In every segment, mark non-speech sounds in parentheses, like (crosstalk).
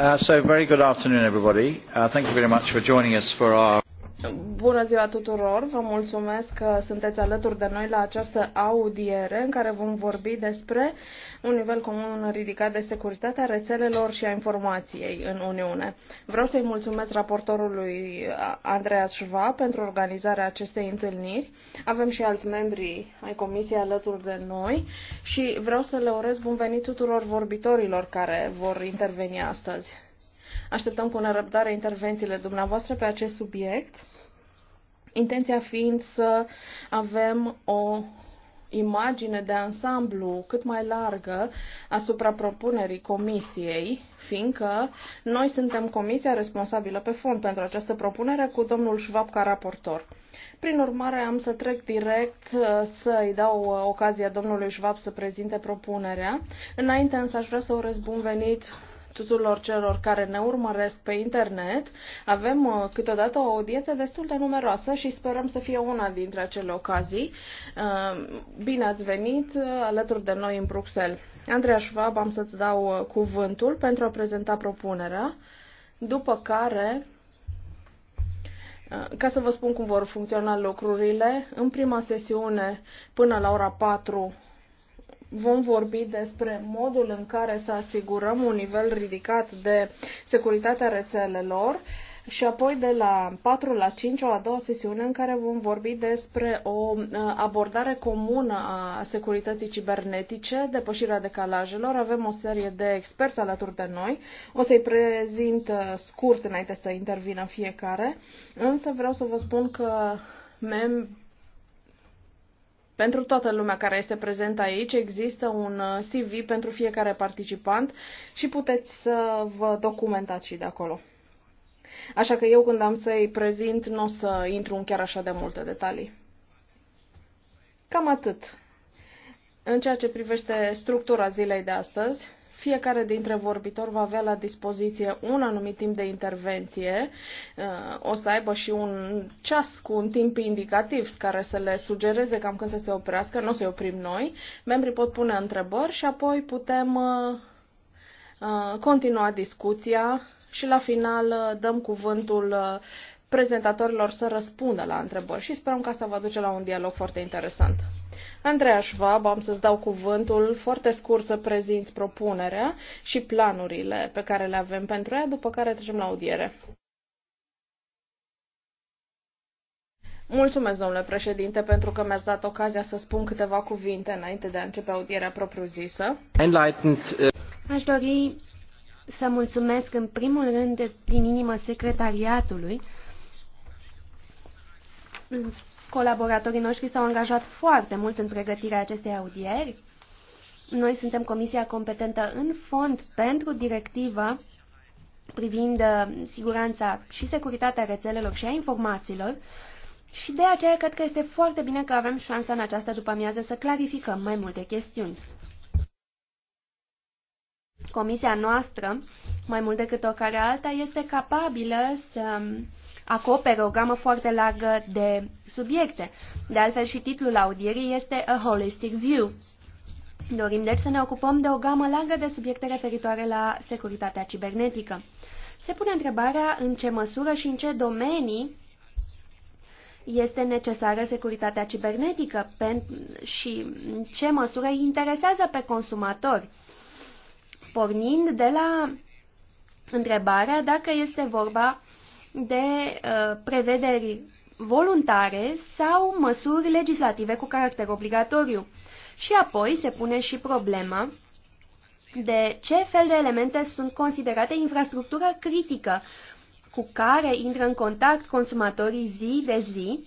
Uh, so very good afternoon everybody. Uh, thank you very much for joining us for our Bună ziua tuturor! Vă mulțumesc că sunteți alături de noi la această audiere în care vom vorbi despre un nivel comun ridicat de securitate a rețelelor și a informației în Uniune. Vreau să-i mulțumesc raportorului Andreas Schwab pentru organizarea acestei întâlniri. Avem și alți membri ai comisiei alături de noi și vreau să le urez bun venit tuturor vorbitorilor care vor interveni astăzi. Așteptăm cu nerăbdare intervențiile dumneavoastră pe acest subiect Intenția fiind să avem o imagine de ansamblu cât mai largă asupra propunerii comisiei, fiindcă noi suntem comisia responsabilă pe fond pentru această propunere cu domnul Schwab ca raportor. Prin urmare, am să trec direct uh, să-i dau uh, ocazia domnului Schwab să prezinte propunerea. Înainte însă aș vrea să urez bun venit tuturor celor care ne urmăresc pe internet. Avem uh, câteodată o audiență destul de numeroasă și sperăm să fie una dintre acele ocazii. Uh, bine ați venit uh, alături de noi în Bruxelles. Andreea Schwab, am să-ți dau cuvântul pentru a prezenta propunerea, după care ca să vă spun cum vor funcționa lucrurile, în prima sesiune, până la ora 4, vom vorbi despre modul în care să asigurăm un nivel ridicat de securitatea rețelelor și apoi de la 4 la 5 o a doua sesiune în care vom vorbi despre o uh, abordare comună a securității cibernetice, depășirea decalajelor. Avem o serie de experți alături de noi. O să-i prezint uh, scurt înainte să intervină fiecare, însă vreau să vă spun că mem- pentru toată lumea care este prezentă aici există un uh, CV pentru fiecare participant și puteți să vă documentați și de acolo. Așa că eu când am să-i prezint nu o să intru în chiar așa de multe detalii. Cam atât. În ceea ce privește structura zilei de astăzi, fiecare dintre vorbitori va avea la dispoziție un anumit timp de intervenție. Uh, o să aibă și un ceas cu un timp indicativ care să le sugereze cam când să se oprească. Nu o să-i oprim noi. Membrii pot pune întrebări și apoi putem uh, uh, continua discuția și la final dăm cuvântul prezentatorilor să răspundă la întrebări și sperăm că asta va duce la un dialog foarte interesant. Andreea Schwab, am să-ți dau cuvântul foarte scurt să prezinți propunerea și planurile pe care le avem pentru ea, după care trecem la audiere. Mulțumesc, domnule președinte, pentru că mi-ați dat ocazia să spun câteva cuvinte înainte de a începe audierea propriu-zisă. Uh, Aș dori să mulțumesc în primul rând din inimă secretariatului Colaboratorii noștri s-au angajat foarte mult în pregătirea acestei audieri. Noi suntem comisia competentă în fond pentru directivă privind uh, siguranța și securitatea rețelelor și a informațiilor și de aceea cred că este foarte bine că avem șansa în această după-amiază să clarificăm mai multe chestiuni. Comisia noastră, mai mult decât care alta, este capabilă să um, acopere o gamă foarte largă de subiecte. De altfel și titlul audierii este A Holistic View. Dorim deci să ne ocupăm de o gamă largă de subiecte referitoare la securitatea cibernetică. Se pune întrebarea în ce măsură și în ce domenii este necesară securitatea cibernetică și în ce măsură îi interesează pe consumatori, pornind de la întrebarea dacă este vorba de uh, prevederi voluntare sau măsuri legislative cu caracter obligatoriu. Și apoi se pune și problema de ce fel de elemente sunt considerate infrastructură critică cu care intră în contact consumatorii zi de zi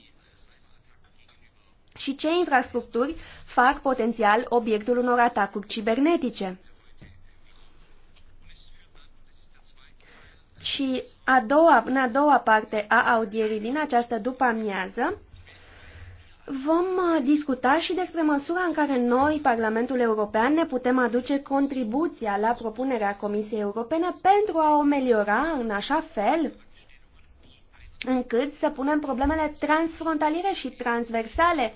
și ce infrastructuri fac potențial obiectul unor atacuri cibernetice. și a doua, în a doua parte a audierii din această după-amiază vom uh, discuta și despre măsura în care noi, Parlamentul European, ne putem aduce contribuția la propunerea Comisiei Europene pentru a o meliora în așa fel încât să punem problemele transfrontaliere și transversale.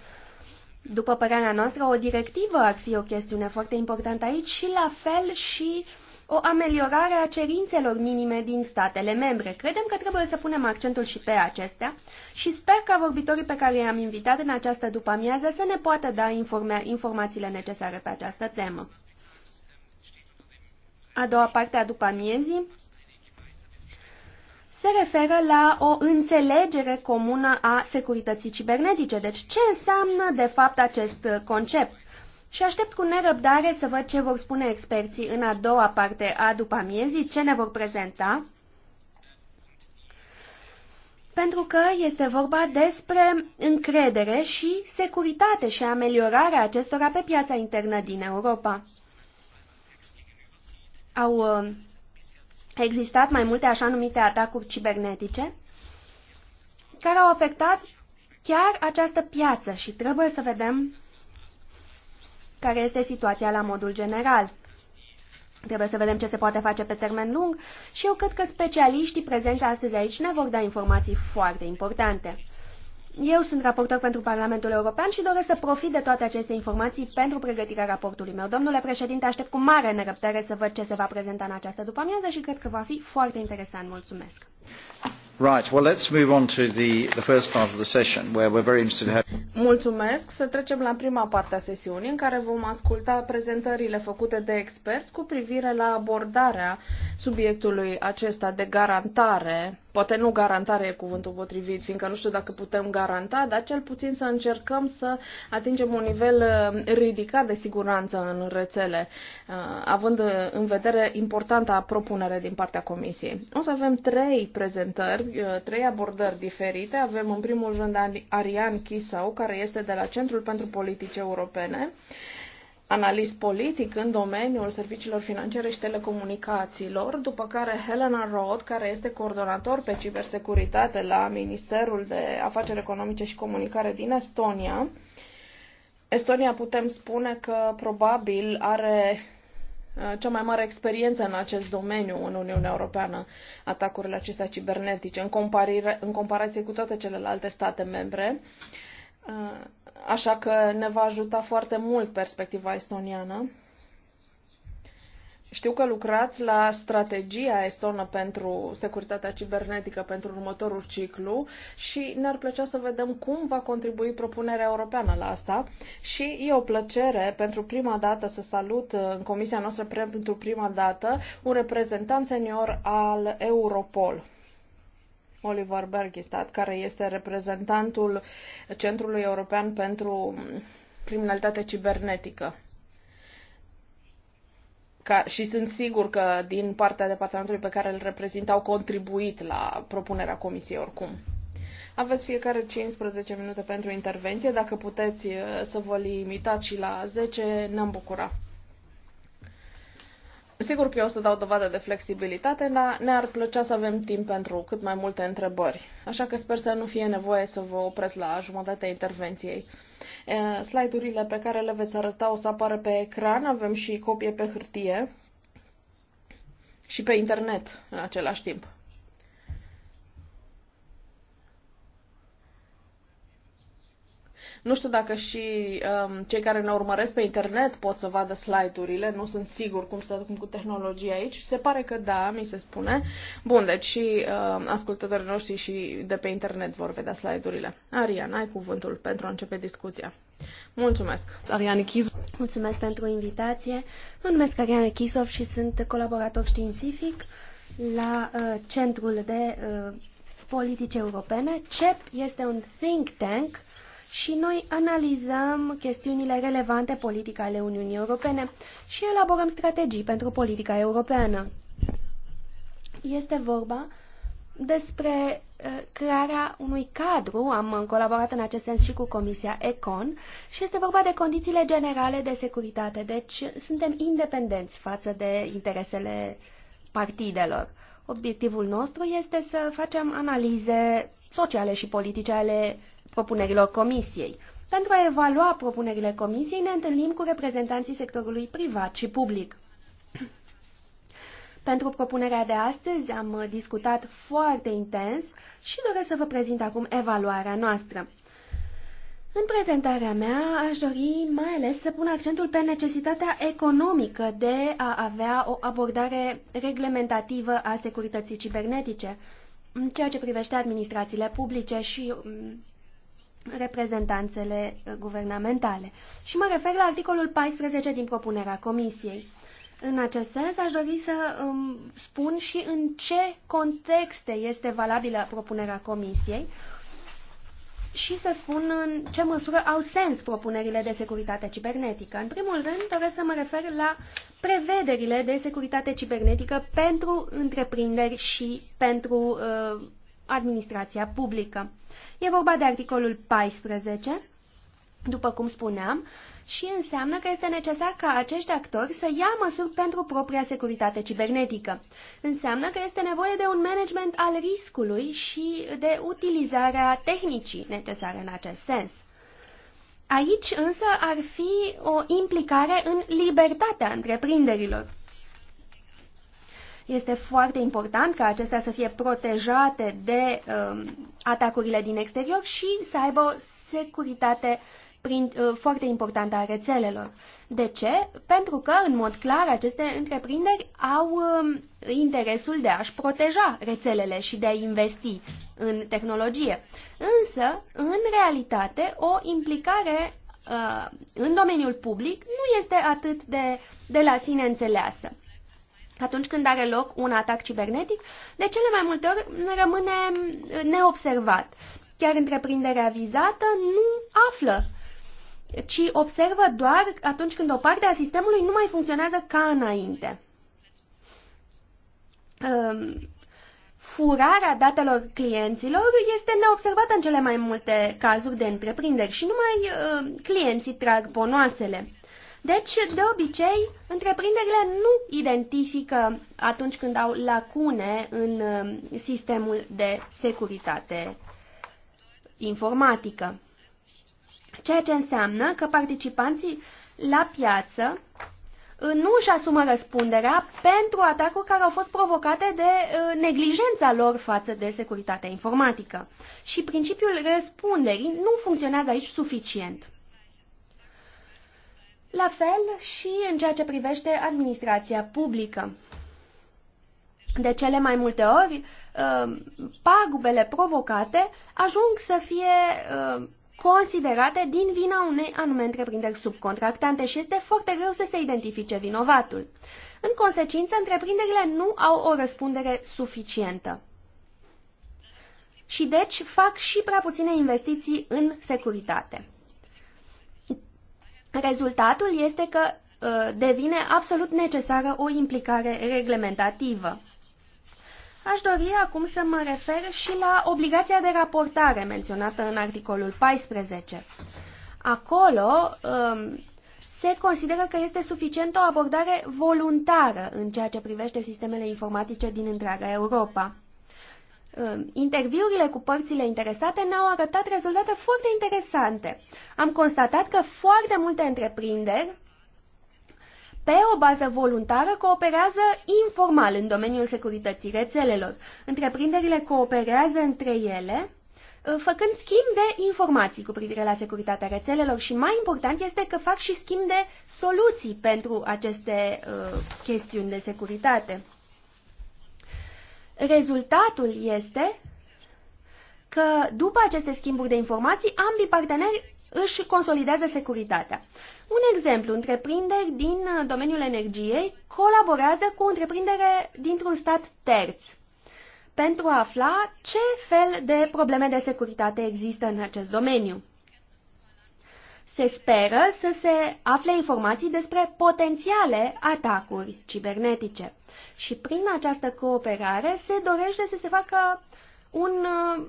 După părerea noastră, o directivă ar fi o chestiune foarte importantă aici și la fel și uh, o ameliorare a cerințelor minime din statele membre. Credem că trebuie să punem accentul și pe acestea și sper ca vorbitorii pe care i-am invitat în această după-amiază să ne poată da informa informațiile necesare pe această temă. A doua parte a după-amiezii se referă la o înțelegere comună a securității cibernetice. Deci ce înseamnă de fapt acest concept? și aștept cu nerăbdare să văd ce vor spune experții în a doua parte a după amiezii, ce ne vor prezenta, pentru că este vorba despre încredere și securitate și ameliorarea acestora pe piața internă din Europa. Au uh, existat mai multe așa numite atacuri cibernetice care au afectat chiar această piață și trebuie să vedem care este situația la modul general. Trebuie să vedem ce se poate face pe termen lung și eu cred că specialiștii prezenți astăzi aici ne vor da informații foarte importante. Eu sunt raportor pentru Parlamentul European și doresc să profit de toate aceste informații pentru pregătirea raportului meu. Domnule președinte, aștept cu mare nerăbdare să văd ce se va prezenta în această după-amiază și cred că va fi foarte interesant. Mulțumesc! Right, well let's move on to the, the first part of the session where we're very interested in having... Mulțumesc. Să trecem la prima parte a sesiunii în care vom asculta prezentările făcute de experți cu privire la abordarea subiectului acesta de garantare. Poate nu garantare e cuvântul potrivit, fiindcă nu știu dacă putem garanta, dar cel puțin să încercăm să atingem un nivel uh, ridicat de siguranță în rețele, uh, având uh, în vedere importanta propunere din partea Comisiei. O să avem trei prezentări Uh, trei abordări diferite. Avem în primul rând Arian Chisau, care este de la Centrul pentru Politici Europene, analist politic în domeniul serviciilor financiare și telecomunicațiilor, după care Helena Roth, care este coordonator pe cibersecuritate la Ministerul de Afaceri Economice și Comunicare din Estonia. Estonia putem spune că probabil are Uh, cea mai mare experiență în acest domeniu în Uniunea Europeană, atacurile acestea cibernetice, în, comparire, în comparație cu toate celelalte state membre. Uh, așa că ne va ajuta foarte mult perspectiva estoniană știu că lucrați la strategia estonă pentru securitatea cibernetică pentru următorul ciclu și ne-ar plăcea să vedem cum va contribui propunerea europeană la asta. Și e o plăcere pentru prima dată să salut uh, în comisia noastră pentru prima dată un reprezentant senior al Europol. Oliver Bergistat, care este reprezentantul Centrului European pentru Criminalitate Cibernetică ca, și sunt sigur că din partea departamentului pe care îl reprezint au contribuit la propunerea comisiei oricum. Aveți fiecare 15 minute pentru intervenție. Dacă puteți uh, să vă limitați și la 10, ne-am bucura. Sigur că eu o să dau dovadă de flexibilitate, dar ne-ar plăcea să avem timp pentru cât mai multe întrebări. Așa că sper să nu fie nevoie să vă opresc la jumătatea intervenției. Slide-urile pe care le veți arăta o să apară pe ecran, avem și copie pe hârtie și pe internet în același timp. Nu știu dacă și um, cei care ne urmăresc pe internet pot să vadă slide-urile, nu sunt sigur cum cum cu tehnologia aici. Se pare că da, mi se spune. Bun, deci și um, ascultătorii noștri și de pe internet vor vedea slide-urile. Ariana, ai cuvântul pentru a începe discuția. Mulțumesc! Ariane Chizu. Mulțumesc pentru invitație. Mă numesc Ariane Chisov și sunt colaborator științific la uh, Centrul de uh, Politici Europene. CEP este un think tank și noi analizăm chestiunile relevante politica ale Uniunii Europene și elaborăm strategii pentru politica europeană. Este vorba despre eh, crearea unui cadru, am colaborat în acest sens și cu Comisia ECON, și este vorba de condițiile generale de securitate, deci suntem independenți față de interesele partidelor. Obiectivul nostru este să facem analize sociale și politice ale propunerilor comisiei. Pentru a evalua propunerile comisiei, ne întâlnim cu reprezentanții sectorului privat și public. (clears throat) Pentru propunerea de astăzi am discutat foarte intens și doresc să vă prezint acum evaluarea noastră. În prezentarea mea aș dori mai ales să pun accentul pe necesitatea economică de a avea o abordare reglementativă a securității cibernetice, în ceea ce privește administrațiile publice și mm, reprezentanțele uh, guvernamentale. Și mă refer la articolul 14 din propunerea Comisiei. În acest sens, aș dori să um, spun și în ce contexte este valabilă propunerea Comisiei și să spun în ce măsură au sens propunerile de securitate cibernetică. În primul rând, doresc să mă refer la prevederile de securitate cibernetică pentru întreprinderi și pentru uh, administrația publică. E vorba de articolul 14, după cum spuneam, și înseamnă că este necesar ca acești actori să ia măsuri pentru propria securitate cibernetică. Înseamnă că este nevoie de un management al riscului și de utilizarea tehnicii necesare în acest sens. Aici însă ar fi o implicare în libertatea întreprinderilor. Este foarte important ca acestea să fie protejate de uh, atacurile din exterior și să aibă o securitate prin, uh, foarte importantă a rețelelor. De ce? Pentru că, în mod clar, aceste întreprinderi au uh, interesul de a-și proteja rețelele și de a investi în tehnologie. Însă, în realitate, o implicare uh, în domeniul public nu este atât de, de la sine înțeleasă atunci când are loc un atac cibernetic, de cele mai multe ori rămâne uh, neobservat. Chiar întreprinderea vizată nu află, ci observă doar atunci când o parte a sistemului nu mai funcționează ca înainte. Um, furarea datelor clienților este neobservată în cele mai multe cazuri de întreprinderi și numai uh, clienții trag bonoasele. Deci, de obicei, întreprinderile nu identifică atunci când au lacune în um, sistemul de securitate informatică. Ceea ce înseamnă că participanții la piață uh, nu își asumă răspunderea pentru atacuri care au fost provocate de uh, neglijența lor față de securitatea informatică. Și principiul răspunderii nu funcționează aici suficient. La fel și în ceea ce privește administrația publică. De cele mai multe ori, uh, pagubele provocate ajung să fie uh, considerate din vina unei anume întreprinderi subcontractante și este foarte greu să se identifice vinovatul. În consecință, întreprinderile nu au o răspundere suficientă. Și deci fac și prea puține investiții în securitate. Rezultatul este că uh, devine absolut necesară o implicare reglementativă. Aș dori acum să mă refer și la obligația de raportare menționată în articolul 14. Acolo um, se consideră că este suficient o abordare voluntară în ceea ce privește sistemele informatice din întreaga Europa. Um, interviurile cu părțile interesate ne-au arătat rezultate foarte interesante. Am constatat că foarte multe întreprinderi pe o bază voluntară cooperează informal în domeniul securității rețelelor. Întreprinderile cooperează între ele, uh, făcând schimb de informații cu privire la securitatea rețelelor și mai important este că fac și schimb de soluții pentru aceste uh, chestiuni de securitate. Rezultatul este că după aceste schimburi de informații, ambii parteneri își consolidează securitatea. Un exemplu, întreprinderi din domeniul energiei colaborează cu o întreprindere dintr-un stat terț pentru a afla ce fel de probleme de securitate există în acest domeniu. Se speră să se afle informații despre potențiale atacuri cibernetice. Și prin această cooperare se dorește să se facă un uh,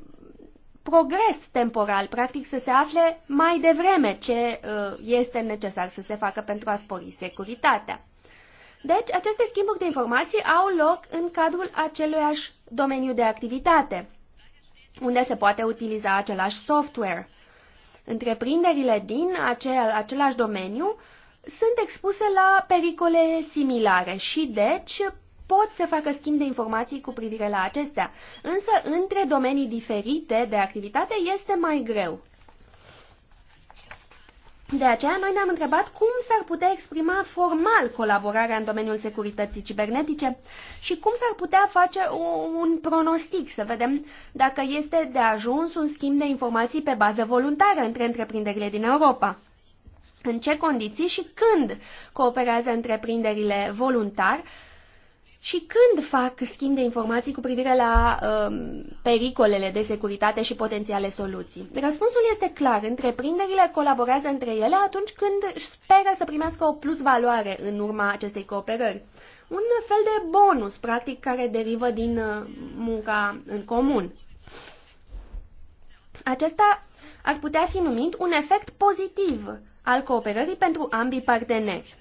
progres temporal, practic să se afle mai devreme ce uh, este necesar să se facă pentru a spori securitatea. Deci, aceste schimburi de informații au loc în cadrul aceluiași domeniu de activitate, unde se poate utiliza același software. Întreprinderile din acel, același domeniu sunt expuse la pericole similare și, deci, pot să facă schimb de informații cu privire la acestea, însă între domenii diferite de activitate este mai greu. De aceea, noi ne-am întrebat cum s-ar putea exprima formal colaborarea în domeniul securității cibernetice și cum s-ar putea face un pronostic, să vedem dacă este de ajuns un schimb de informații pe bază voluntară între întreprinderile din Europa. În ce condiții și când cooperează întreprinderile voluntar și când fac schimb de informații cu privire la uh, pericolele de securitate și potențiale soluții? Răspunsul este clar. Întreprinderile colaborează între ele atunci când speră să primească o plus valoare în urma acestei cooperări. Un fel de bonus, practic, care derivă din uh, munca în comun. Acesta ar putea fi numit un efect pozitiv al cooperării pentru ambii parteneri.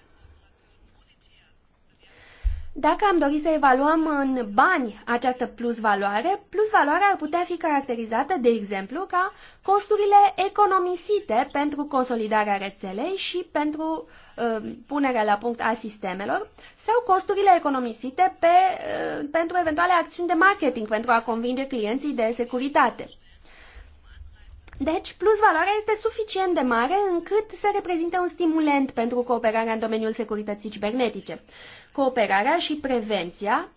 Dacă am dori să evaluăm în bani această plusvaloare, plusvaloarea ar putea fi caracterizată, de exemplu, ca costurile economisite pentru consolidarea rețelei și pentru uh, punerea la punct a sistemelor sau costurile economisite pe, uh, pentru eventuale acțiuni de marketing pentru a convinge clienții de securitate. Deci, plusvaloarea este suficient de mare încât să reprezinte un stimulent pentru cooperarea în domeniul securității cibernetice. Cooperarea și prevenția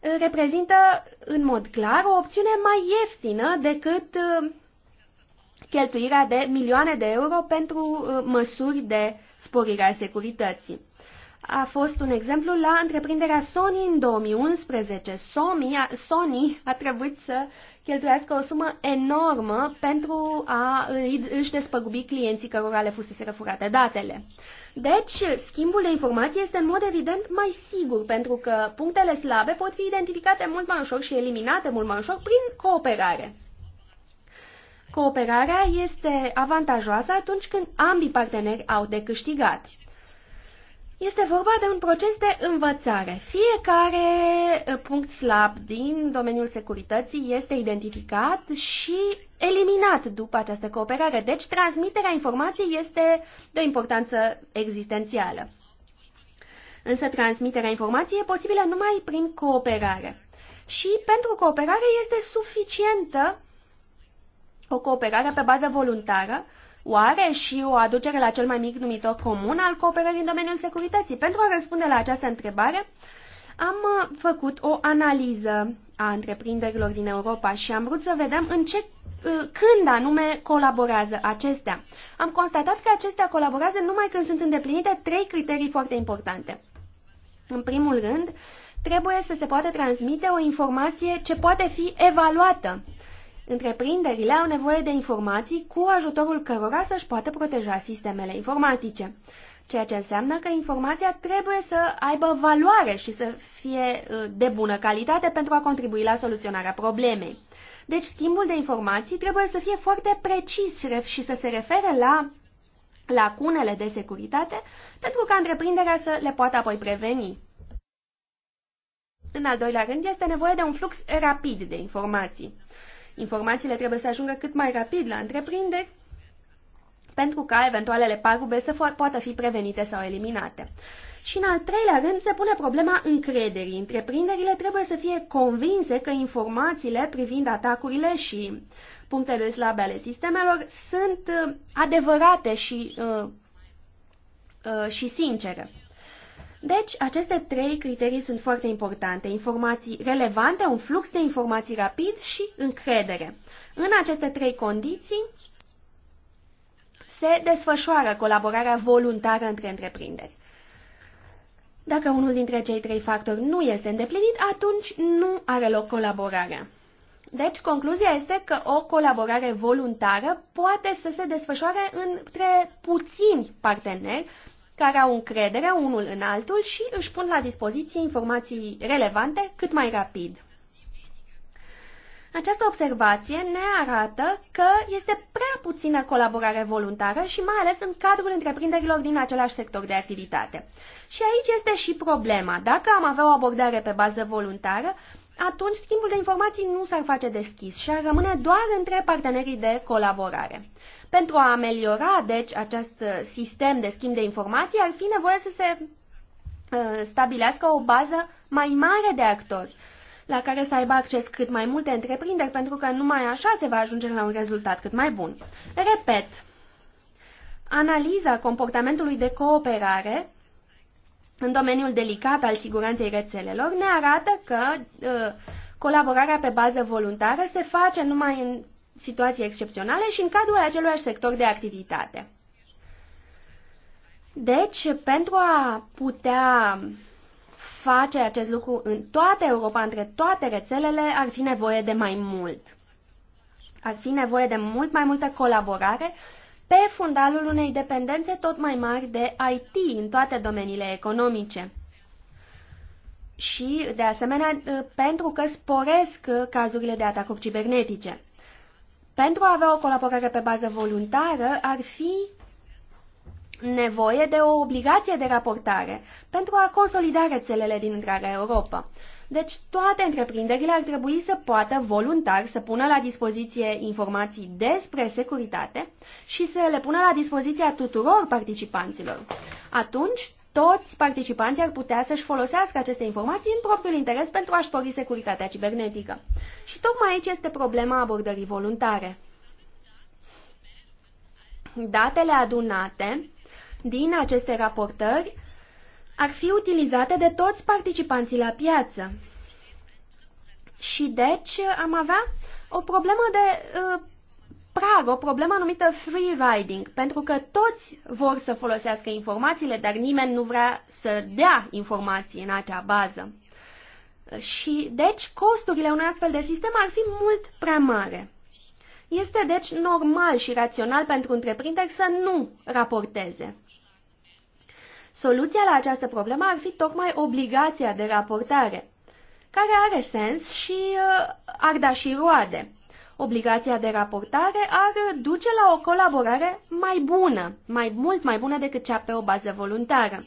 uh, reprezintă în mod clar o opțiune mai ieftină decât uh, cheltuirea de milioane de euro pentru uh, măsuri de sporire a securității. A fost un exemplu la întreprinderea Sony în 2011. Sony a, Sony a trebuit să cheltuiască o sumă enormă pentru a își despăgubi clienții cărora le fusese furate datele. Deci, schimbul de informații este în mod evident mai sigur, pentru că punctele slabe pot fi identificate mult mai ușor și eliminate mult mai ușor prin cooperare. Cooperarea este avantajoasă atunci când ambii parteneri au de câștigat. Este vorba de un proces de învățare. Fiecare uh, punct slab din domeniul securității este identificat și eliminat după această cooperare. Deci, transmiterea informației este de o importanță existențială. Însă, transmiterea informației e posibilă numai prin cooperare. Și pentru cooperare este suficientă o cooperare pe bază voluntară Oare și o aducere la cel mai mic numitor comun al cooperării în domeniul securității? Pentru a răspunde la această întrebare, am uh, făcut o analiză a întreprinderilor din Europa și am vrut să vedem în ce, uh, când anume colaborează acestea. Am constatat că acestea colaborează numai când sunt îndeplinite trei criterii foarte importante. În primul rând, trebuie să se poată transmite o informație ce poate fi evaluată Întreprinderile au nevoie de informații cu ajutorul cărora să-și poată proteja sistemele informatice, ceea ce înseamnă că informația trebuie să aibă valoare și să fie uh, de bună calitate pentru a contribui la soluționarea problemei. Deci schimbul de informații trebuie să fie foarte precis și să se refere la lacunele de securitate pentru ca întreprinderea să le poată apoi preveni. În al doilea rând, este nevoie de un flux rapid de informații. Informațiile trebuie să ajungă cât mai rapid la întreprinderi pentru ca eventualele pagube să poată fi prevenite sau eliminate. Și în al treilea rând se pune problema încrederii. Întreprinderile trebuie să fie convinse că informațiile privind atacurile și punctele slabe ale sistemelor sunt uh, adevărate și, uh, uh, și sincere. Deci, aceste trei criterii sunt foarte importante. Informații relevante, un flux de informații rapid și încredere. În aceste trei condiții se desfășoară colaborarea voluntară între întreprinderi. Dacă unul dintre cei trei factori nu este îndeplinit, atunci nu are loc colaborarea. Deci, concluzia este că o colaborare voluntară poate să se desfășoare între puțini parteneri care au încredere unul în altul și își pun la dispoziție informații relevante cât mai rapid. Această observație ne arată că este prea puțină colaborare voluntară și mai ales în cadrul întreprinderilor din același sector de activitate. Și aici este și problema. Dacă am avea o abordare pe bază voluntară, atunci schimbul de informații nu s-ar face deschis și ar rămâne doar între partenerii de colaborare. Pentru a ameliora, deci, acest sistem de schimb de informații, ar fi nevoie să se uh, stabilească o bază mai mare de actori, la care să aibă acces cât mai multe întreprinderi, pentru că numai așa se va ajunge la un rezultat cât mai bun. Repet, analiza comportamentului de cooperare în domeniul delicat al siguranței rețelelor ne arată că uh, colaborarea pe bază voluntară se face numai în situații excepționale și în cadrul acelui sector de activitate. Deci, pentru a putea face acest lucru în toată Europa, între toate rețelele, ar fi nevoie de mai mult. Ar fi nevoie de mult mai multă colaborare pe fundalul unei dependențe tot mai mari de IT în toate domeniile economice. Și, de asemenea, pentru că sporesc cazurile de atacuri cibernetice. Pentru a avea o colaborare pe bază voluntară, ar fi nevoie de o obligație de raportare pentru a consolida rețelele din întreaga Europa. Deci toate întreprinderile ar trebui să poată voluntar să pună la dispoziție informații despre securitate și să le pună la dispoziția tuturor participanților. Atunci, toți participanții ar putea să-și folosească aceste informații în propriul interes pentru a-și spori securitatea cibernetică. Și tocmai aici este problema abordării voluntare. Datele adunate din aceste raportări ar fi utilizate de toți participanții la piață. Și deci am avea o problemă de uh, prag, o problemă numită free riding, pentru că toți vor să folosească informațiile, dar nimeni nu vrea să dea informații în acea bază. Și deci costurile unui astfel de sistem ar fi mult prea mare. Este deci normal și rațional pentru întreprinderi să nu raporteze. Soluția la această problemă ar fi tocmai obligația de raportare, care are sens și uh, ar da și roade. Obligația de raportare ar duce la o colaborare mai bună, mai mult mai bună decât cea pe o bază voluntară.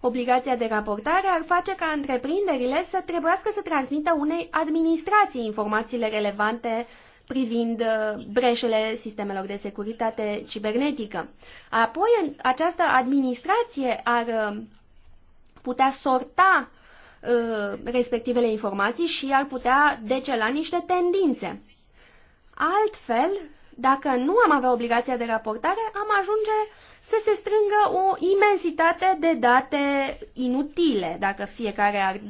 Obligația de raportare ar face ca întreprinderile să trebuiască să transmită unei administrații informațiile relevante privind uh, breșele sistemelor de securitate cibernetică. Apoi, această administrație ar uh, putea sorta uh, respectivele informații și ar putea decela niște tendințe. Altfel, dacă nu am avea obligația de raportare, am ajunge să se strângă o imensitate de date inutile, dacă fiecare ar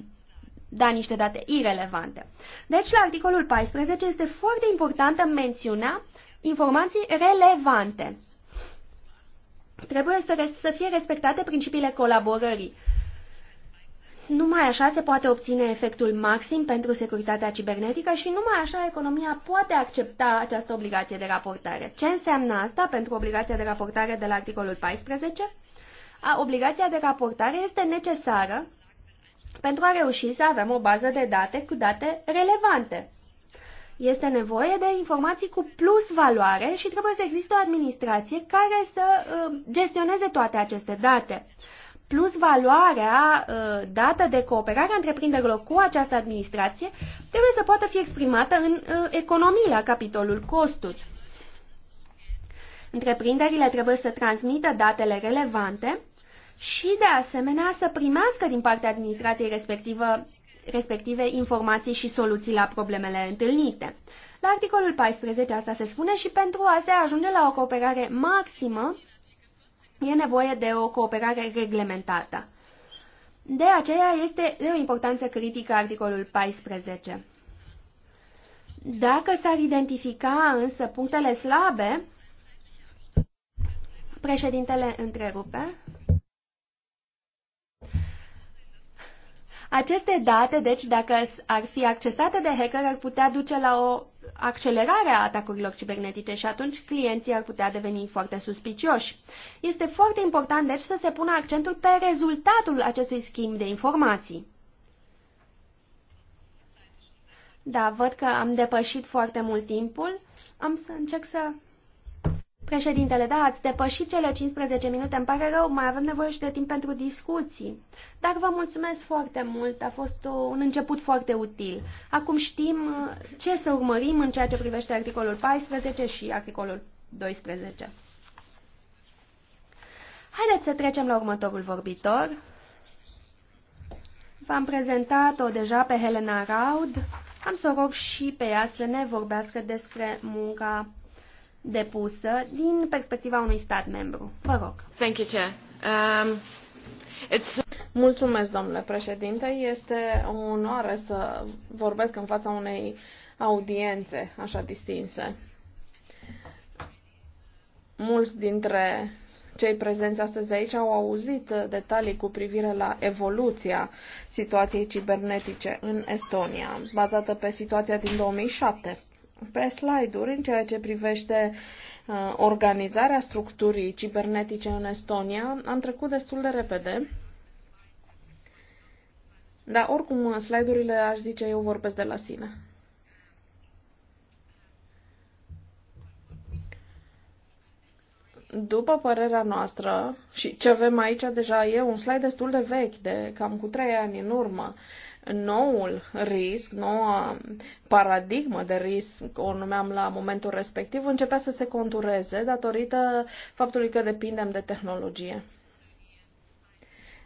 da niște date irelevante. Deci, la articolul 14 este foarte importantă mențiunea informații relevante. Trebuie să, să fie respectate principiile colaborării. Numai așa se poate obține efectul maxim pentru securitatea cibernetică și numai așa economia poate accepta această obligație de raportare. Ce înseamnă asta pentru obligația de raportare de la articolul 14? A, obligația de raportare este necesară pentru a reuși să avem o bază de date cu date relevante. Este nevoie de informații cu plus valoare și trebuie să existe o administrație care să uh, gestioneze toate aceste date. Plus valoarea uh, dată de cooperarea întreprinderilor cu această administrație trebuie să poată fi exprimată în uh, economii la capitolul costuri. Întreprinderile trebuie să transmită datele relevante și, de asemenea, să primească din partea administrației respectivă, respective informații și soluții la problemele întâlnite. La articolul 14 asta se spune și pentru a se ajunge la o cooperare maximă e nevoie de o cooperare reglementată. De aceea este de o importanță critică articolul 14. Dacă s-ar identifica însă punctele slabe, președintele întrerupe. Aceste date, deci, dacă ar fi accesate de hacker, ar putea duce la o accelerare a atacurilor cibernetice și atunci clienții ar putea deveni foarte suspicioși. Este foarte important, deci, să se pună accentul pe rezultatul acestui schimb de informații. Da, văd că am depășit foarte mult timpul. Am să încerc să Președintele, da, ați depășit cele 15 minute, îmi pare rău, mai avem nevoie și de timp pentru discuții. Dar vă mulțumesc foarte mult, a fost un început foarte util. Acum știm uh, ce să urmărim în ceea ce privește articolul 14 și articolul 12. Haideți să trecem la următorul vorbitor. V-am prezentat-o deja pe Helena Raud. Am să o rog și pe ea să ne vorbească despre munca depusă din perspectiva unui stat membru. Vă rog. Thank you, Chair. Um, it's... Mulțumesc, domnule președinte. Este o onoare să vorbesc în fața unei audiențe așa distinse. Mulți dintre cei prezenți astăzi aici au auzit detalii cu privire la evoluția situației cibernetice în Estonia, bazată pe situația din 2007 pe slide-uri în ceea ce privește uh, organizarea structurii cibernetice în Estonia. Am trecut destul de repede. Dar oricum, uh, slide-urile, aș zice, eu vorbesc de la sine. După părerea noastră, și ce avem aici deja e un slide destul de vechi, de cam cu trei ani în urmă, uh, noul risc, noua paradigmă de risc, o numeam la momentul respectiv, începea să se contureze datorită faptului că depindem de tehnologie.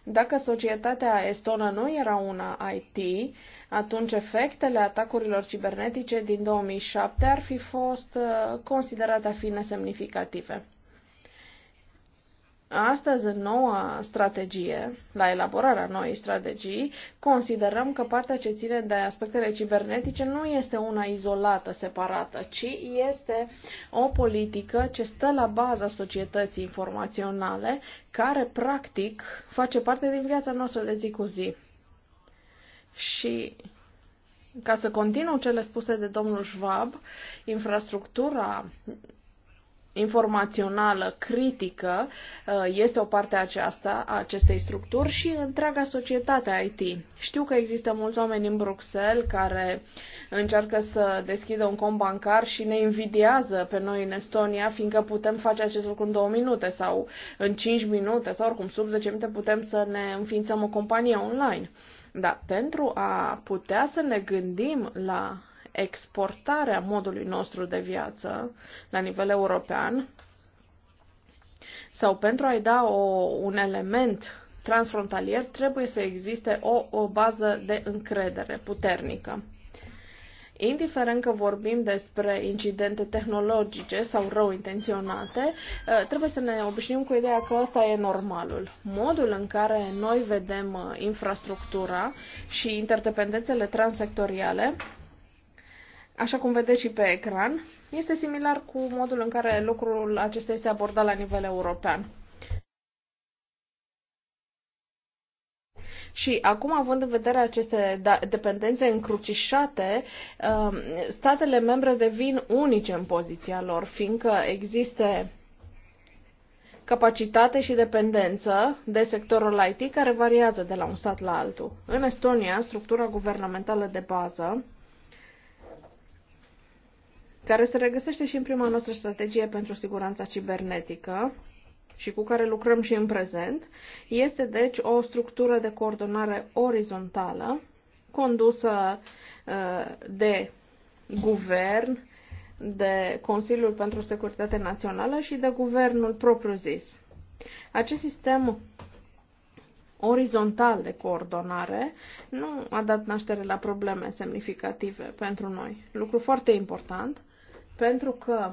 Dacă societatea estonă nu era una IT, atunci efectele atacurilor cibernetice din 2007 ar fi fost uh, considerate a fi nesemnificative. Astăzi, în noua strategie, la elaborarea noii strategii, considerăm că partea ce ține de aspectele cibernetice nu este una izolată, separată, ci este o politică ce stă la baza societății informaționale, care, practic, face parte din viața noastră de zi cu zi. Și ca să continuu cele spuse de domnul Schwab, infrastructura informațională critică uh, este o parte aceasta, a acestei structuri și întreaga societate IT. Știu că există mulți oameni în Bruxelles care încearcă să deschidă un cont bancar și ne invidiază pe noi în Estonia, fiindcă putem face acest lucru în două minute sau în cinci minute sau oricum sub 10 minute putem să ne înființăm o companie online. Dar pentru a putea să ne gândim la exportarea modului nostru de viață la nivel european sau pentru a-i da o, un element transfrontalier, trebuie să existe o, o bază de încredere puternică. Indiferent că vorbim despre incidente tehnologice sau rău intenționate, eh, trebuie să ne obișnim cu ideea că ăsta e normalul. Modul în care noi vedem eh, infrastructura și interdependențele transsectoriale așa cum vedeți și pe ecran, este similar cu modul în care lucrul acesta este abordat la nivel european. Și acum, având în vedere aceste da, dependențe încrucișate, um, statele membre devin unice în poziția lor, fiindcă există capacitate și dependență de sectorul IT care variază de la un stat la altul. În Estonia, structura guvernamentală de bază care se regăsește și în prima noastră strategie pentru siguranța cibernetică și cu care lucrăm și în prezent, este deci o structură de coordonare orizontală condusă uh, de guvern, de Consiliul pentru Securitate Națională și de guvernul propriu-zis. Acest sistem orizontal de coordonare nu a dat naștere la probleme semnificative pentru noi. Lucru foarte important, pentru că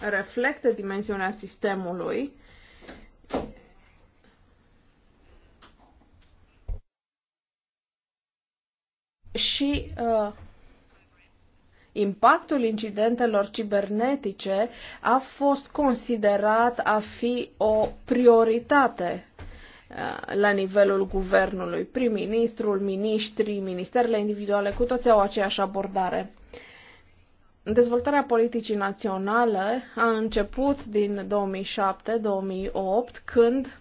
reflectă dimensiunea sistemului și uh, impactul incidentelor cibernetice a fost considerat a fi o prioritate Uh, la nivelul guvernului. Prim-ministrul, miniștrii, ministerele individuale, cu toți au aceeași abordare. Dezvoltarea politicii naționale a început din 2007-2008, când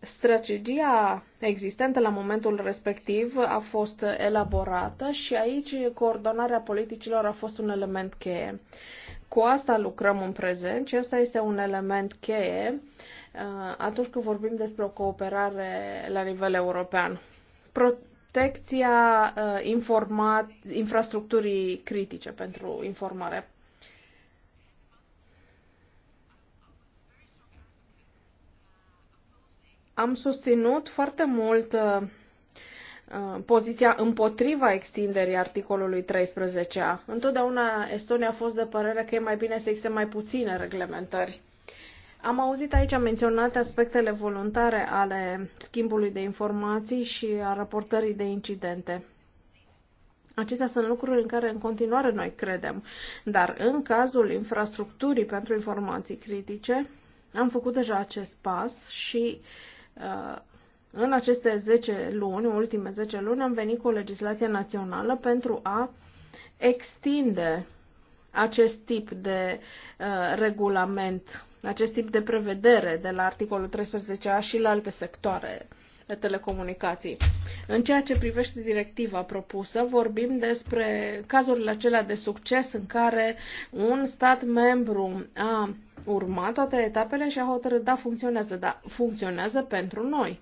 strategia existentă la momentul respectiv a fost elaborată și aici coordonarea politicilor a fost un element cheie. Cu asta lucrăm în prezent și ăsta este un element cheie uh, Uh, atunci când vorbim despre o cooperare la nivel european. Protecția uh, informa- infrastructurii critice pentru informare. Am susținut foarte mult uh, uh poziția împotriva extinderii articolului 13a. Întotdeauna Estonia a fost de părere că e mai bine să existe mai puține reglementări. Am auzit aici menționate aspectele voluntare ale schimbului de informații și a raportării de incidente. Acestea sunt lucruri în care în continuare noi credem, dar în cazul infrastructurii pentru informații critice am făcut deja acest pas și uh, în aceste 10 luni, ultime 10 luni, am venit cu o legislație națională pentru a extinde acest tip de uh, regulament acest tip de prevedere de la articolul 13a și la alte sectoare de telecomunicații. În ceea ce privește directiva propusă, vorbim despre cazurile acelea de succes în care un stat membru a urma toate etapele și a hotărât, da, funcționează, da, funcționează pentru noi.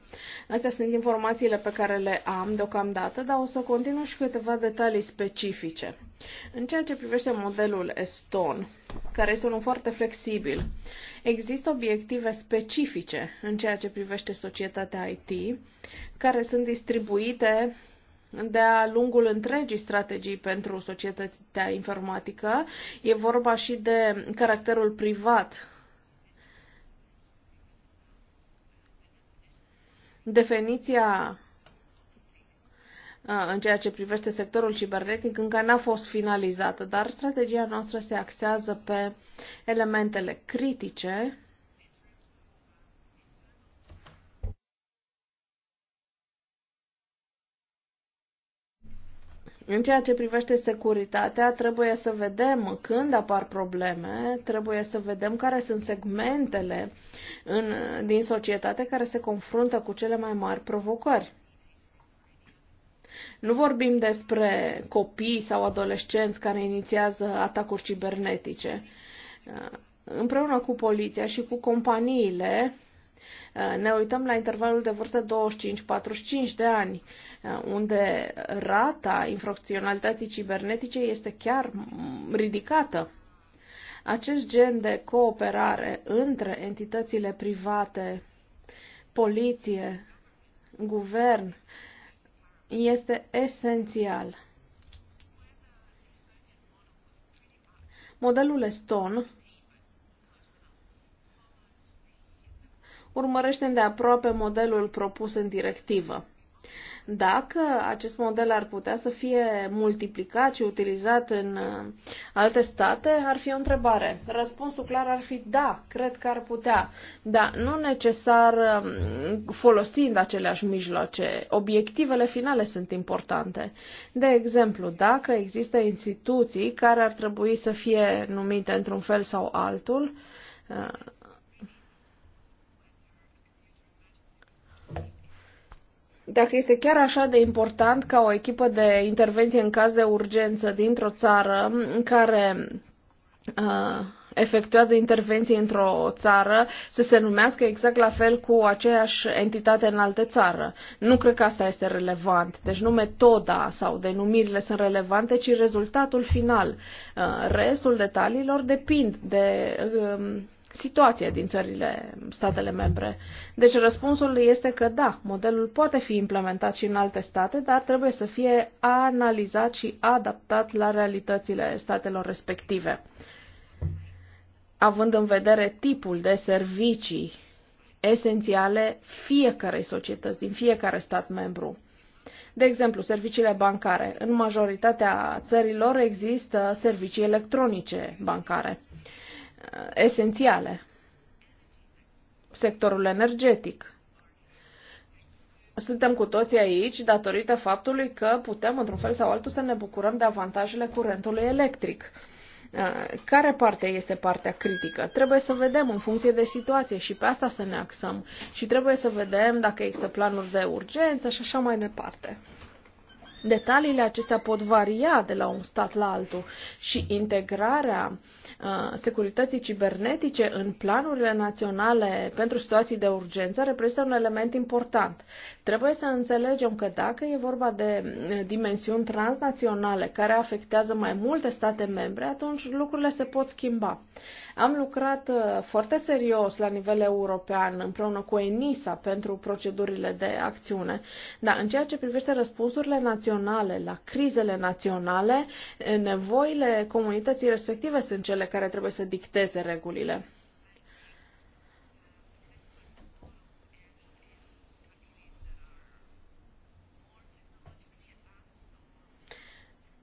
Astea sunt informațiile pe care le am deocamdată, dar o să continu și câteva detalii specifice. În ceea ce privește modelul Eston, care este unul foarte flexibil, Există obiective specifice în ceea ce privește societatea IT, care sunt distribuite de-a lungul întregii strategii pentru societatea informatică. E vorba și de caracterul privat definiția în ceea ce privește sectorul cibernetic încă n-a fost finalizată, dar strategia noastră se axează pe elementele critice În ceea ce privește securitatea, trebuie să vedem când apar probleme, trebuie să vedem care sunt segmentele în, din societate care se confruntă cu cele mai mari provocări. Nu vorbim despre copii sau adolescenți care inițiază atacuri cibernetice. Uh, împreună cu poliția și cu companiile, uh, ne uităm la intervalul de vârstă 25-45 de ani, uh, unde rata infracționalității cibernetice este chiar ridicată. Acest gen de cooperare între entitățile private, poliție, guvern, este esențial. Modelul Eston urmărește îndeaproape modelul propus în directivă dacă acest model ar putea să fie multiplicat și utilizat în uh, alte state, ar fi o întrebare. Răspunsul clar ar fi da, cred că ar putea, dar nu necesar um, folosind aceleași mijloace. Obiectivele finale sunt importante. De exemplu, dacă există instituții care ar trebui să fie numite într-un fel sau altul, uh, dacă este chiar așa de important ca o echipă de intervenție în caz de urgență dintr-o țară care uh, efectuează intervenții într-o țară să se numească exact la fel cu aceeași entitate în altă țară. Nu cred că asta este relevant. Deci nu metoda sau denumirile sunt relevante, ci rezultatul final. Uh, restul detaliilor depind de um, situația din țările, statele membre. Deci răspunsul este că da, modelul poate fi implementat și în alte state, dar trebuie să fie analizat și adaptat la realitățile statelor respective. Având în vedere tipul de servicii esențiale fiecarei societăți din fiecare stat membru. De exemplu, serviciile bancare. În majoritatea țărilor există servicii electronice bancare. Uh, esențiale. Sectorul energetic. Suntem cu toții aici datorită faptului că putem, într-un fel sau altul, să ne bucurăm de avantajele curentului electric. Uh, care parte este partea critică? Trebuie să vedem în funcție de situație și pe asta să ne axăm. Și trebuie să vedem dacă există planuri de urgență și așa mai departe. Detaliile acestea pot varia de la un stat la altul și integrarea uh, securității cibernetice în planurile naționale pentru situații de urgență reprezintă un element important. Trebuie să înțelegem că dacă e vorba de uh, dimensiuni transnaționale care afectează mai multe state membre, atunci lucrurile se pot schimba. Am lucrat uh, foarte serios la nivel european împreună cu ENISA pentru procedurile de acțiune. Dar în ceea ce privește răspunsurile naționale la crizele naționale, nevoile comunității respective sunt cele care trebuie să dicteze regulile.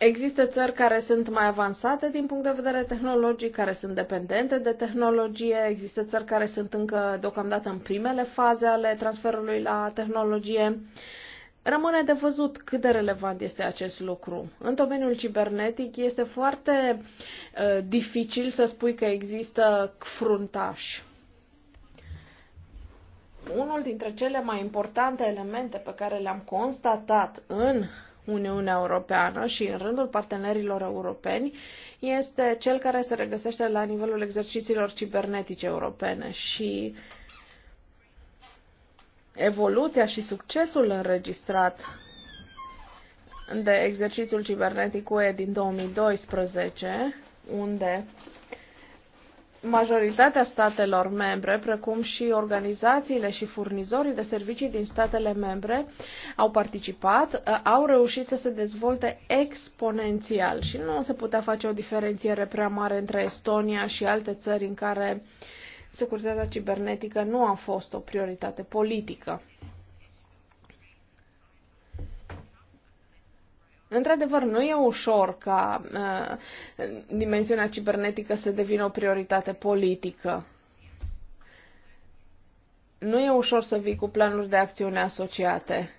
Există țări care sunt mai avansate din punct de vedere tehnologic, care sunt dependente de tehnologie, există țări care sunt încă deocamdată în primele faze ale transferului la tehnologie. Rămâne de văzut cât de relevant este acest lucru. În domeniul cibernetic este foarte uh, dificil să spui că există fruntași. Unul dintre cele mai importante elemente pe care le-am constatat în Uniunea Europeană și în rândul partenerilor europeni este cel care se regăsește la nivelul exercițiilor cibernetice europene și evoluția și succesul înregistrat de exercițiul cibernetic UE din 2012, unde majoritatea statelor membre, precum și organizațiile și furnizorii de servicii din statele membre, au participat, ă, au reușit să se dezvolte exponențial și nu se putea face o diferențiere prea mare între Estonia și alte țări în care securitatea cibernetică nu a fost o prioritate politică. Într-adevăr, nu e ușor ca uh, dimensiunea cibernetică să devină o prioritate politică. Nu e ușor să vii cu planuri de acțiune asociate.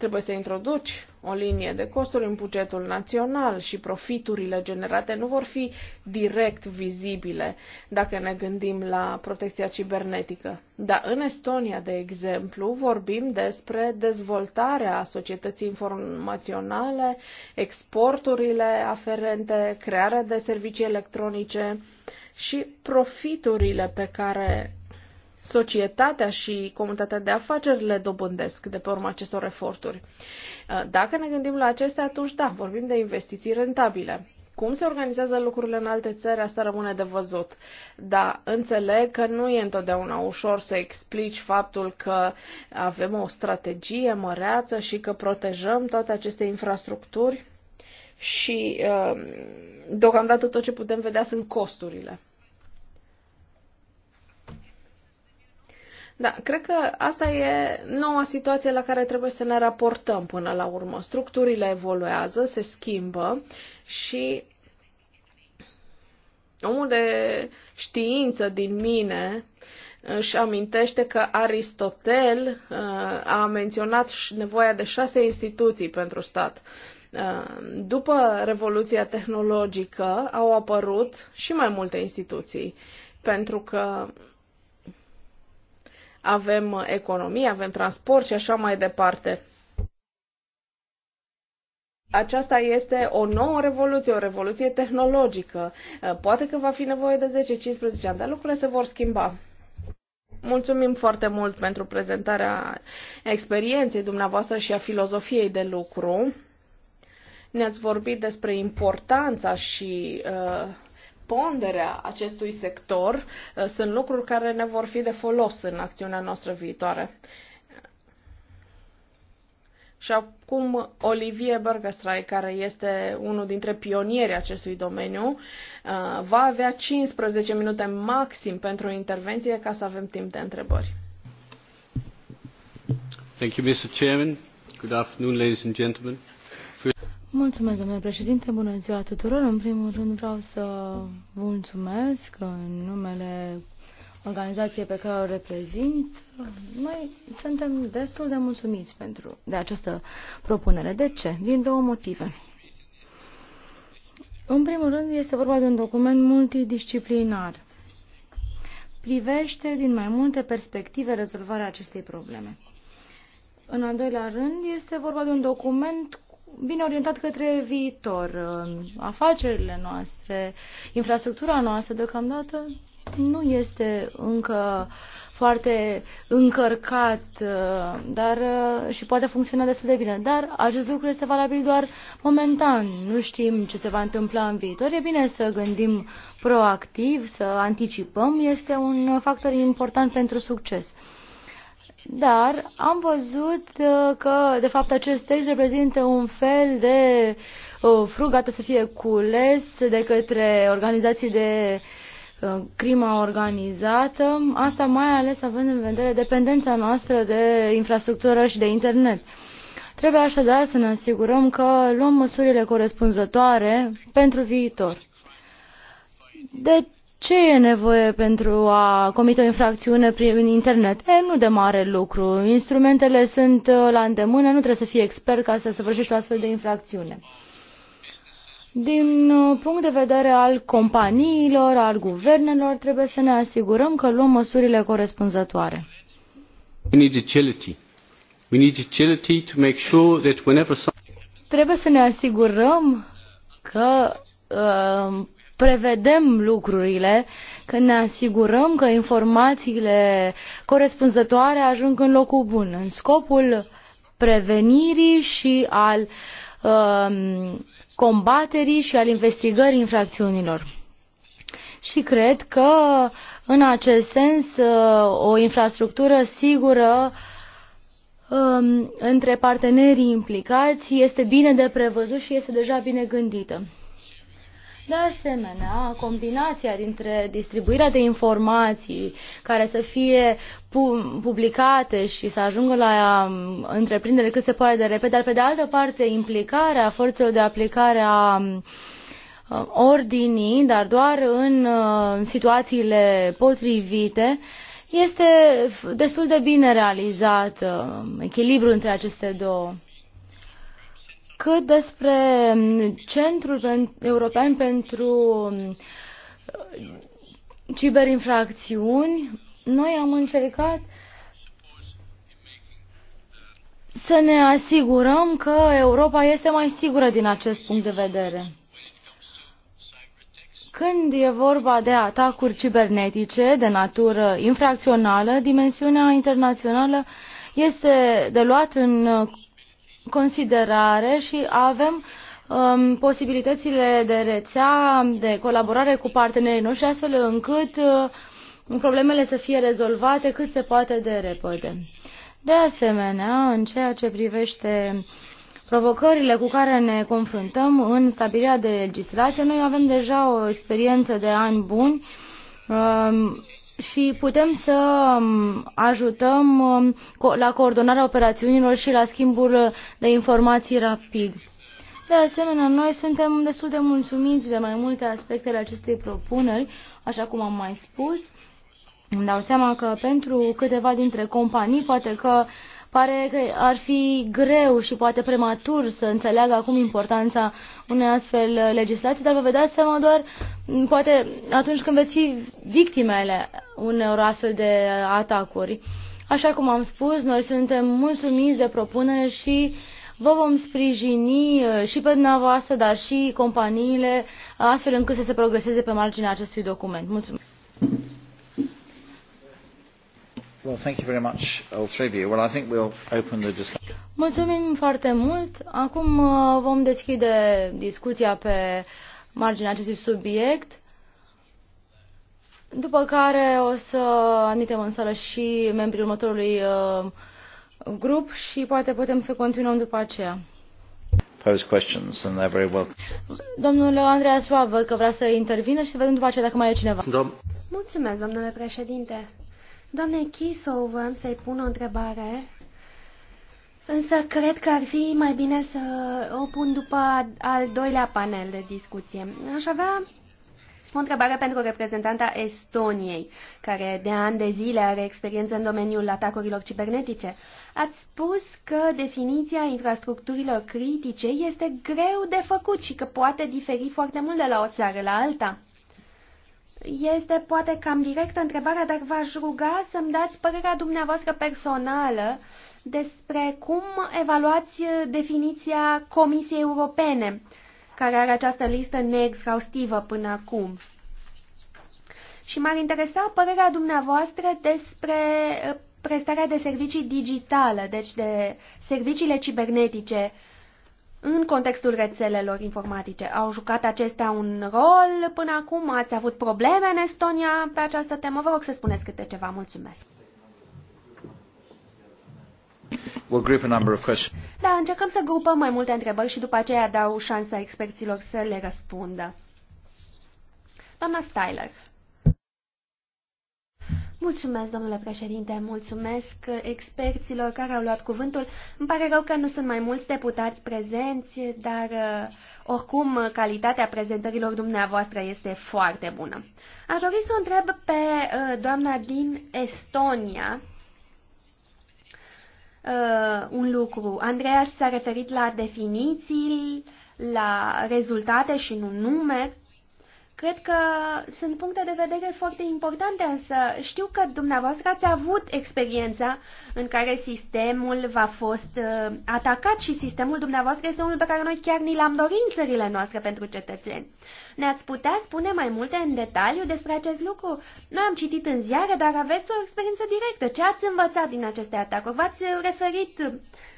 Trebuie să introduci o linie de costuri în bugetul național și profiturile generate nu vor fi direct vizibile dacă ne gândim la protecția cibernetică. Dar în Estonia, de exemplu, vorbim despre dezvoltarea societății informaționale, exporturile aferente, crearea de servicii electronice și profiturile pe care societatea și comunitatea de afaceri le dobândesc de pe urma acestor eforturi. Uh, dacă ne gândim la acestea, atunci da, vorbim de investiții rentabile. Cum se organizează lucrurile în alte țări, asta rămâne de văzut. Dar înțeleg că nu e întotdeauna ușor să explici faptul că avem o strategie măreață și că protejăm toate aceste infrastructuri și uh, deocamdată tot ce putem vedea sunt costurile. Da, cred că asta e noua situație la care trebuie să ne raportăm până la urmă. Structurile evoluează, se schimbă și omul de știință din mine își amintește că Aristotel uh, a menționat nevoia de șase instituții pentru stat. Uh, după Revoluția Tehnologică au apărut și mai multe instituții, pentru că avem uh, economie, avem transport și așa mai departe. Aceasta este o nouă revoluție, o revoluție tehnologică. Uh, poate că va fi nevoie de 10-15 ani, dar lucrurile se vor schimba. Mulțumim foarte mult pentru prezentarea experienței dumneavoastră și a filozofiei de lucru. Ne-ați vorbit despre importanța și uh, ponderea acestui sector uh, sunt lucruri care ne vor fi de folos în acțiunea noastră viitoare. Și acum Olivier Bergestrai, care este unul dintre pionierii acestui domeniu, uh, va avea 15 minute maxim pentru o intervenție ca să avem timp de întrebări. Thank you, Mr. Chairman. Good afternoon, ladies and gentlemen. Mulțumesc, domnule președinte, bună ziua tuturor. În primul rând vreau să vă mulțumesc în numele organizației pe care o reprezint. Noi suntem destul de mulțumiți pentru, de această propunere. De ce? Din două motive. În primul rând, este vorba de un document multidisciplinar. Privește din mai multe perspective rezolvarea acestei probleme. În al doilea rând, este vorba de un document bine orientat către viitor. Afacerile noastre, infrastructura noastră deocamdată nu este încă foarte încărcat dar, uh, și poate funcționa destul de bine. Dar acest lucru este valabil doar momentan. Nu știm ce se va întâmpla în viitor. E bine să gândim proactiv, să anticipăm. Este un factor important pentru succes. Dar am văzut uh, că, de fapt, acest text reprezintă un fel de uh, frug, gata să fie cules de către organizații de uh, crima organizată, asta mai ales având în vedere dependența noastră de infrastructură și de internet. Trebuie așadar să ne asigurăm că luăm măsurile corespunzătoare pentru viitor. De deci, ce e nevoie pentru a comite o infracțiune prin internet? E, nu de mare lucru. Instrumentele sunt uh, la îndemână, nu trebuie să fii expert ca să săvârșești o astfel de infracțiune. Din uh, punct de vedere al companiilor, al guvernelor, trebuie să ne asigurăm că luăm măsurile corespunzătoare. We need agility. We need agility to make sure that whenever Trebuie să ne asigurăm că uh, prevedem lucrurile, că ne asigurăm că informațiile corespunzătoare ajung în locul bun, în scopul prevenirii și al uh, combaterii și al investigării infracțiunilor. Și cred că, în acest sens, uh, o infrastructură sigură um, între partenerii implicați este bine de prevăzut și este deja bine gândită. De asemenea, combinația dintre distribuirea de informații care să fie publicate și să ajungă la um, întreprindere cât se poate de repede, dar pe de altă parte implicarea forțelor de aplicare a um, ordinii, dar doar în uh, situațiile potrivite, este destul de bine realizat um, echilibrul între aceste două cât despre mm, Centrul European pentru mm, Ciberinfracțiuni, noi am încercat să ne asigurăm că Europa este mai sigură din acest punct de vedere. Când e vorba de atacuri cibernetice de natură infracțională, dimensiunea internațională este de luat în considerare și avem um, posibilitățile de rețea, de colaborare cu partenerii noștri, astfel încât uh, problemele să fie rezolvate cât se poate de repede. De asemenea, în ceea ce privește provocările cu care ne confruntăm în stabilirea de legislație, noi avem deja o experiență de ani buni um, și putem să um, ajutăm um, la coordonarea operațiunilor și la schimbul de informații rapid. De asemenea, noi suntem destul de mulțumiți de mai multe aspectele acestei propuneri, așa cum am mai spus. Îmi dau seama că pentru câteva dintre companii poate că Pare că ar fi greu și poate prematur să înțeleagă acum importanța unei astfel legislații, dar vă vedeți seama doar poate atunci când veți fi victimele unor astfel de atacuri. Așa cum am spus, noi suntem mulțumiți de propunere și vă vom sprijini uh, și pe dumneavoastră, dar și companiile, astfel încât să se progreseze pe marginea acestui document. Mulțumesc! Mulțumim foarte mult. Acum uh, vom deschide discuția pe marginea acestui subiect. După care o să admitem în sală și membrii următorului uh, grup și poate putem să continuăm după aceea. Pose questions and they're very welcome. Domnul Andreea Schwab, văd că vrea să intervină și vedem după aceea dacă mai e cineva. Mulțumesc, domnule președinte. Doamne Chisou, vreau să-i pun o întrebare, însă cred că ar fi mai bine să o pun după al doilea panel de discuție. Aș avea o întrebare pentru reprezentanta Estoniei, care de ani de zile are experiență în domeniul atacurilor cibernetice. Ați spus că definiția infrastructurilor critice este greu de făcut și că poate diferi foarte mult de la o țară la alta. Este poate cam directă întrebarea, dar v-aș ruga să-mi dați părerea dumneavoastră personală despre cum evaluați definiția Comisiei Europene, care are această listă neexhaustivă până acum. Și m-ar interesa părerea dumneavoastră despre eh, prestarea de servicii digitale, deci de serviciile cibernetice în contextul rețelelor informatice. Au jucat acestea un rol până acum? Ați avut probleme în Estonia pe această temă? Vă rog să spuneți câte ceva. Mulțumesc. We'll group a number of questions. Da, încercăm să grupăm mai multe întrebări și după aceea dau șansa experților să le răspundă. Doamna Styler. Mulțumesc, domnule președinte, mulțumesc experților care au luat cuvântul. Îmi pare rău că nu sunt mai mulți deputați prezenți, dar uh, oricum calitatea prezentărilor dumneavoastră este foarte bună. Aș dori să o întreb pe uh, doamna din Estonia uh, un lucru. Andreas s-a referit la definiții, la rezultate și nu nume. Cred că sunt puncte de vedere foarte importante, însă știu că dumneavoastră ați avut experiența în care sistemul v-a fost uh, atacat și sistemul dumneavoastră este unul pe care noi chiar ni l-am dorit în țările noastre pentru cetățeni. Ne-ați putea spune mai multe în detaliu despre acest lucru? Noi am citit în ziare, dar aveți o experiență directă. Ce ați învățat din aceste atacuri? V-ați referit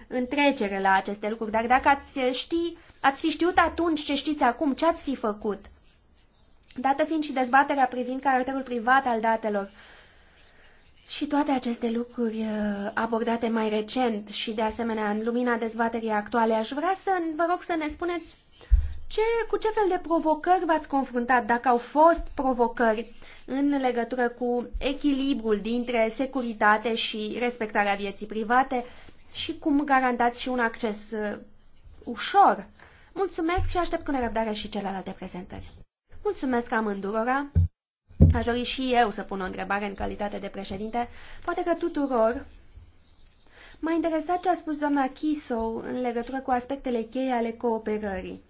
în trecere la aceste lucruri, dar dacă ați ști, ați fi știut atunci ce știți acum, ce ați fi făcut? dată fiind și dezbaterea privind caracterul privat al datelor și toate aceste lucruri uh, abordate mai recent și de asemenea în lumina dezbaterii actuale, aș vrea să vă rog să ne spuneți ce, cu ce fel de provocări v-ați confruntat, dacă au fost provocări în legătură cu echilibrul dintre securitate și respectarea vieții private și cum garantați și un acces uh, ușor. Mulțumesc și aștept cu nerăbdare și celelalte prezentări. Mulțumesc amândurora. Aș dori și eu să pun o întrebare în calitate de președinte, poate că tuturor. M-a interesat ce a spus doamna Chisou în legătură cu aspectele cheie ale cooperării.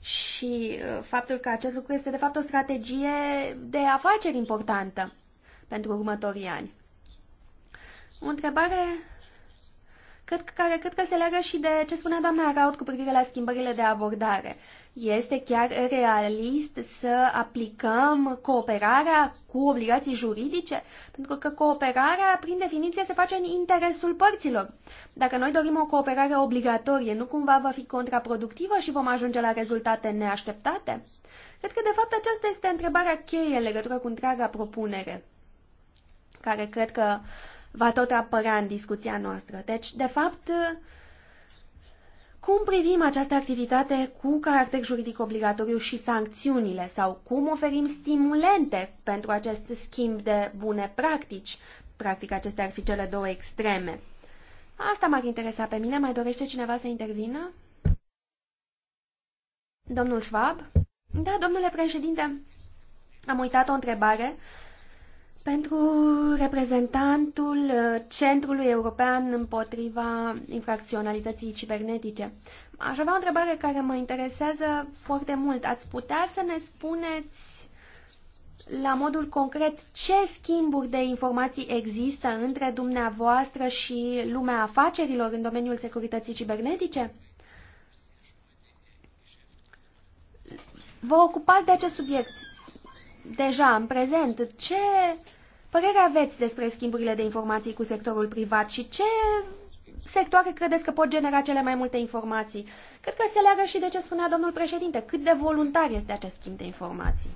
Și uh, faptul că acest lucru este de fapt o strategie de afaceri importantă pentru următorii ani. O întrebare cred, care cred că se leagă și de ce spunea doamna Raut cu privire la schimbările de abordare. Este chiar realist să aplicăm cooperarea cu obligații juridice? Pentru că cooperarea, prin definiție, se face în interesul părților. Dacă noi dorim o cooperare obligatorie, nu cumva va fi contraproductivă și vom ajunge la rezultate neașteptate? Cred că, de fapt, aceasta este întrebarea cheie în legătură cu întreaga propunere, care cred că uh, va tot apărea în discuția noastră. Deci, de fapt, cum privim această activitate cu caracter juridic obligatoriu și sancțiunile sau cum oferim stimulente pentru acest schimb de bune practici? Practic, acestea ar fi cele două extreme. Asta m-ar interesa pe mine. Mai dorește cineva să intervină? Domnul Schwab? Da, domnule președinte, am uitat o întrebare pentru reprezentantul uh, Centrului European împotriva infracționalității cibernetice, aș avea o întrebare care mă interesează foarte mult. Ați putea să ne spuneți la modul concret ce schimburi de informații există între dumneavoastră și lumea afacerilor în domeniul securității cibernetice? Vă ocupați de acest subiect deja în prezent. Ce părere aveți despre schimburile de informații cu sectorul privat și ce sectoare credeți că pot genera cele mai multe informații? Cred că se leagă și de ce spunea domnul președinte, cât de voluntar este acest schimb de informații.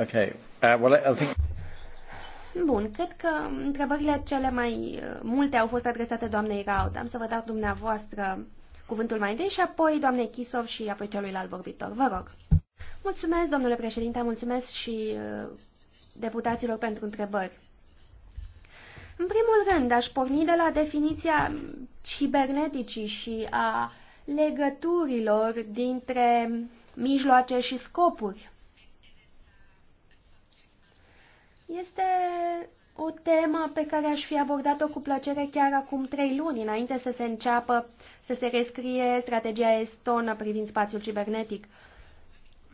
Ok, Uh, well, I think... Bun, cred că întrebările cele mai uh, multe au fost adresate doamnei Raud. Am să vă dau dumneavoastră cuvântul mai întâi și apoi doamnei Chisov și apoi celuilalt vorbitor. Vă rog. Mulțumesc, domnule președinte, mulțumesc și uh, deputaților pentru întrebări. În primul rând, aș porni de la definiția ciberneticii și a legăturilor dintre mijloace și scopuri. Este o temă pe care aș fi abordat-o cu plăcere chiar acum trei luni, înainte să se înceapă să se rescrie strategia estonă privind spațiul cibernetic.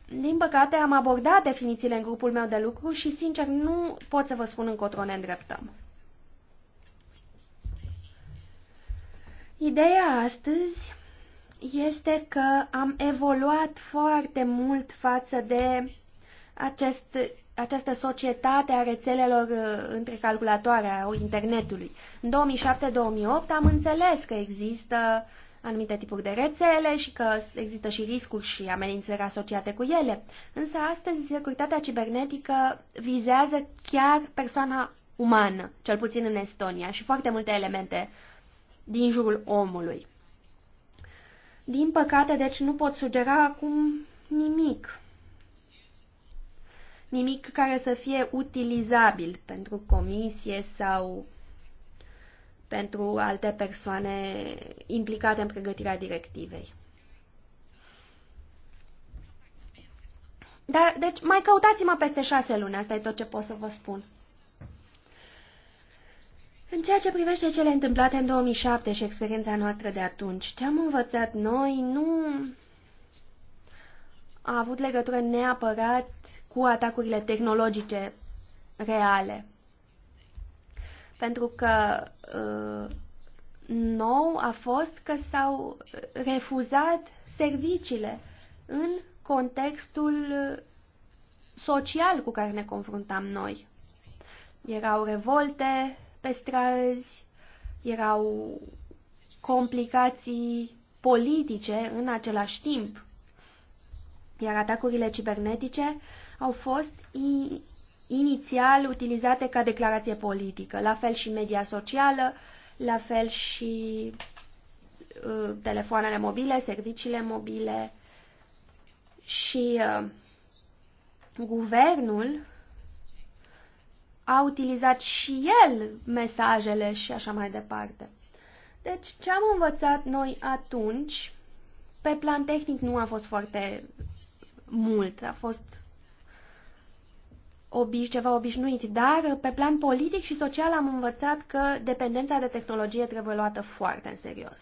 Din păcate, am abordat definițiile în grupul meu de lucru și, sincer, nu pot să vă spun încotro ne îndreptăm. Ideea astăzi este că am evoluat foarte mult față de acest, această societate a rețelelor uh, între calculatoare a internetului. În 2007-2008 am înțeles că există uh, anumite tipuri de rețele și că există și riscuri și amenințări asociate cu ele. Însă astăzi securitatea cibernetică vizează chiar persoana umană, cel puțin în Estonia, și foarte multe elemente din jurul omului. Din păcate, deci, nu pot sugera acum nimic. Nimic care să fie utilizabil pentru comisie sau pentru alte persoane implicate în pregătirea directivei. Dar, deci, mai căutați-mă peste șase luni, asta e tot ce pot să vă spun. În ceea ce privește cele întâmplate în 2007 și experiența noastră de atunci, ce am învățat noi nu a avut legătură neapărat cu atacurile tehnologice reale pentru că uh, nou a fost că s-au refuzat serviciile în contextul social cu care ne confruntam noi. Erau revolte pe străzi, erau complicații politice în același timp, iar atacurile cibernetice au fost inițial utilizate ca declarație politică, la fel și media socială, la fel și uh, telefoanele mobile, serviciile mobile și uh, guvernul a utilizat și el mesajele și așa mai departe. Deci ce am învățat noi atunci, pe plan tehnic nu a fost foarte mult, a fost obiș ceva obișnuit, dar pe plan politic și social am învățat că dependența de tehnologie trebuie luată foarte în serios.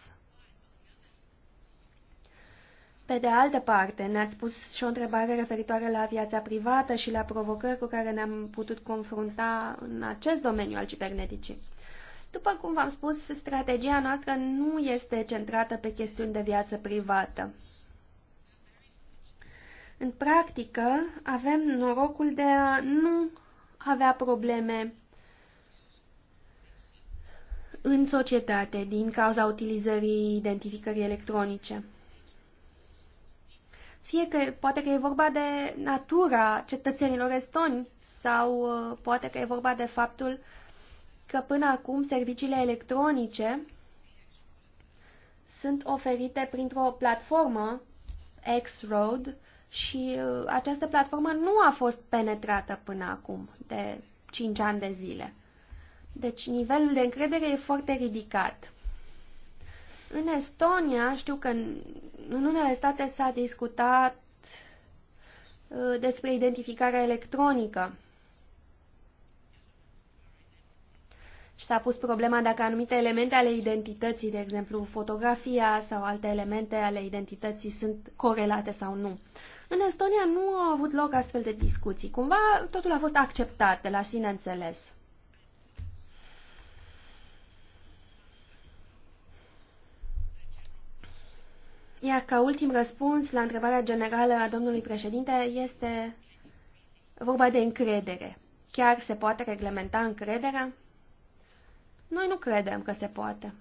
Pe de altă parte, ne-ați pus și o întrebare referitoare la viața privată și la provocări cu care ne-am putut confrunta în acest domeniu al ciberneticii. După cum v-am spus, strategia noastră nu este centrată pe chestiuni de viață privată. În practică, avem norocul de a nu avea probleme în societate din cauza utilizării identificării electronice. Fie că poate că e vorba de natura cetățenilor estoni sau uh, poate că e vorba de faptul că până acum serviciile electronice sunt oferite printr-o platformă X-Road și uh, această platformă nu a fost penetrată până acum, de 5 ani de zile. Deci nivelul de încredere e foarte ridicat. În Estonia, știu că în, în unele state s-a discutat uh, despre identificarea electronică. Și s-a pus problema dacă anumite elemente ale identității, de exemplu fotografia sau alte elemente ale identității, sunt corelate sau nu. În Estonia nu au avut loc astfel de discuții. Cumva totul a fost acceptat de la sine înțeles. Iar ca ultim răspuns la întrebarea generală a domnului președinte este vorba de încredere. Chiar se poate reglementa încrederea? Noi nu credem că se poate.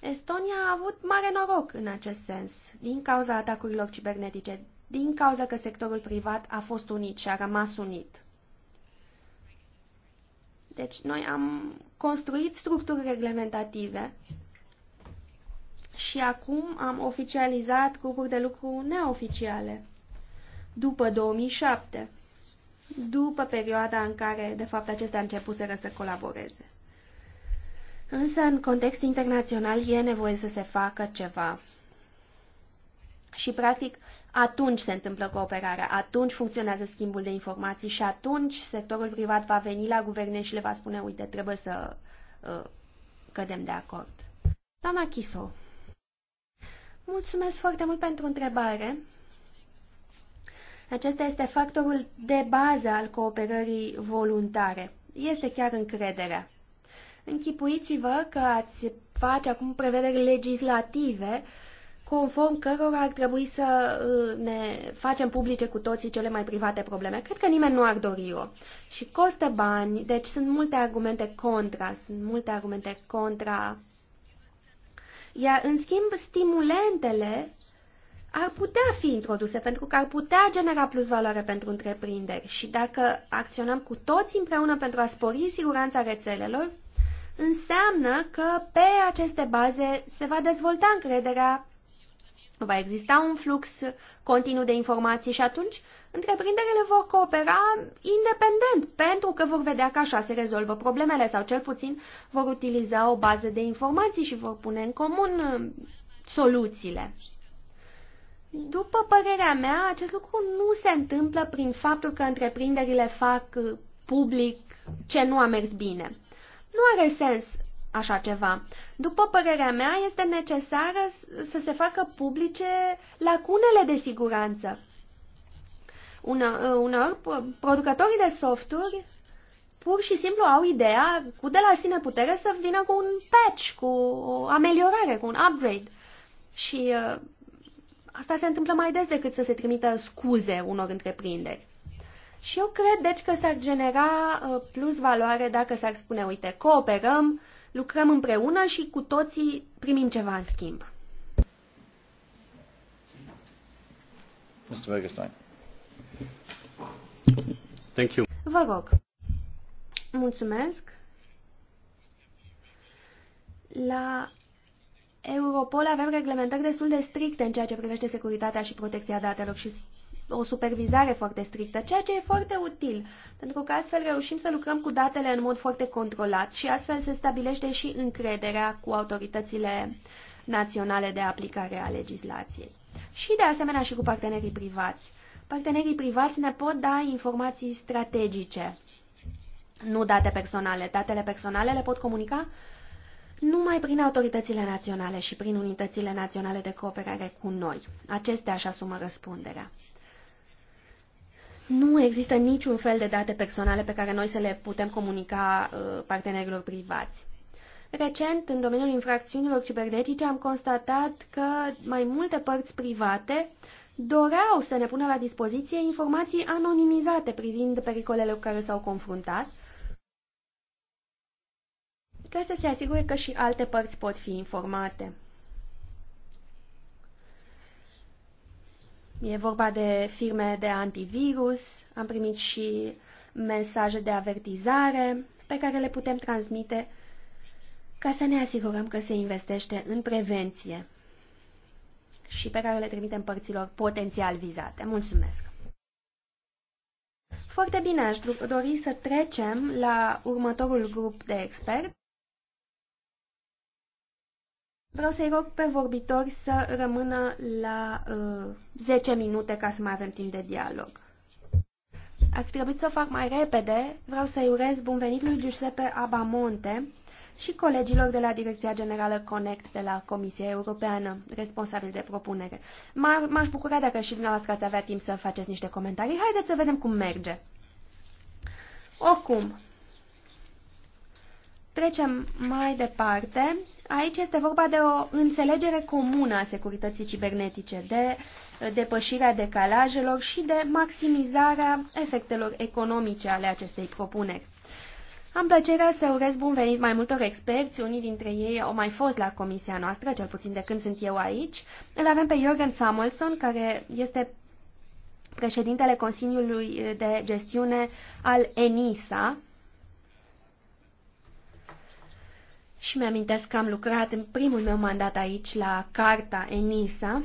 Estonia a avut mare noroc în acest sens, din cauza atacurilor cibernetice, din cauza că sectorul privat a fost unit și a rămas unit. Deci noi am construit structuri reglementative și acum am oficializat grupuri de lucru neoficiale după 2007, după perioada în care, de fapt, acestea începuseră să colaboreze. Însă, în context internațional, e nevoie să se facă ceva. Și, practic, atunci se întâmplă cooperarea, atunci funcționează schimbul de informații și atunci sectorul privat va veni la guverne și le va spune, uite, trebuie să uh, cădem de acord. Doamna Chiso, mulțumesc foarte mult pentru întrebare. Acesta este factorul de bază al cooperării voluntare. Este chiar încrederea. Închipuiți-vă că ați face acum prevederi legislative conform cărora ar trebui să uh, ne facem publice cu toții cele mai private probleme. Cred că nimeni nu ar dori-o. Și costă bani, deci sunt multe argumente contra, sunt multe argumente contra. Iar, în schimb, stimulentele ar putea fi introduse, pentru că ar putea genera plus valoare pentru întreprinderi. Și dacă acționăm cu toți împreună pentru a spori siguranța rețelelor, înseamnă că pe aceste baze se va dezvolta încrederea, va exista un flux continuu de informații și atunci întreprinderile vor coopera independent pentru că vor vedea că așa se rezolvă problemele sau cel puțin vor utiliza o bază de informații și vor pune în comun uh, soluțiile. După părerea mea, acest lucru nu se întâmplă prin faptul că întreprinderile fac uh, public ce nu a mers bine. Nu are sens așa ceva. După părerea mea, este necesară să se facă publice lacunele de siguranță. Uneori, uh, uh, producătorii de softuri pur și simplu au ideea cu de la sine putere să vină cu un patch, cu o ameliorare, cu un upgrade. Și uh, asta se întâmplă mai des decât să se trimită scuze unor întreprinderi. Și eu cred, deci, că s-ar genera uh, plus valoare dacă s-ar spune, uite, cooperăm, lucrăm împreună și cu toții primim ceva în schimb. Mr. Wegestein. Thank you. Vă rog. Mulțumesc. La Europol avem reglementări destul de stricte în ceea ce privește securitatea și protecția datelor și o supervizare foarte strictă, ceea ce e foarte util, pentru că astfel reușim să lucrăm cu datele în mod foarte controlat și astfel se stabilește și încrederea cu autoritățile naționale de aplicare a legislației. Și de asemenea și cu partenerii privați. Partenerii privați ne pot da informații strategice, nu date personale. Datele personale le pot comunica numai prin autoritățile naționale și prin unitățile naționale de cooperare cu noi. Acestea își asumă răspunderea. Nu există niciun fel de date personale pe care noi să le putem comunica uh, partenerilor privați. Recent, în domeniul infracțiunilor cibernetice, am constatat că mai multe părți private doreau să ne pună la dispoziție informații anonimizate privind pericolele cu care s-au confruntat, ca să se asigure că și alte părți pot fi informate. E vorba de firme de antivirus, am primit și mesaje de avertizare pe care le putem transmite ca să ne asigurăm că se investește în prevenție și pe care le trimitem părților potențial vizate. Mulțumesc! Foarte bine, aș dori să trecem la următorul grup de experți. Vreau să-i rog pe vorbitori să rămână la uh, 10 minute ca să mai avem timp de dialog. Ar fi trebuit să o fac mai repede. Vreau să-i urez bun venit lui Giuseppe Abamonte și colegilor de la Direcția Generală Connect de la Comisia Europeană, responsabil de propunere. M-aș bucura dacă și dumneavoastră ați avea timp să faceți niște comentarii. Haideți să vedem cum merge. Oricum, Trecem mai departe. Aici este vorba de o înțelegere comună a securității cibernetice, de depășirea decalajelor și de maximizarea efectelor economice ale acestei propuneri. Am plăcerea să urez bun venit mai multor experți, unii dintre ei au mai fost la comisia noastră, cel puțin de când sunt eu aici. Îl avem pe Jorgen Samuelson, care este președintele Consiliului de Gestiune al ENISA, Și mi-amintesc că am lucrat în primul meu mandat aici la Carta ENISA.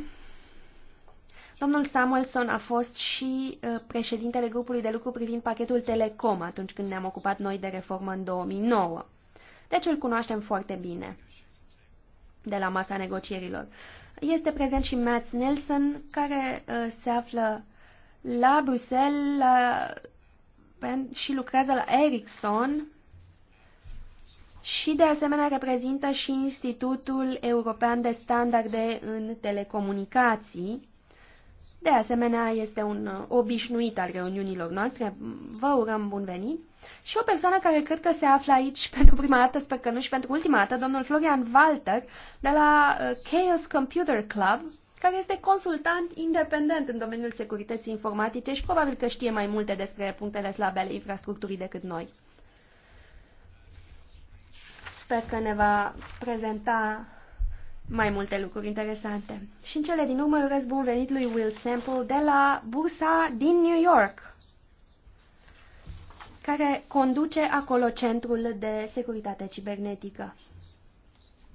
Domnul Samuelson a fost și uh, președintele grupului de lucru privind pachetul Telecom atunci când ne-am ocupat noi de reformă în 2009. Deci îl cunoaștem foarte bine de la masa negocierilor. Este prezent și Matt Nelson, care uh, se află la Bruxelles la, și lucrează la Ericsson și de asemenea reprezintă și Institutul European de Standarde în Telecomunicații. De asemenea, este un uh, obișnuit al reuniunilor noastre. Vă urăm bun venit! Și o persoană care cred că se află aici (laughs) pentru prima dată, sper că nu și pentru ultima dată, domnul Florian Walter, de la uh, Chaos Computer Club, care este consultant independent în domeniul securității informatice și probabil că știe mai multe despre punctele slabe ale infrastructurii decât noi. Sper că ne va prezenta mai multe lucruri interesante. Și în cele din urmă urez bun venit lui Will Sample de la bursa din New York, care conduce acolo centrul de securitate cibernetică.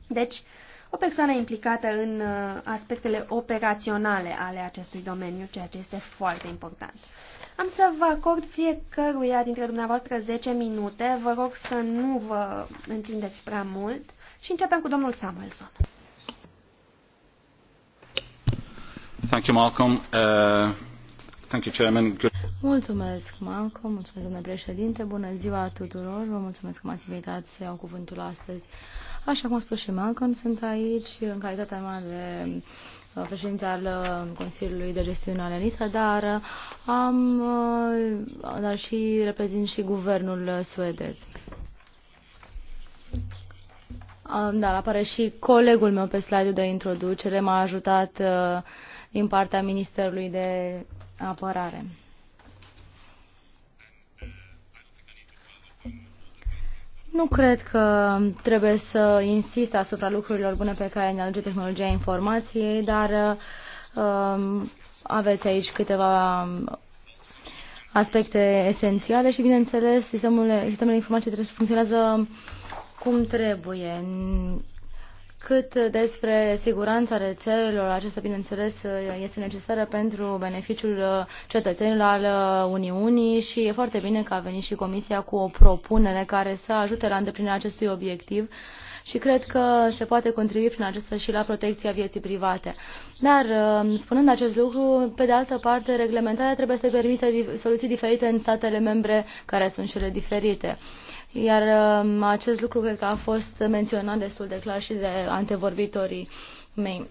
Deci, o persoană implicată în uh, aspectele operaționale ale acestui domeniu, ceea ce este foarte important. Am să vă acord fiecăruia dintre dumneavoastră 10 minute. Vă rog să nu vă întindeți prea mult și începem cu domnul Samuelson. Thank you, Malcolm. Uh, thank you, Chairman. Good. Mulțumesc, Malcolm. Mulțumesc, domnule președinte. Bună ziua tuturor. Vă mulțumesc că m-ați invitat să iau cuvântul astăzi. Uh, Așa cum a spus și Malcolm, sunt aici în calitatea mea de uh, președinte al uh, Consiliului de Gestiune al ENISA, dar, uh, am, dar și reprezint și guvernul suedez. Da, apare și colegul meu pe slide-ul de introducere, m-a ajutat din partea Ministerului de Apărare. Nu cred că trebuie să insist asupra lucrurilor bune pe care ne aduce tehnologia informației, dar uh, aveți aici câteva um, aspecte esențiale și, bineînțeles, sistemele, sistemele informației trebuie să funcționează cum trebuie. Cât despre siguranța rețelelor, acesta, bineînțeles, este necesară pentru beneficiul cetățenilor al Uniunii și e foarte bine că a venit și Comisia cu o propunere care să ajute la îndeplinirea acestui obiectiv și cred că se poate contribui prin acesta și la protecția vieții private. Dar, um, spunând acest lucru, pe de altă parte, reglementarea trebuie să permită soluții diferite în statele membre care sunt cele diferite iar um, acest lucru cred că a fost menționat destul de clar și de antevorbitorii mei.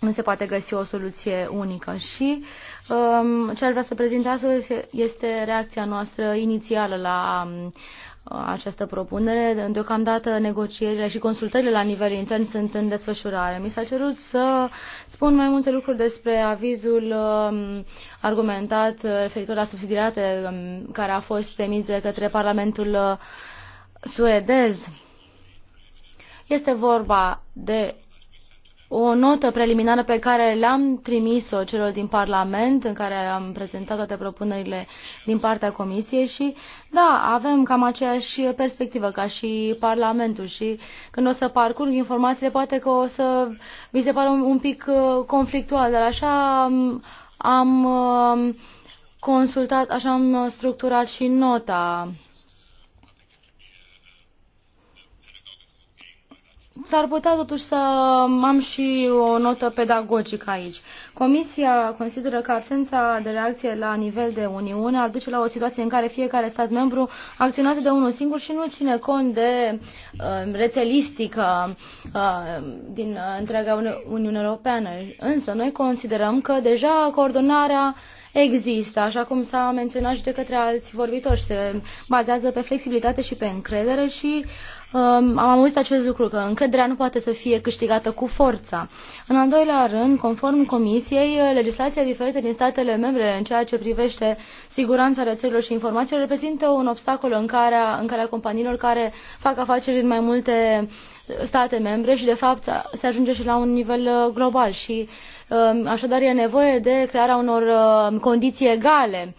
Nu se poate găsi o soluție unică și um, ce aș vrea să prezint astăzi este reacția noastră inițială la um, această propunere. Deocamdată negocierile și consultările la nivel intern sunt în desfășurare. Mi s-a cerut să spun mai multe lucruri despre avizul um, argumentat uh, referitor la subsidiate um, care a fost emis de către Parlamentul uh, suedez. Este vorba de o notă preliminară pe care le-am trimis-o celor din Parlament, în care am prezentat toate propunerile din partea Comisiei și, da, avem cam aceeași perspectivă ca și Parlamentul și când o să parcurg informațiile, poate că o să mi se pare un, un pic uh, conflictual, dar așa am, am uh, consultat, așa am structurat și nota s-ar putea totuși să am și o notă pedagogică aici. Comisia consideră că absența de reacție la nivel de Uniune ar duce la o situație în care fiecare stat membru acționează de unul singur și nu ține cont de uh, rețelistică uh, din uh, întreaga Uniune Europeană. Însă noi considerăm că deja coordonarea există, așa cum s-a menționat și de către alți vorbitori, se bazează pe flexibilitate și pe încredere și uh, am auzit acest lucru, că încrederea nu poate să fie câștigată cu forța. În al doilea rând, conform Comisiei, legislația diferită din statele membre în ceea ce privește siguranța rețelelor și informațiilor reprezintă un obstacol în care, în care companiilor care fac afaceri în mai multe state membre și, de fapt, se ajunge și la un nivel uh, global și um, așadar e nevoie de crearea unor uh, condiții egale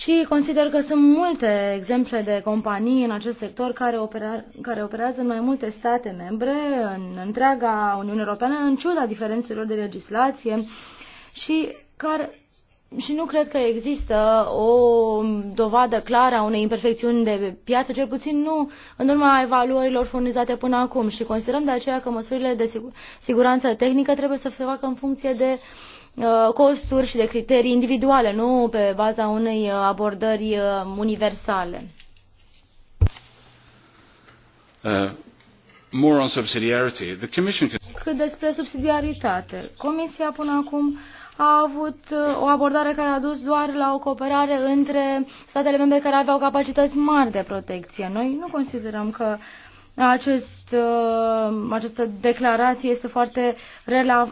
și consider că sunt multe exemple de companii în acest sector care, opera, care operează în mai multe state membre, în întreaga Uniune Europeană, în ciuda diferențelor de legislație și care și nu cred că există o dovadă clară a unei imperfecțiuni de piață, cel puțin nu în urma evaluărilor furnizate până acum și considerăm de aceea că măsurile de sigur, siguranță tehnică trebuie să se facă în funcție de uh, Uh, costuri și de criterii individuale, nu pe baza unei uh, abordări uh, universale. Uh, more on subsidiarity. The commission... Cât despre subsidiaritate, Comisia până acum a avut o abordare care a dus doar la o cooperare între statele membre care aveau capacități mari de protecție. Noi nu considerăm că acest, uh, această declarație este foarte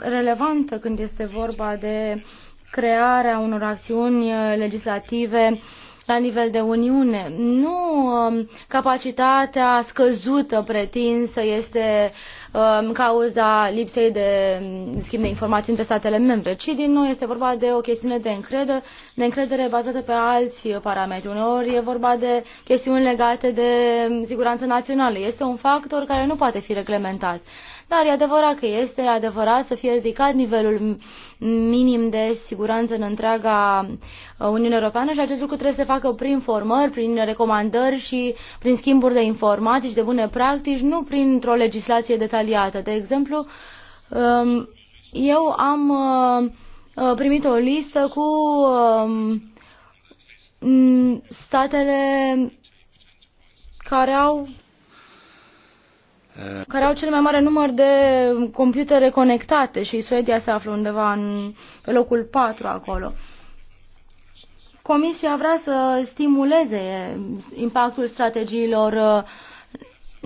relevantă când este vorba de crearea unor acțiuni legislative uh, la nivel de Uniune. Nu um, capacitatea scăzută pretinsă este um, cauza lipsei de mm, schimb de informații între statele membre, ci din nou este vorba de o chestiune de încredere, de încredere bazată pe alți parametri. Uneori e vorba de chestiuni legate de mm, siguranță națională. Este un factor care nu poate fi reglementat. Dar e adevărat că este adevărat să fie ridicat nivelul minim de siguranță în întreaga uh, Uniune Europeană și acest lucru trebuie să facă prin formări, prin recomandări și prin schimburi de informații și de bune practici, nu printr-o legislație detaliată. De exemplu, um, eu am uh, uh, primit o listă cu um, statele care au care au cel mai mare număr de computere conectate și Suedia se află undeva în, pe locul 4 acolo. Comisia vrea să stimuleze impactul strategiilor uh,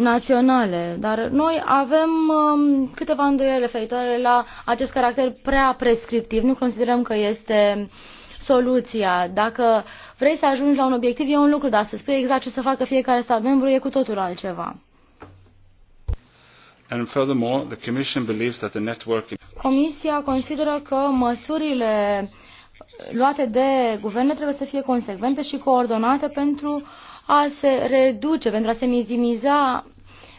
naționale, dar noi avem um, câteva îndoieli referitoare la acest caracter prea prescriptiv. Nu considerăm că este soluția. Dacă vrei să ajungi la un obiectiv, e un lucru, dar să spui exact ce să facă fiecare stat membru e cu totul altceva. And furthermore, the Commission believes that the Comisia consideră că măsurile luate de guverne trebuie să fie consecvente și coordonate pentru a se reduce, pentru a se minimiza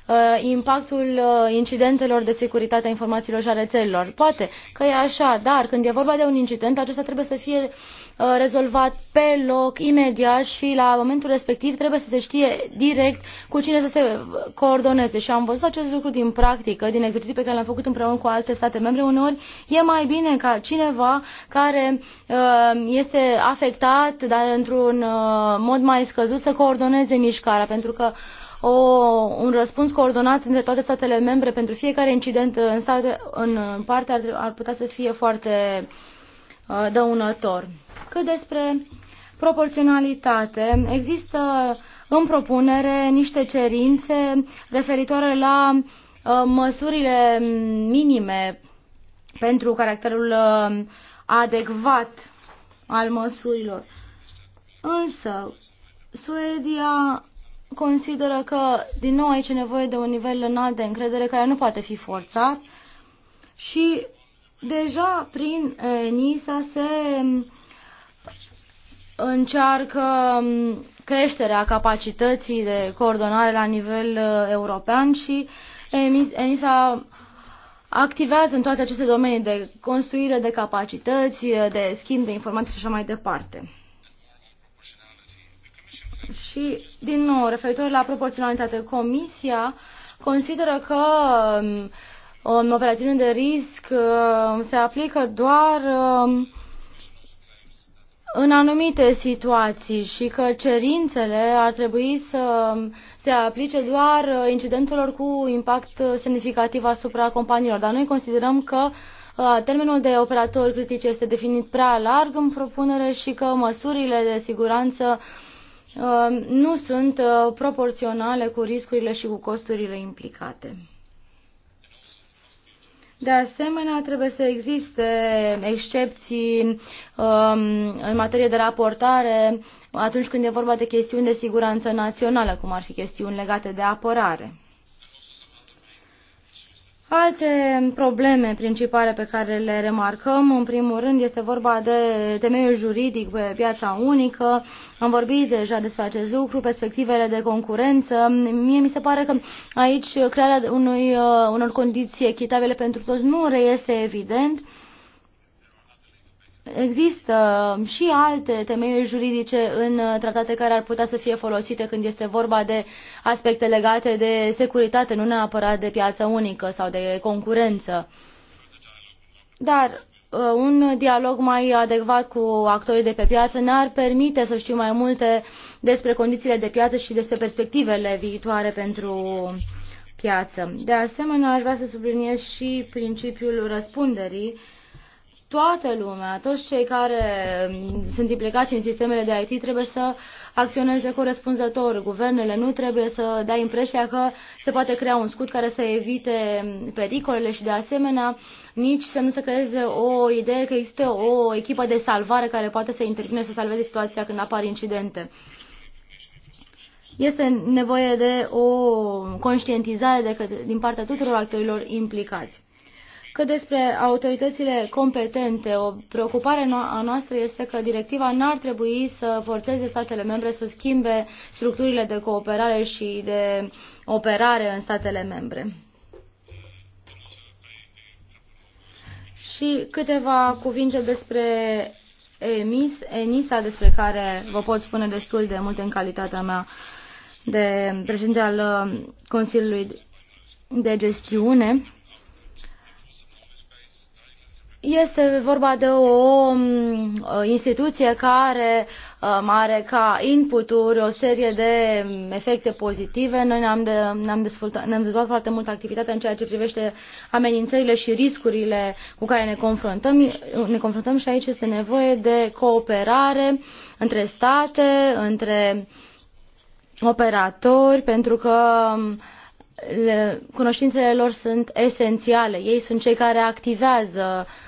uh, impactul uh, incidentelor de securitate a informațiilor și a rețelelor. Poate că e așa, dar când e vorba de un incident, acesta trebuie să fie uh, Uh, rezolvat pe loc, imediat și la momentul respectiv trebuie să se știe direct cu cine să se coordoneze. Și am văzut acest lucru din practică, din exerciții pe care le-am făcut împreună cu alte state membre. Uneori e mai bine ca cineva care uh, este afectat, dar într-un uh, mod mai scăzut, să coordoneze mișcarea, pentru că o, un răspuns coordonat între toate statele membre pentru fiecare incident în, state, în parte ar, ar putea să fie foarte uh, dăunător. Cât despre proporționalitate, există în propunere niște cerințe referitoare la uh, măsurile minime pentru caracterul uh, adecvat al măsurilor. Însă, Suedia consideră că, din nou, aici e nevoie de un nivel înalt de încredere care nu poate fi forțat și deja prin uh, ENISA se încearcă um, creșterea capacității de coordonare la nivel uh, european și ENISA activează în toate aceste domenii de construire de capacități, uh, de schimb de informații și așa mai departe. Și, din nou, referitor la proporționalitate, Comisia consideră că um, în operațiune de risc uh, se aplică doar uh, în anumite situații și că cerințele ar trebui să se aplice doar incidentelor cu impact semnificativ asupra companiilor. Dar noi considerăm că uh, termenul de operator critic este definit prea larg în propunere și că măsurile de siguranță uh, nu sunt uh, proporționale cu riscurile și cu costurile implicate. De asemenea, trebuie să existe excepții um, în materie de raportare atunci când e vorba de chestiuni de siguranță națională, cum ar fi chestiuni legate de apărare. Alte probleme principale pe care le remarcăm, în primul rând, este vorba de temeiul juridic pe piața unică. Am vorbit deja despre acest lucru, perspectivele de concurență. Mie mi se pare că aici crearea unui, uh, unor condiții echitabile pentru toți nu reiese evident. Există și alte temeiuri juridice în tratate care ar putea să fie folosite când este vorba de aspecte legate de securitate, nu neapărat de piață unică sau de concurență. Dar uh, un dialog mai adecvat cu actorii de pe piață ne-ar permite să știu mai multe despre condițiile de piață și despre perspectivele viitoare pentru piață. De asemenea, aș vrea să subliniez și principiul răspunderii toată lumea, toți cei care mm, sunt implicați în sistemele de IT trebuie să acționeze corespunzător. Guvernele nu trebuie să dea impresia că se poate crea un scut care să evite mm, pericolele și de asemenea nici să nu se creeze o idee că există o echipă de salvare care poate să intervine să salveze situația când apar incidente. Este nevoie de o conștientizare de că, din partea tuturor actorilor implicați. Cât despre autoritățile competente, o preocupare a noastră este că directiva n-ar trebui să forțeze statele membre să schimbe structurile de cooperare și de operare în statele membre. Și câteva cuvinte despre EMIS, ENISA, despre care vă pot spune destul de multe în calitatea mea de președinte al uh, Consiliului de Gestiune. Este vorba de o um, instituție care um, are ca inputuri o serie de um, efecte pozitive. Noi ne-am, de, ne-am, dezvoltat, ne-am dezvoltat foarte mult activitatea în ceea ce privește amenințările și riscurile cu care ne confruntăm. Ne confruntăm și aici este nevoie de cooperare între state, între operatori, pentru că cunoștințele lor sunt esențiale. Ei sunt cei care activează uh,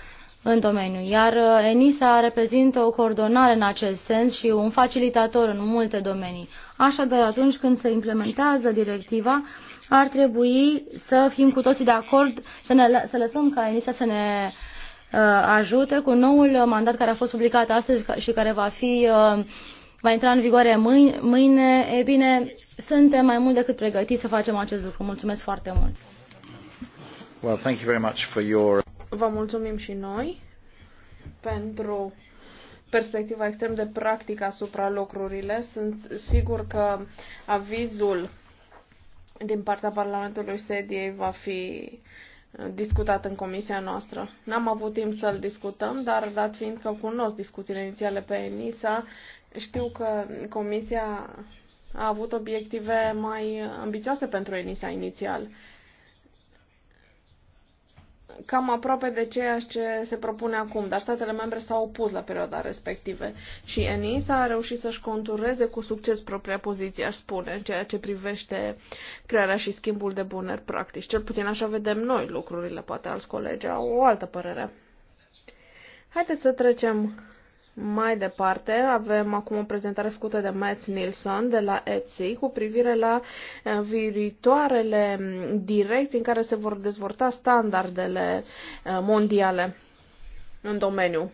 în domeniu, iar uh, ENISA reprezintă o coordonare în acest sens și un facilitator în multe domenii. Așadar, atunci când se implementează directiva, ar trebui să fim cu toții de acord, să, ne, să lăsăm ca ENISA să ne uh, ajute cu noul mandat care a fost publicat astăzi și care va fi uh, va intra în vigoare mâine, mâine. E bine, suntem mai mult decât pregătiți să facem acest lucru. Mulțumesc foarte mult! Well, thank you very much for your... Vă mulțumim și noi pentru perspectiva extrem de practică asupra lucrurile. Sunt sigur că avizul din partea Parlamentului Sediei va fi discutat în comisia noastră. N-am avut timp să-l discutăm, dar dat fiind că cunosc discuțiile inițiale pe ENISA, știu că comisia a avut obiective mai ambițioase pentru ENISA inițial cam aproape de ceea ce se propune acum, dar statele membre s-au opus la perioada respective și ENISA a reușit să-și contureze cu succes propria poziție, aș spune, în ceea ce privește crearea și schimbul de bune practici. Cel puțin așa vedem noi lucrurile, poate alți colegi au o altă părere. Haideți să trecem mai departe, avem acum o prezentare făcută de Matt Nilsson de la Etsy cu privire la eh, viitoarele direcții în care se vor dezvolta standardele eh, mondiale în domeniu.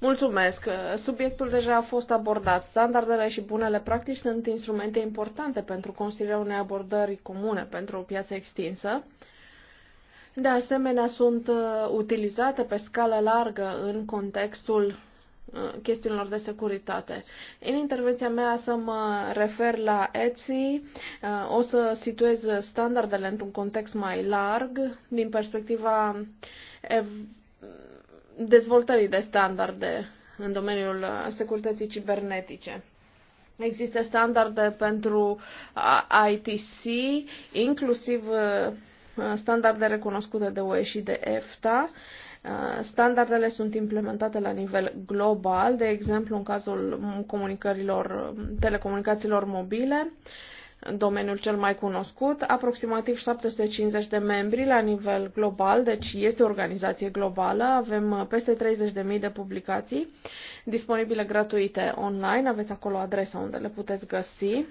Mulțumesc. Subiectul deja a fost abordat. Standardele și bunele practici sunt instrumente importante pentru construirea unei abordări comune pentru o piață extinsă. De asemenea, sunt eh, utilizate pe scală largă în contextul Uh, chestiunilor de securitate. În intervenția mea să mă refer la Etsy, uh, o să situez standardele într-un context mai larg, din perspectiva dezvoltării de standarde în domeniul uh, securității cibernetice. Există standarde pentru ITC, inclusiv standarde recunoscute de UE și de EFTA Uh, standardele sunt implementate la nivel global, de exemplu în cazul comunicărilor, telecomunicațiilor mobile, domeniul cel mai cunoscut, aproximativ 750 de membri la nivel global, deci este o organizație globală, avem uh, peste 30.000 de publicații disponibile gratuite online, aveți acolo adresa unde le puteți găsi.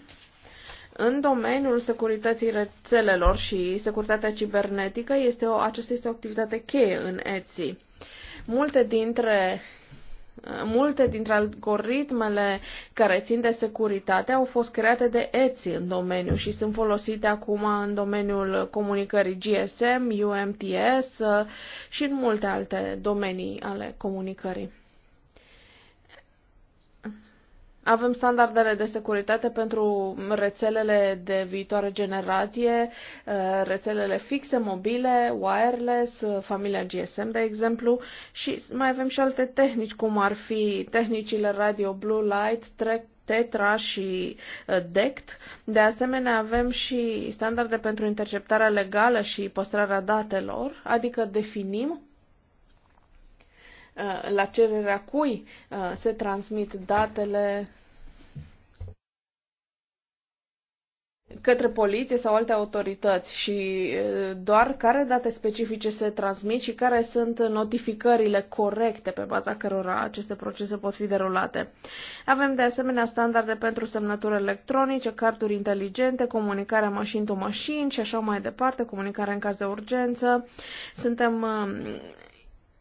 În domeniul securității rețelelor și securitatea cibernetică, este o, aceasta este o activitate cheie în ETSI. Multe dintre Multe dintre algoritmele care țin de securitate au fost create de ETSI în domeniu și sunt folosite acum în domeniul comunicării GSM, UMTS uh, și în multe alte domenii ale comunicării. Avem standardele de securitate pentru rețelele de viitoare generație, eh, rețelele fixe, mobile, wireless, eh, familia GSM, de exemplu, și mai avem și alte tehnici, cum ar fi tehnicile radio blue light, track Tetra și eh, DECT. De asemenea, avem și standarde pentru interceptarea legală și păstrarea datelor, adică definim Uh, la cererea cui uh, se transmit datele către poliție sau alte autorități și uh, doar care date specifice se transmit și care sunt notificările corecte pe baza cărora aceste procese pot fi derulate. Avem de asemenea standarde pentru semnături electronice, carturi inteligente, comunicarea mașini to mașini și așa mai departe, comunicarea în caz de urgență. Suntem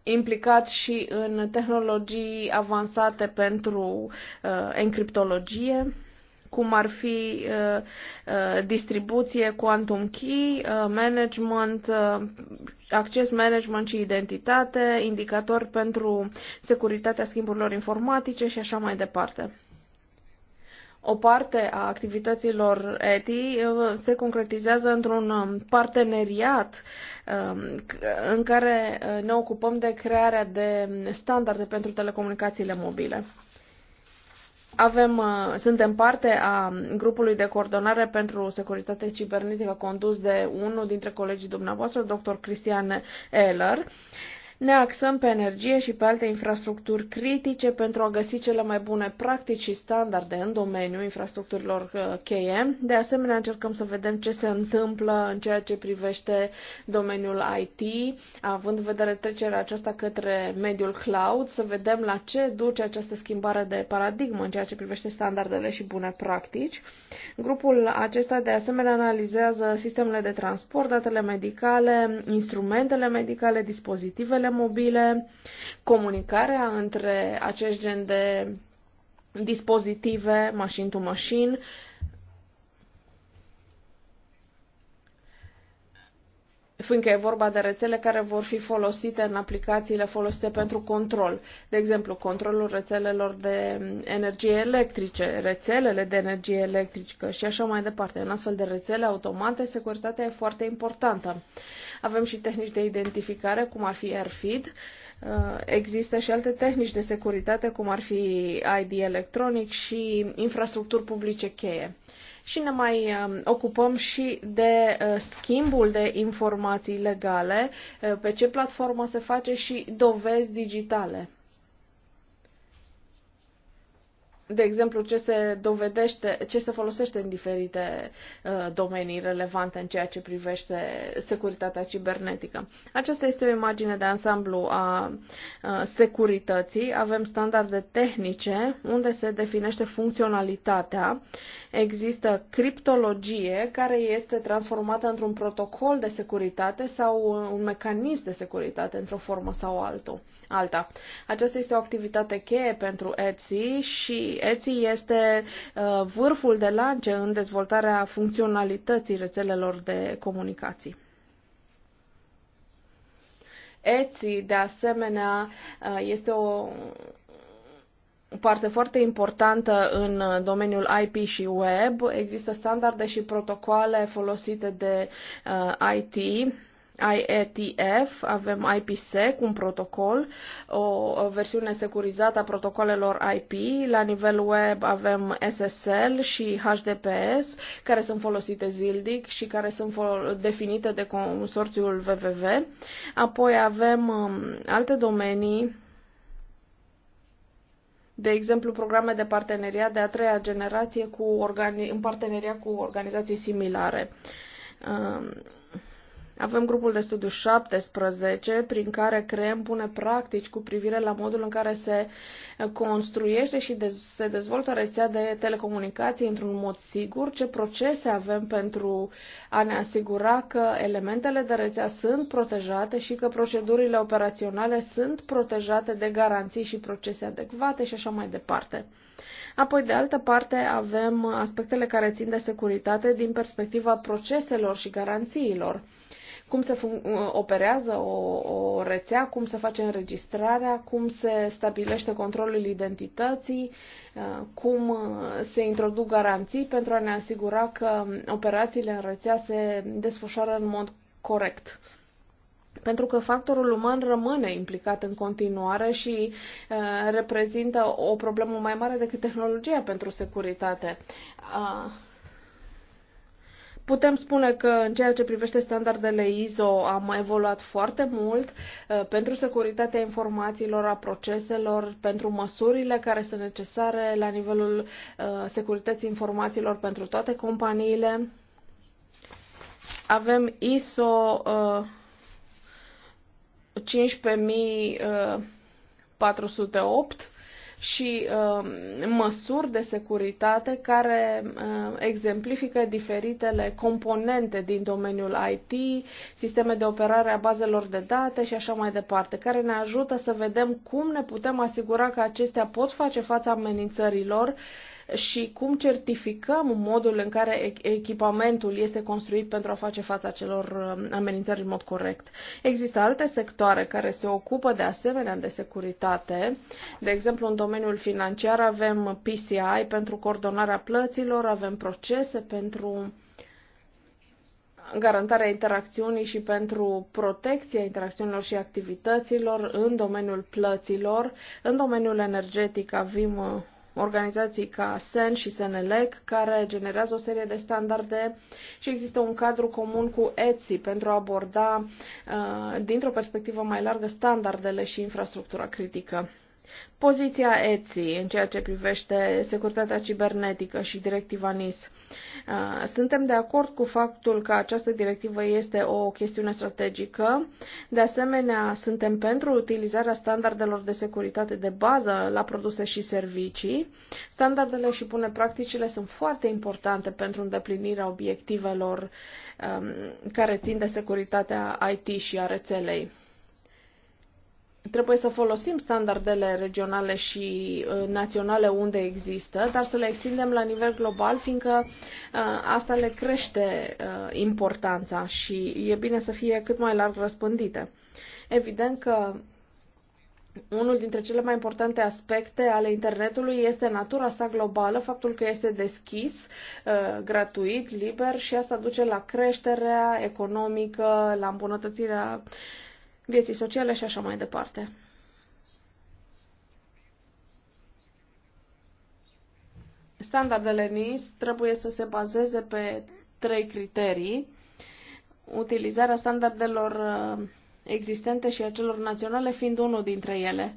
implicat și în tehnologii avansate pentru uh, encriptologie, cum ar fi uh, uh, distribuție, quantum key, uh, management, uh, acces management și identitate, indicatori pentru securitatea schimburilor informatice și așa mai departe. O parte a activităților ETI uh, se concretizează într-un um, parteneriat uh, Um, în care uh, ne ocupăm de crearea de standarde pentru telecomunicațiile mobile. Avem, uh, suntem parte a grupului de coordonare pentru securitate cibernetică condus de unul dintre colegii dumneavoastră, dr. Cristian Eller. Ne axăm pe energie și pe alte infrastructuri critice pentru a găsi cele mai bune practici și standarde în domeniul infrastructurilor uh, cheie. De asemenea, încercăm să vedem ce se întâmplă în ceea ce privește domeniul IT, având în vedere trecerea aceasta către mediul cloud, să vedem la ce duce această schimbare de paradigmă în ceea ce privește standardele și bune practici. Grupul acesta, de asemenea, analizează sistemele de transport, datele medicale, instrumentele medicale, dispozitivele dispozitivele mobile, comunicarea între acești gen de dispozitive, mașini to machine, fiindcă e vorba de rețele care vor fi folosite în aplicațiile folosite pentru control. De exemplu, controlul rețelelor de energie electrice, rețelele de energie electrică și așa mai departe. În astfel de rețele automate, securitatea e foarte importantă. Avem și tehnici de identificare, cum ar fi AirFeed. Uh, există și alte tehnici de securitate, cum ar fi ID electronic și infrastructuri publice cheie și ne mai um, ocupăm și de uh, schimbul de informații legale, uh, pe ce platformă se face și dovezi digitale de exemplu, ce se dovedește, ce se folosește în diferite uh, domenii relevante în ceea ce privește securitatea cibernetică. Aceasta este o imagine de ansamblu a securității. Avem standarde tehnice unde se definește funcționalitatea există criptologie care este transformată într-un protocol de securitate sau uh, un mecanism de securitate într-o formă sau altul, alta. Aceasta este o activitate cheie pentru Etsy și Etsy este uh, vârful de lance în dezvoltarea funcționalității rețelelor de comunicații. Etsy, de asemenea, uh, este o parte foarte importantă în domeniul IP și web. Există standarde și protocoale folosite de uh, IT. IETF, avem IPSec, un protocol, o versiune securizată a protocolelor IP, la nivel web avem SSL și HDPS, care sunt folosite zildic și care sunt definite de consorțiul WWW. Apoi avem um, alte domenii de exemplu, programe de parteneriat de a treia generație cu organi- în parteneriat cu organizații similare. Uh, avem grupul de studiu 17, prin care creăm bune practici cu privire la modul în care se construiește și se dezvoltă rețea de telecomunicații într-un mod sigur, ce procese avem pentru a ne asigura că elementele de rețea sunt protejate și că procedurile operaționale sunt protejate de garanții și procese adecvate și așa mai departe. Apoi, de altă parte, avem aspectele care țin de securitate din perspectiva proceselor și garanțiilor cum se uh, operează o, o rețea, cum se face înregistrarea, cum se stabilește controlul identității, uh, cum uh, se introduc garanții pentru a ne asigura că operațiile în rețea se desfășoară în mod corect pentru că factorul uman rămâne implicat în continuare și uh, reprezintă o problemă mai mare decât tehnologia pentru securitate. Uh, Putem spune că în ceea ce privește standardele ISO am evoluat foarte mult uh, pentru securitatea informațiilor, a proceselor, pentru măsurile care sunt necesare la nivelul uh, securității informațiilor pentru toate companiile. Avem uh, ISO 15408 și uh, măsuri de securitate care uh, exemplifică diferitele componente din domeniul IT, sisteme de operare a bazelor de date și așa mai departe, care ne ajută să vedem cum ne putem asigura că acestea pot face față amenințărilor și cum certificăm modul în care echipamentul este construit pentru a face fața celor um, amenințări în mod corect. Există alte sectoare care se ocupă de asemenea de securitate. De exemplu, în domeniul financiar avem PCI pentru coordonarea plăților, avem procese pentru garantarea interacțiunii și pentru protecția interacțiunilor și activităților în domeniul plăților. În domeniul energetic avem uh, organizații ca SEN și SENELEC, care generează o serie de standarde și există un cadru comun cu ETSI pentru a aborda, uh, dintr-o perspectivă mai largă, standardele și infrastructura critică. Poziția ETSI în ceea ce privește securitatea cibernetică și directiva NIS. Uh, suntem de acord cu faptul că această directivă este o chestiune strategică. De asemenea, suntem pentru utilizarea standardelor de securitate de bază la produse și servicii. Standardele și bune practicile sunt foarte importante pentru îndeplinirea obiectivelor um, care țin de securitatea IT și a rețelei trebuie să folosim standardele regionale și uh, naționale unde există, dar să le extindem la nivel global, fiindcă uh, asta le crește uh, importanța și e bine să fie cât mai larg răspândite. Evident că unul dintre cele mai importante aspecte ale internetului este natura sa globală, faptul că este deschis, gratuit, liber și asta duce la creșterea economică, la îmbunătățirea uh, vieții sociale și așa mai departe. Standardele NIS trebuie să se bazeze pe trei criterii. Utilizarea standardelor uh, existente și a celor naționale fiind unul dintre ele.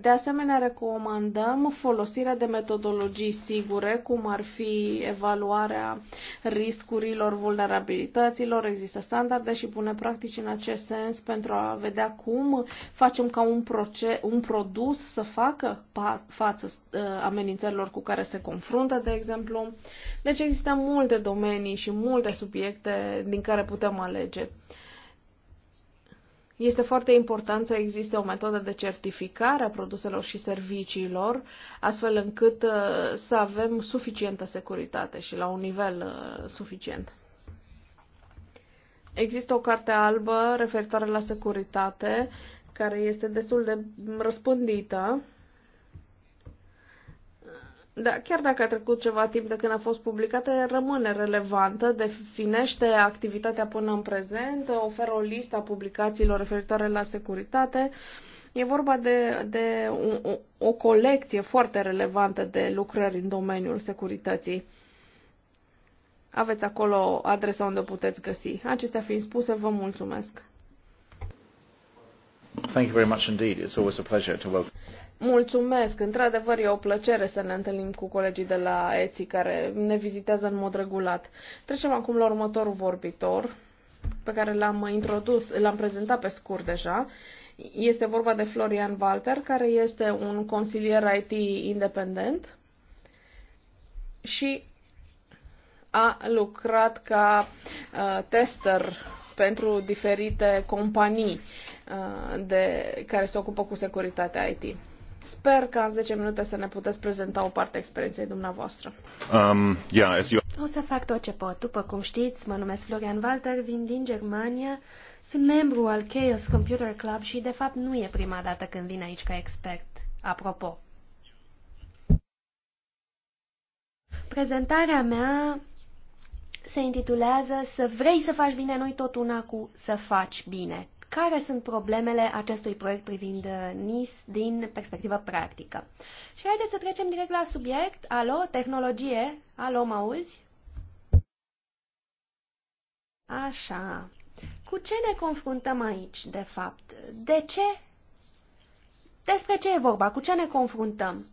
De asemenea, recomandăm folosirea de metodologii sigure, cum ar fi evaluarea riscurilor, vulnerabilităților, există standarde și bune practici în acest sens pentru a vedea cum facem ca un, proces, un produs să facă față uh, amenințărilor cu care se confruntă, de exemplu. Deci există multe domenii și multe subiecte din care putem alege. Este foarte important să existe o metodă de certificare a produselor și serviciilor, astfel încât uh, să avem suficientă securitate și la un nivel uh, suficient. Există o carte albă referitoare la securitate, care este destul de răspândită da, chiar dacă a trecut ceva timp de când a fost publicată, rămâne relevantă, definește activitatea până în prezent, oferă o listă a publicațiilor referitoare la securitate. E vorba de, de o, o colecție foarte relevantă de lucrări în domeniul securității. Aveți acolo adresa unde puteți găsi. Acestea fiind spuse, vă mulțumesc. Thank you very much indeed. It's always a pleasure to welcome. Mulțumesc! Într-adevăr, e o plăcere să ne întâlnim cu colegii de la ETSI care ne vizitează în mod regulat. Trecem acum la următorul vorbitor, pe care l-am introdus, l-am prezentat pe scurt deja. Este vorba de Florian Walter, care este un consilier IT independent și a lucrat ca uh, tester pentru diferite companii uh, de, care se ocupă cu securitatea IT. Sper că în 10 minute să ne puteți prezenta o parte a experienței dumneavoastră. Um, yeah, as you... O să fac tot ce pot. După cum știți, mă numesc Florian Walter, vin din Germania, sunt membru al Chaos Computer Club și, de fapt, nu e prima dată când vin aici ca expert. Apropo. Prezentarea mea se intitulează Să vrei să faci bine, noi tot una cu Să faci bine care sunt problemele acestui proiect privind uh, NIS din perspectivă practică. Și haideți să trecem direct la subiect. Alo, tehnologie. Alo, mă auzi? Așa. Cu ce ne confruntăm aici, de fapt? De ce? Despre ce e vorba? Cu ce ne confruntăm?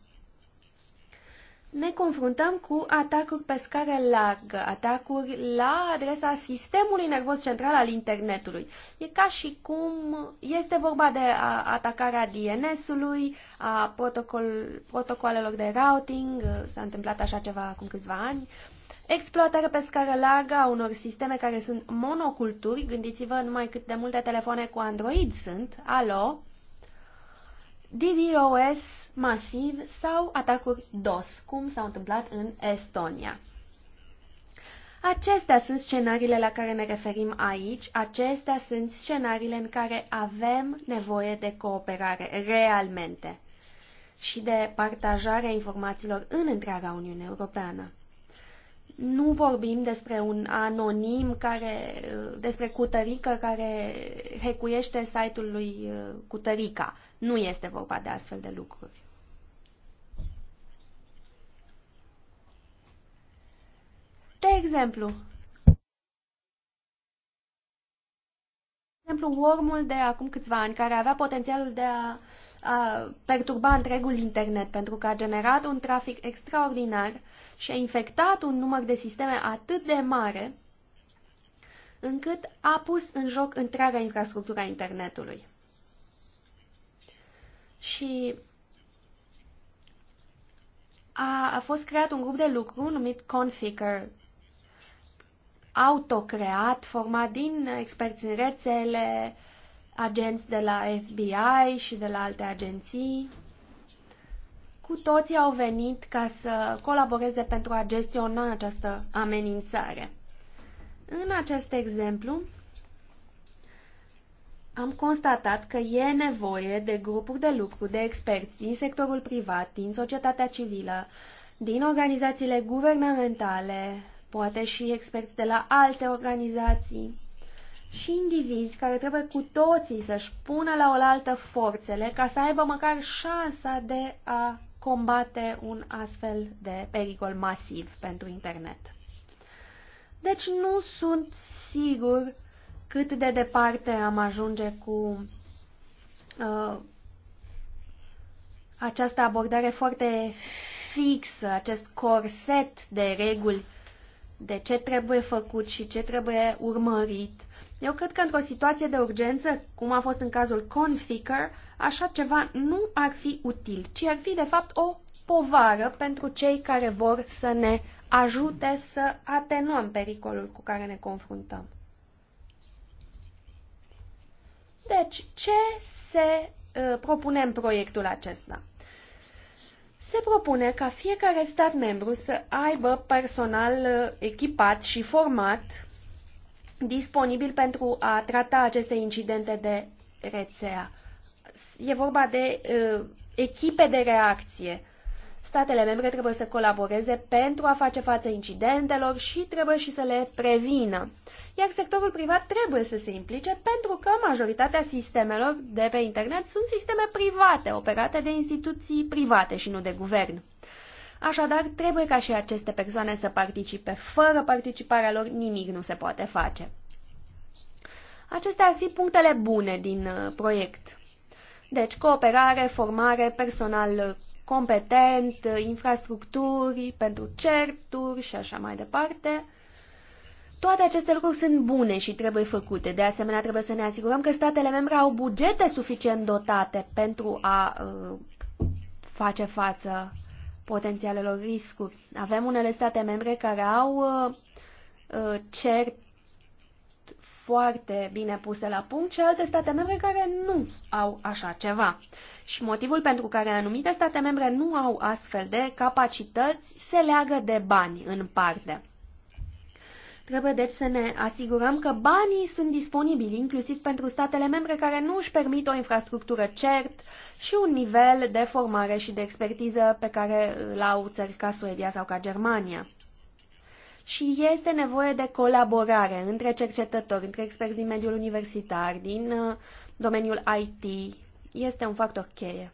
ne confruntăm cu atacuri pe scară largă, atacuri la adresa sistemului nervos central al internetului. E ca și cum este vorba de atacarea DNS-ului, a protocol, protocoalelor de routing, s-a întâmplat așa ceva acum câțiva ani, exploatarea pe scară largă a unor sisteme care sunt monoculturi, gândiți-vă numai cât de multe telefoane cu Android sunt, alo, DDoS, masiv sau atacuri DOS, cum s-au întâmplat în Estonia. Acestea sunt scenariile la care ne referim aici, acestea sunt scenariile în care avem nevoie de cooperare realmente și de partajarea informațiilor în întreaga Uniune Europeană. Nu vorbim despre un anonim care, despre Cutărică care hecuiește site-ul lui uh, Cutărica nu este vorba de astfel de lucruri. De exemplu, de exemplu, wormul de acum câțiva ani, care avea potențialul de a, a perturba întregul internet, pentru că a generat un trafic extraordinar și a infectat un număr de sisteme atât de mare, încât a pus în joc întreaga infrastructura internetului și a, a fost creat un grup de lucru numit Configure, autocreat, format din experți în rețele, agenți de la FBI și de la alte agenții. Cu toții au venit ca să colaboreze pentru a gestiona această amenințare. În acest exemplu, am constatat că e nevoie de grupuri de lucru de experți din sectorul privat, din societatea civilă, din organizațiile guvernamentale, poate și experți de la alte organizații și indivizi care trebuie cu toții să-și pună la oaltă forțele ca să aibă măcar șansa de a combate un astfel de pericol masiv pentru internet. Deci nu sunt sigur cât de departe am ajunge cu uh, această abordare foarte fixă, acest corset de reguli de ce trebuie făcut și ce trebuie urmărit. Eu cred că într-o situație de urgență, cum a fost în cazul Conficker, așa ceva nu ar fi util, ci ar fi de fapt o povară pentru cei care vor să ne ajute să atenuăm pericolul cu care ne confruntăm. Deci, ce se uh, propune în proiectul acesta? Se propune ca fiecare stat membru să aibă personal ă, echipat și format disponibil pentru a trata aceste incidente de rețea. E vorba de uh, echipe de reacție Statele membre trebuie să colaboreze pentru a face față incidentelor și trebuie și să le prevină. Iar sectorul privat trebuie să se implice pentru că majoritatea sistemelor de pe internet sunt sisteme private, operate de instituții private și nu de guvern. Așadar, trebuie ca și aceste persoane să participe. Fără participarea lor, nimic nu se poate face. Acestea ar fi punctele bune din uh, proiect. Deci, cooperare, formare, personal competent, infrastructuri pentru certuri și așa mai departe. Toate aceste lucruri sunt bune și trebuie făcute. De asemenea, trebuie să ne asigurăm că statele membre au bugete suficient dotate pentru a uh, face față potențialelor riscuri. Avem unele state membre care au uh, uh cert foarte bine puse la punct și alte state membre care nu au așa ceva. Și motivul pentru care anumite state membre nu au astfel de capacități se leagă de bani în parte. Trebuie deci să ne asigurăm că banii sunt disponibili inclusiv pentru statele membre care nu își permit o infrastructură cert și un nivel de formare și de expertiză pe care îl au țări ca Suedia sau ca Germania. Și este nevoie de colaborare între cercetători, între experți din mediul universitar, din uh, domeniul IT este un factor cheie.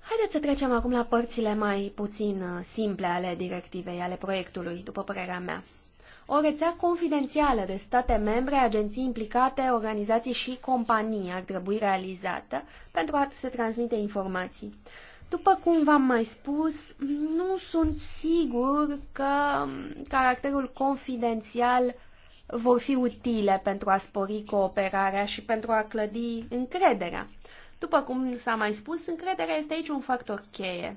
Haideți să trecem acum la părțile mai puțin uh, simple ale directivei, ale proiectului, după părerea mea. O rețea confidențială de state membre, agenții implicate, organizații și companii ar trebui realizată pentru a se transmite informații. După cum v-am mai spus, nu sunt sigur că um, caracterul confidențial vor fi utile pentru a spori cooperarea și pentru a clădi încrederea. După cum s-a mai spus, încrederea este aici un factor cheie.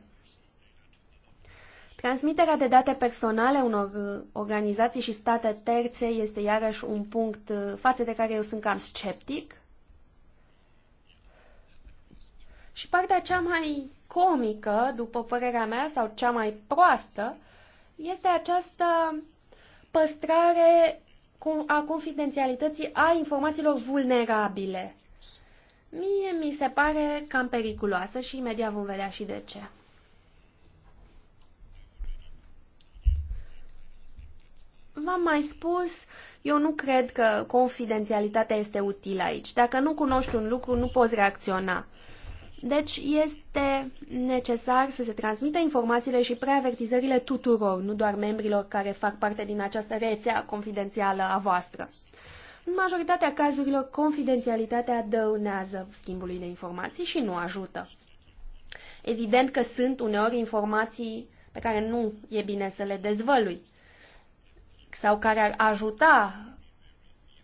Transmiterea de date personale unor organizații și state terțe este iarăși un punct uh, față de care eu sunt cam sceptic. Și partea cea mai comică, după părerea mea, sau cea mai proastă, este această păstrare a confidențialității a informațiilor vulnerabile. Mie mi se pare cam periculoasă și imediat vom vedea și de ce. V-am mai spus, eu nu cred că confidențialitatea este utilă aici. Dacă nu cunoști un lucru, nu poți reacționa. Deci este necesar să se transmită informațiile și preavertizările tuturor, nu doar membrilor care fac parte din această rețea confidențială a voastră. În majoritatea cazurilor, confidențialitatea dăunează schimbului de informații și nu ajută. Evident că sunt uneori informații pe care nu e bine să le dezvălui sau care ar ajuta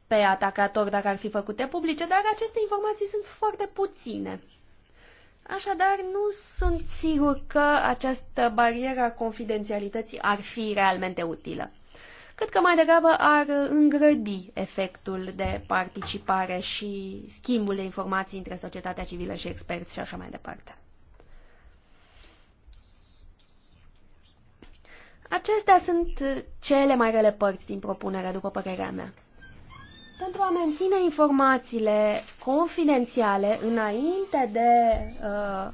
pe atacator dacă ar fi făcute publice, dar aceste informații sunt foarte puține. Așadar, nu sunt sigur că această barieră a confidențialității ar fi realmente utilă. Cred că mai degrabă ar îngrădi efectul de participare și schimbul de informații între societatea civilă și experți și așa mai departe. Acestea sunt cele mai rele părți din propunerea după părerea mea pentru a menține informațiile confidențiale înainte de uh,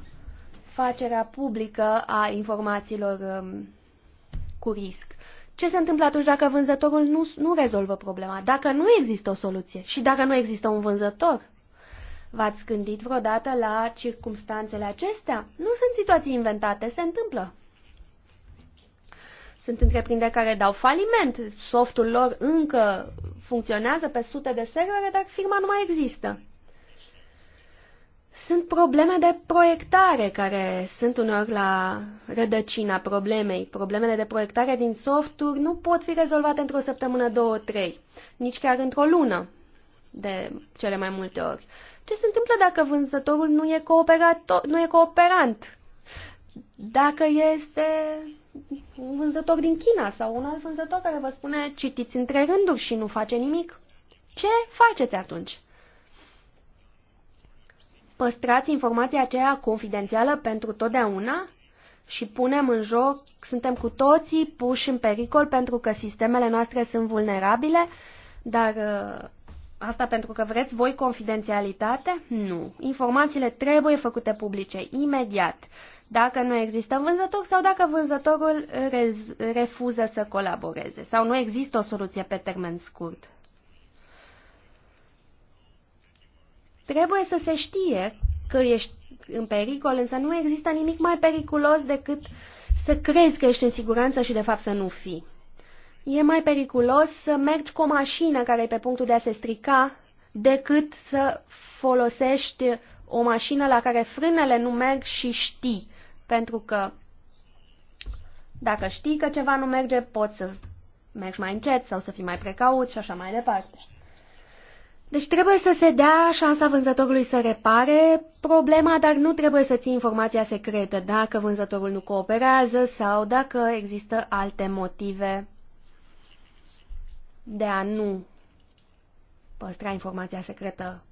facerea publică a informațiilor um, cu risc. Ce se întâmplă atunci dacă vânzătorul nu, nu rezolvă problema? Dacă nu există o soluție și dacă nu există un vânzător? V-ați gândit vreodată la circumstanțele acestea? Nu sunt situații inventate, se întâmplă. Sunt întreprinderi care dau faliment, softul lor încă funcționează pe sute de servere, dar firma nu mai există. Sunt probleme de proiectare care sunt uneori la rădăcina problemei. Problemele de proiectare din softuri nu pot fi rezolvate într-o săptămână, două, trei, nici chiar într-o lună, de cele mai multe ori. Ce se întâmplă dacă vânzătorul nu e, nu e cooperant? Dacă este un vânzător din China sau un alt vânzător care vă spune citiți între rânduri și nu face nimic, ce faceți atunci? Păstrați informația aceea confidențială pentru totdeauna și punem în joc, suntem cu toții puși în pericol pentru că sistemele noastre sunt vulnerabile, dar uh, asta pentru că vreți voi confidențialitate? Nu. Informațiile trebuie făcute publice, imediat dacă nu există vânzător sau dacă vânzătorul refuză să colaboreze sau nu există o soluție pe termen scurt. Trebuie să se știe că ești în pericol, însă nu există nimic mai periculos decât să crezi că ești în siguranță și de fapt să nu fii. E mai periculos să mergi cu o mașină care e pe punctul de a se strica decât să folosești o mașină la care frânele nu merg și știi. Pentru că dacă știi că ceva nu merge, poți să mergi mai încet sau să fii mai precaut și așa mai departe. Deci trebuie să se dea șansa vânzătorului să repare problema, dar nu trebuie să ții informația secretă dacă vânzătorul nu cooperează sau dacă există alte motive de a nu păstra informația secretă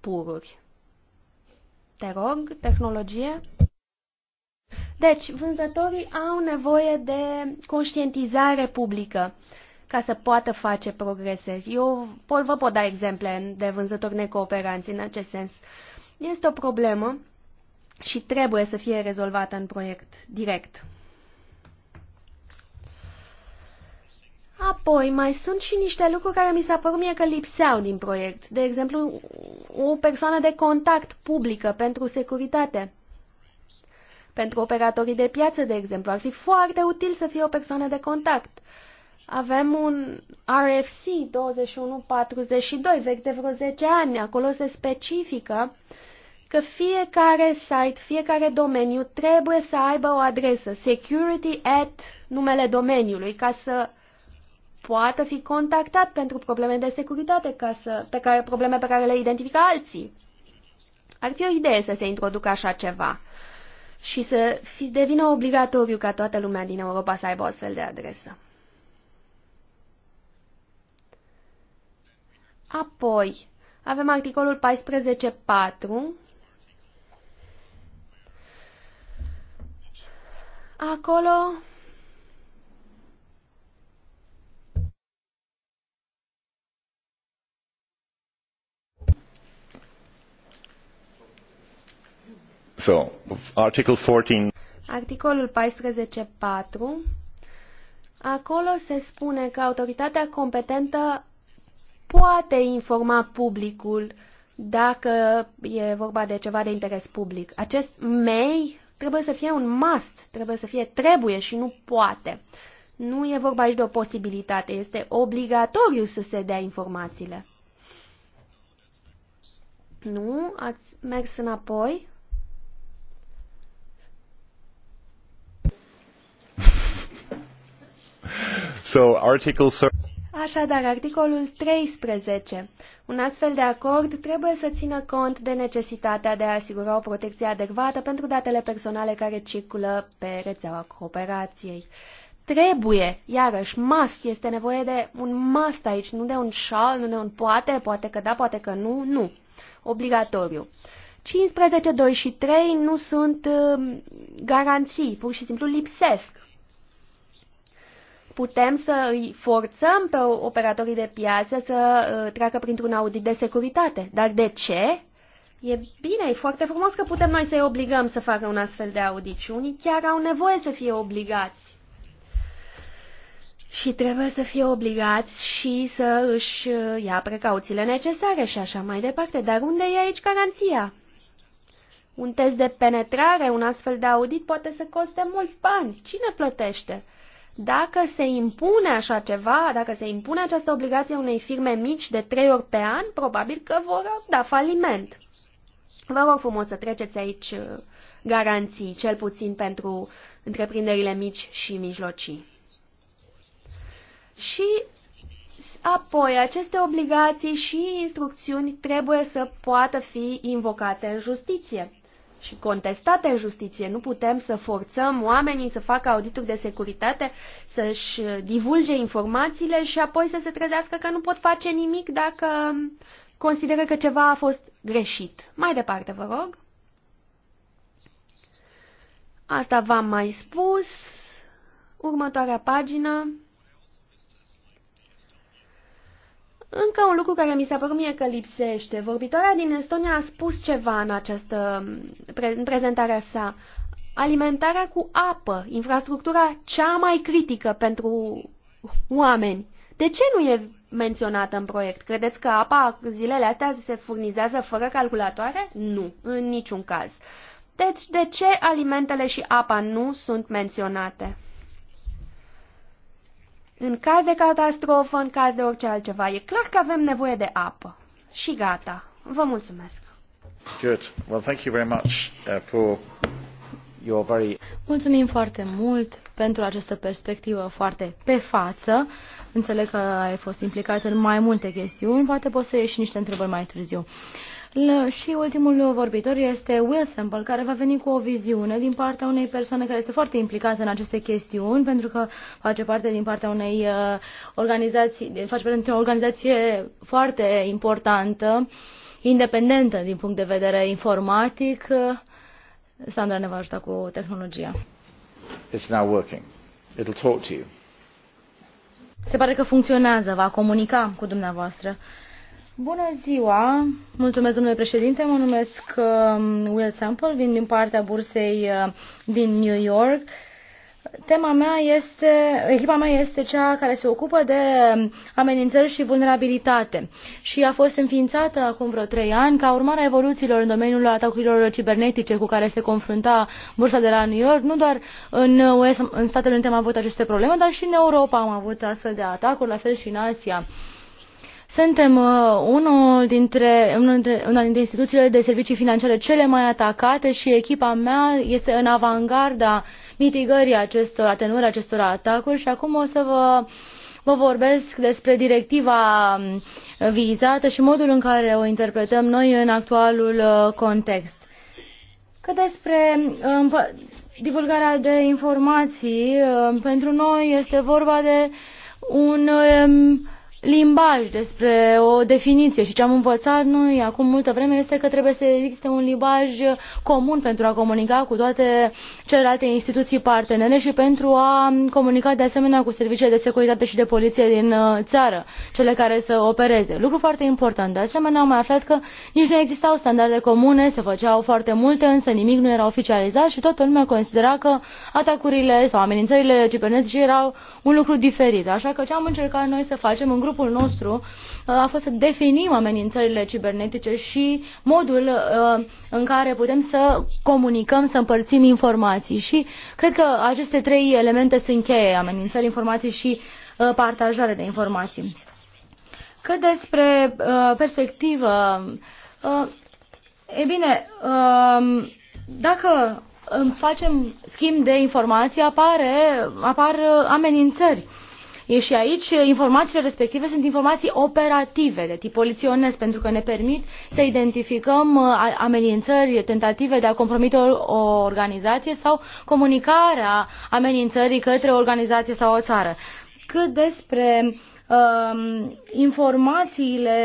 pururi te rog, tehnologie. Deci, vânzătorii au nevoie de conștientizare publică ca să poată face progrese. Eu pot, vă pot da exemple de vânzători necooperanți în acest sens. Este o problemă și trebuie să fie rezolvată în proiect direct. Apoi, mai sunt și niște lucruri care mi s-a părut mie că lipseau din proiect. De exemplu, o persoană de contact publică pentru securitate. Pentru operatorii de piață, de exemplu, ar fi foarte util să fie o persoană de contact. Avem un RFC 2142, vechi de vreo 10 ani. Acolo se specifică că fiecare site, fiecare domeniu trebuie să aibă o adresă security at numele domeniului ca să poată fi contactat pentru probleme de securitate, ca să, pe care, probleme pe care le identifică alții. Ar fi o idee să se introducă așa ceva și să fi, devină obligatoriu ca toată lumea din Europa să aibă o astfel de adresă. Apoi, avem articolul 14.4 Acolo So, article 14. Articolul 14.4. Acolo se spune că autoritatea competentă poate informa publicul dacă e vorba de ceva de interes public. Acest may trebuie să fie un must, trebuie să fie trebuie și nu poate. Nu e vorba aici de o posibilitate, este obligatoriu să se dea informațiile. Nu, ați mers înapoi. So, article... Așadar, articolul 13. Un astfel de acord trebuie să țină cont de necesitatea de a asigura o protecție adecvată pentru datele personale care circulă pe rețeaua cooperației. Trebuie, iarăși, must, este nevoie de un must aici, nu de un shall, nu de un poate, poate că da, poate că nu, nu. Obligatoriu. 15, 2 și 3 nu sunt uh, garanții, pur și simplu lipsesc putem să îi forțăm pe operatorii de piață să uh, treacă printr-un audit de securitate. Dar de ce? E bine, e foarte frumos că putem noi să-i obligăm să facă un astfel de audit și unii chiar au nevoie să fie obligați. Și trebuie să fie obligați și să își uh, ia precauțiile necesare și așa mai departe. Dar unde e aici garanția? Un test de penetrare, un astfel de audit poate să coste mulți bani. Cine plătește? Dacă se impune așa ceva, dacă se impune această obligație unei firme mici de trei ori pe an, probabil că vor da faliment. Vă rog frumos să treceți aici uh, garanții, cel puțin pentru întreprinderile mici și mijlocii. Și apoi aceste obligații și instrucțiuni trebuie să poată fi invocate în justiție și contestate în justiție. Nu putem să forțăm oamenii să facă audituri de securitate, să-și divulge informațiile și apoi să se trezească că nu pot face nimic dacă consideră că ceva a fost greșit. Mai departe, vă rog. Asta v-am mai spus. Următoarea pagină. Încă un lucru care mi s-a părut mie că lipsește. Vorbitoarea din Estonia a spus ceva în această pre în prezentarea sa. Alimentarea cu apă, infrastructura cea mai critică pentru oameni. De ce nu e menționată în proiect? Credeți că apa zilele astea se furnizează fără calculatoare? Nu, în niciun caz. Deci, de ce alimentele și apa nu sunt menționate? în caz de catastrofă, în caz de orice altceva. E clar că avem nevoie de apă. Și gata. Vă mulțumesc. Good. Well, thank you very much uh, for your very... Mulțumim foarte mult pentru această perspectivă foarte pe față. Înțeleg că ai fost implicat în mai multe chestiuni. Poate poți să ieși niște întrebări mai târziu. Și ultimul vorbitor este Will Semple, care va veni cu o viziune din partea unei persoane care este foarte implicată în aceste chestiuni, pentru că face parte din partea unei uh, organizații, face parte dintr-o organizație foarte importantă, independentă din punct de vedere informatic. Sandra ne va ajuta cu tehnologia. It's now working. It'll talk to you. Se pare că funcționează, va comunica cu dumneavoastră. Bună ziua! Mulțumesc, domnule președinte. Mă numesc um, Will Sample, vin din partea bursei uh, din New York. Tema mea este, echipa mea este cea care se ocupă de um, amenințări și vulnerabilitate și a fost înființată acum vreo trei ani ca urmare a evoluțiilor în domeniul atacurilor cibernetice cu care se confrunta bursa de la New York. Nu doar în, US, în Statele Unite am avut aceste probleme, dar și în Europa am avut astfel de atacuri, la fel și în Asia. Suntem uh, unul dintre, unul dintre, una dintre instituțiile de servicii financiare cele mai atacate și echipa mea este în avangarda mitigării acestor, atenuării acestor atacuri și acum o să vă vă vorbesc despre directiva um, vizată și modul în care o interpretăm noi în actualul uh, context. Că despre um, divulgarea de informații, um, pentru noi este vorba de un limbaj, despre o definiție și ce am învățat noi acum multă vreme este că trebuie să existe un limbaj comun pentru a comunica cu toate celelalte instituții partenere și pentru a comunica de asemenea cu serviciile de securitate și de poliție din uh, țară, cele care să opereze. Lucru foarte important. De asemenea, am mai aflat că nici nu existau standarde comune, se făceau foarte multe, însă nimic nu era oficializat și toată lumea considera că atacurile sau amenințările cibernetice erau un lucru diferit. Așa că ce am încercat noi să facem în grup scopul nostru uh, a fost să definim amenințările cibernetice și modul uh, în care putem să comunicăm, să împărțim informații. Și cred că aceste trei elemente sunt cheie, amenințări, informații și uh, partajare de informații. Cât despre perspectivă, e bine, um, dacă facem schimb de informații, apare, apar amenințări. Și aici informațiile respective sunt informații operative de tip poliționesc pentru că ne permit să identificăm amenințări, tentative de a compromite o organizație sau comunicarea amenințării către o organizație sau o țară. Cât despre um, informațiile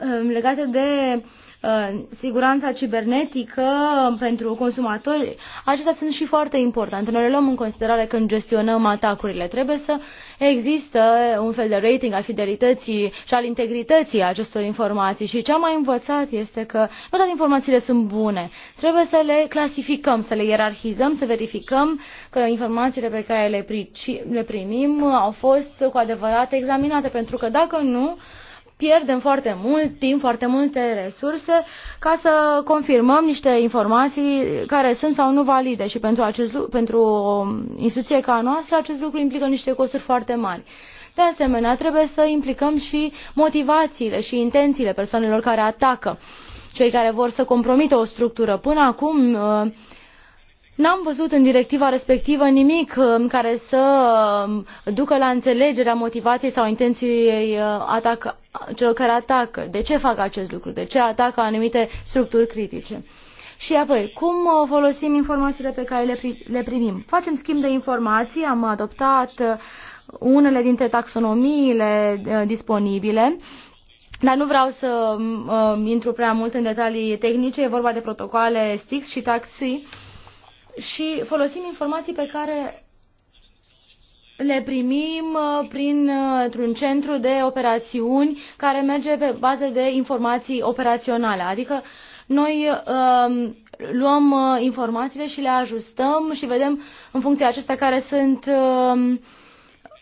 um, legate de uh, Uh, siguranța cibernetică um, pentru consumatori, acestea sunt și foarte importante. Noi le luăm în considerare când gestionăm atacurile. Trebuie să există un fel de rating al fidelității și al integrității acestor informații și ce am mai învățat este că nu toate informațiile sunt bune. Trebuie să le clasificăm, să le ierarhizăm, să verificăm că informațiile pe care le primim au fost cu adevărat examinate, pentru că dacă nu, pierdem foarte mult timp, foarte multe resurse ca să confirmăm niște informații care sunt sau nu valide și pentru, acest, pentru o instituție ca a noastră acest lucru implică niște costuri foarte mari. De asemenea, trebuie să implicăm și motivațiile și intențiile persoanelor care atacă, cei care vor să compromită o structură. Până acum, uh, N-am văzut în directiva respectivă nimic um, care să um, ducă la înțelegerea motivației sau intenției uh, atac, celor care atacă. De ce fac acest lucru? De ce atacă anumite structuri critice? Și apoi, cum uh, folosim informațiile pe care le, le primim? Facem schimb de informații, am adoptat uh, unele dintre taxonomiile disponibile dar nu vreau să um, intru prea mult în detalii tehnice. E vorba de protocoale STIX și taxi și folosim informații pe care le primim uh, printr-un uh, centru de operațiuni care merge pe bază de informații operaționale. Adică noi um, luăm uh, informațiile și le ajustăm și vedem în funcție acestea care sunt um,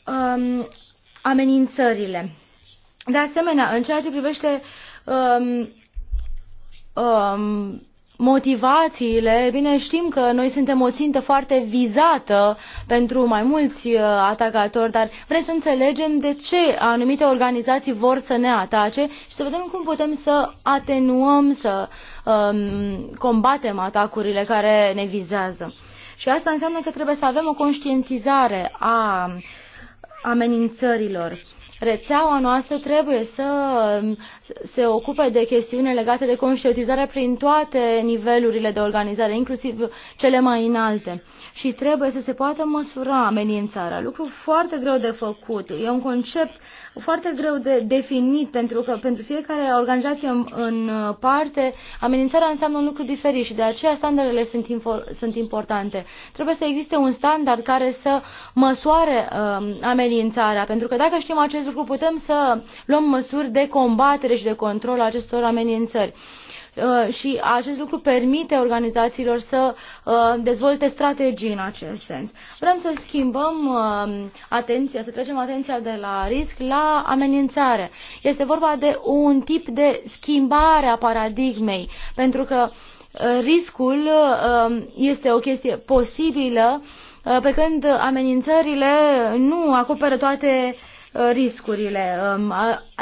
um, amenințările. De asemenea, în ceea ce privește um, um, motivațiile, bine știm că noi suntem o țintă foarte vizată pentru mai mulți uh, atacatori, dar vrem să înțelegem de ce anumite organizații vor să ne atace și să vedem cum putem să atenuăm, să um, combatem atacurile care ne vizează. Și asta înseamnă că trebuie să avem o conștientizare a amenințărilor rețeaua noastră trebuie să um, se ocupe de chestiuni legate de conștientizare prin toate nivelurile de organizare, inclusiv cele mai înalte. Și trebuie să se poată măsura amenințarea. Lucru foarte greu de făcut. E un concept foarte greu de definit, pentru că pentru fiecare organizație în, în uh, parte, amenințarea înseamnă un lucru diferit și de aceea standardele sunt, info, sunt importante. Trebuie să existe un standard care să măsoare uh, amenințarea, pentru că dacă știm acest lucru, putem să luăm măsuri de combatere și de control a acestor amenințări. Uh, Uh, și acest lucru permite organizațiilor să uh, dezvolte strategii în acest sens. Vrem să schimbăm uh, atenția, să trecem atenția de la risc la amenințare. Este vorba de un tip de schimbare a paradigmei, pentru că riscul este o chestie posibilă pe când amenințările nu acoperă toate Uh, riscurile. Um,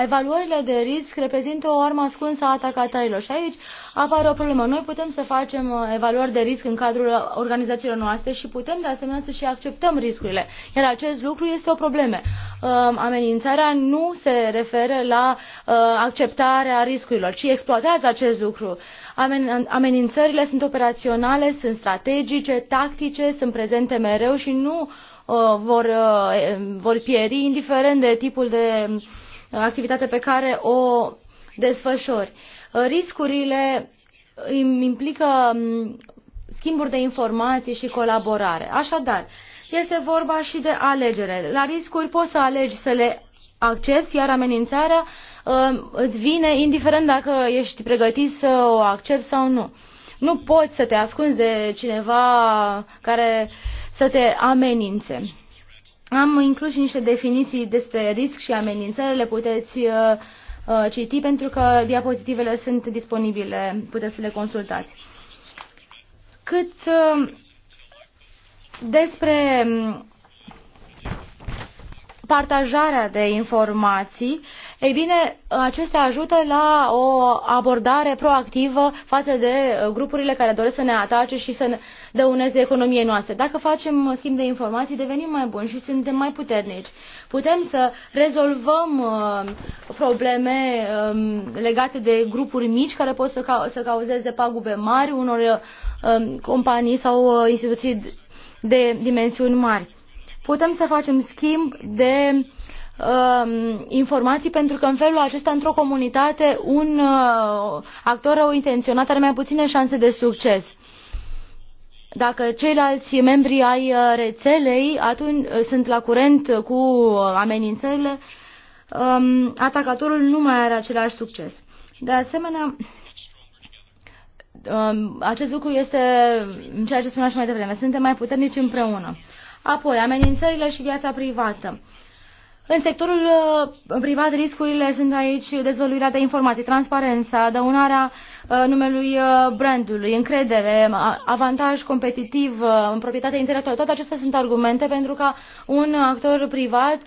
evaluările de risc reprezintă o armă ascunsă a atacatorilor și aici apare o problemă. Noi putem să facem uh, evaluări de risc în cadrul organizațiilor noastre și putem de asemenea să și acceptăm riscurile, iar acest lucru este o problemă. Um, amenințarea nu se referă la uh, acceptarea riscurilor, ci exploatează acest lucru. Amenințările sunt operaționale, sunt strategice, tactice, sunt prezente mereu și nu uh, Uh, vor, uh, vor pieri indiferent de tipul de activitate pe care o desfășori. Uh, riscurile implică um, schimburi de informații și colaborare. Așadar, este vorba și de alegere. La riscuri poți să alegi să le accepti, iar amenințarea um, îți vine indiferent dacă ești pregătit să o accepti sau nu. Nu poți să te ascunzi de cineva care să te amenințe. Am inclus și niște definiții despre risc și amenințări, le puteți uh, uh citi pentru că diapozitivele sunt disponibile, puteți să le consultați. Cât uh, despre mm, partajarea de informații, uh, ei bine, acestea ajută la o abordare proactivă față de uh, grupurile care doresc să ne atace și să ne dăuneze economiei noastre. Dacă facem schimb de informații, devenim mai buni și suntem mai puternici. Putem să rezolvăm uh, probleme um, legate de grupuri mici care pot să, să cauzeze pagube mari unor uh, um, companii sau instituții de dimensiuni mari. Putem să facem schimb de Um, informații pentru că în felul acesta într-o comunitate un uh, actor rău intenționat are mai puține șanse de succes. Dacă ceilalți membri ai uh, rețelei atunci uh, sunt la curent cu amenințările, um, atacatorul nu mai are același succes. De asemenea, um, acest lucru este ceea ce spuneam și mai devreme, suntem mai puternici împreună. Apoi, amenințările și viața privată. În sectorul uh, privat, riscurile sunt aici dezvăluirea de informații, transparența, dăunarea uh, numelui uh, brandului, încredere, avantaj competitiv, proprietatea intelectuală. Toate acestea sunt argumente pentru ca un actor privat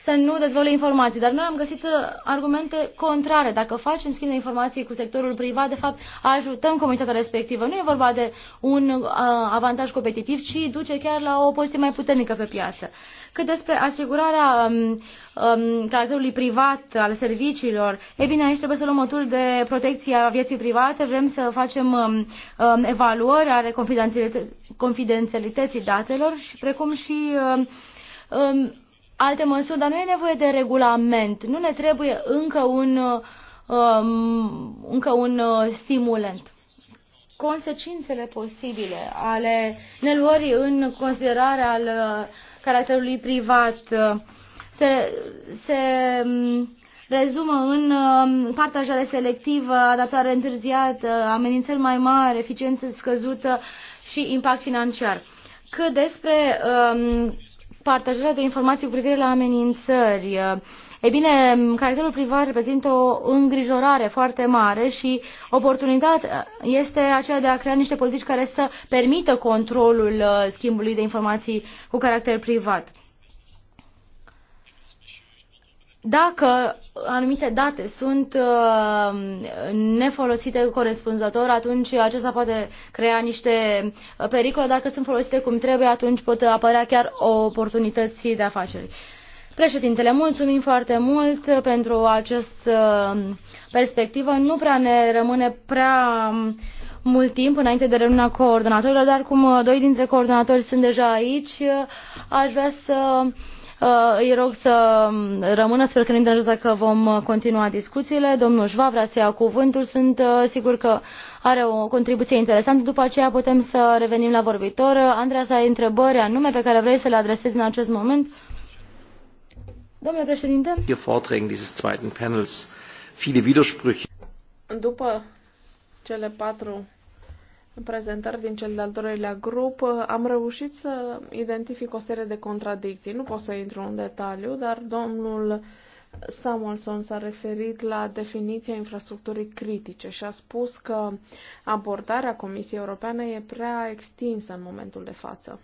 să nu dezvolte informații. Dar noi am găsit argumente contrare. Dacă facem schimb de informații cu sectorul privat, de fapt ajutăm comunitatea respectivă. Nu e vorba de un avantaj competitiv, ci duce chiar la o poziție mai puternică pe piață cât despre asigurarea um, um, caracterului privat al serviciilor. E bine, aici trebuie să luăm mături de protecție a vieții private, vrem să facem um, um, evaluări ale confidențialității datelor și precum și um, um, alte măsuri, dar nu e nevoie de regulament, nu ne trebuie încă un, um, încă un uh, stimulant consecințele posibile ale neluării în considerare al uh, caracterului privat. Se, se mm, rezumă în mm, partajare selectivă, adaptare întârziată, amenințări mai mari, eficiență scăzută și impact financiar. Cât despre um, partajarea de informații cu privire la amenințări, uh, E bine, caracterul privat reprezintă o îngrijorare foarte mare și oportunitatea este aceea de a crea niște politici care să permită controlul uh, schimbului de informații cu caracter privat dacă anumite date sunt uh, nefolosite corespunzător, atunci acesta poate crea niște pericole. Dacă sunt folosite cum trebuie, atunci pot apărea chiar oportunități de afaceri. Președintele, mulțumim foarte mult uh, pentru această uh, perspectivă. Nu prea ne rămâne prea um, mult timp înainte de reuniunea coordonatorilor, dar cum uh, doi dintre coordonatori sunt deja aici, aș vrea să îi rog să um, rămână, sper că nu interesează că vom continua discuțiile. Domnul Șva vrea să ia cuvântul, sunt sigur că are o contribuție interesantă. După aceea putem să revenim la vorbitor. Andreea, să ai întrebări anume pe care vrei să le adresezi în acest moment? Domnule președinte, după cele patru prezentări din cel de-al doilea grup, am reușit să identific o serie de contradicții. Nu pot să intru în detaliu, dar domnul Samuelson s-a referit la definiția infrastructurii critice și a spus că abordarea Comisiei Europene e prea extinsă în momentul de față.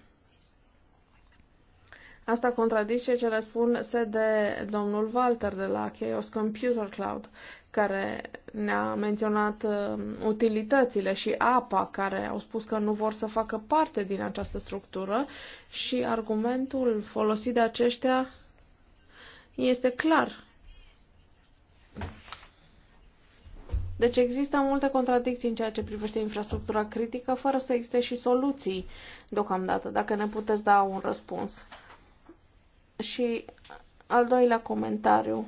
Asta contradice le spuse de domnul Walter de la Chaos Computer Cloud, care ne-a menționat uh, utilitățile și APA, care au spus că nu vor să facă parte din această structură și argumentul folosit de aceștia este clar. Deci există multe contradicții în ceea ce privește infrastructura critică, fără să existe și soluții deocamdată, dacă ne puteți da un răspuns. Și al doilea comentariu.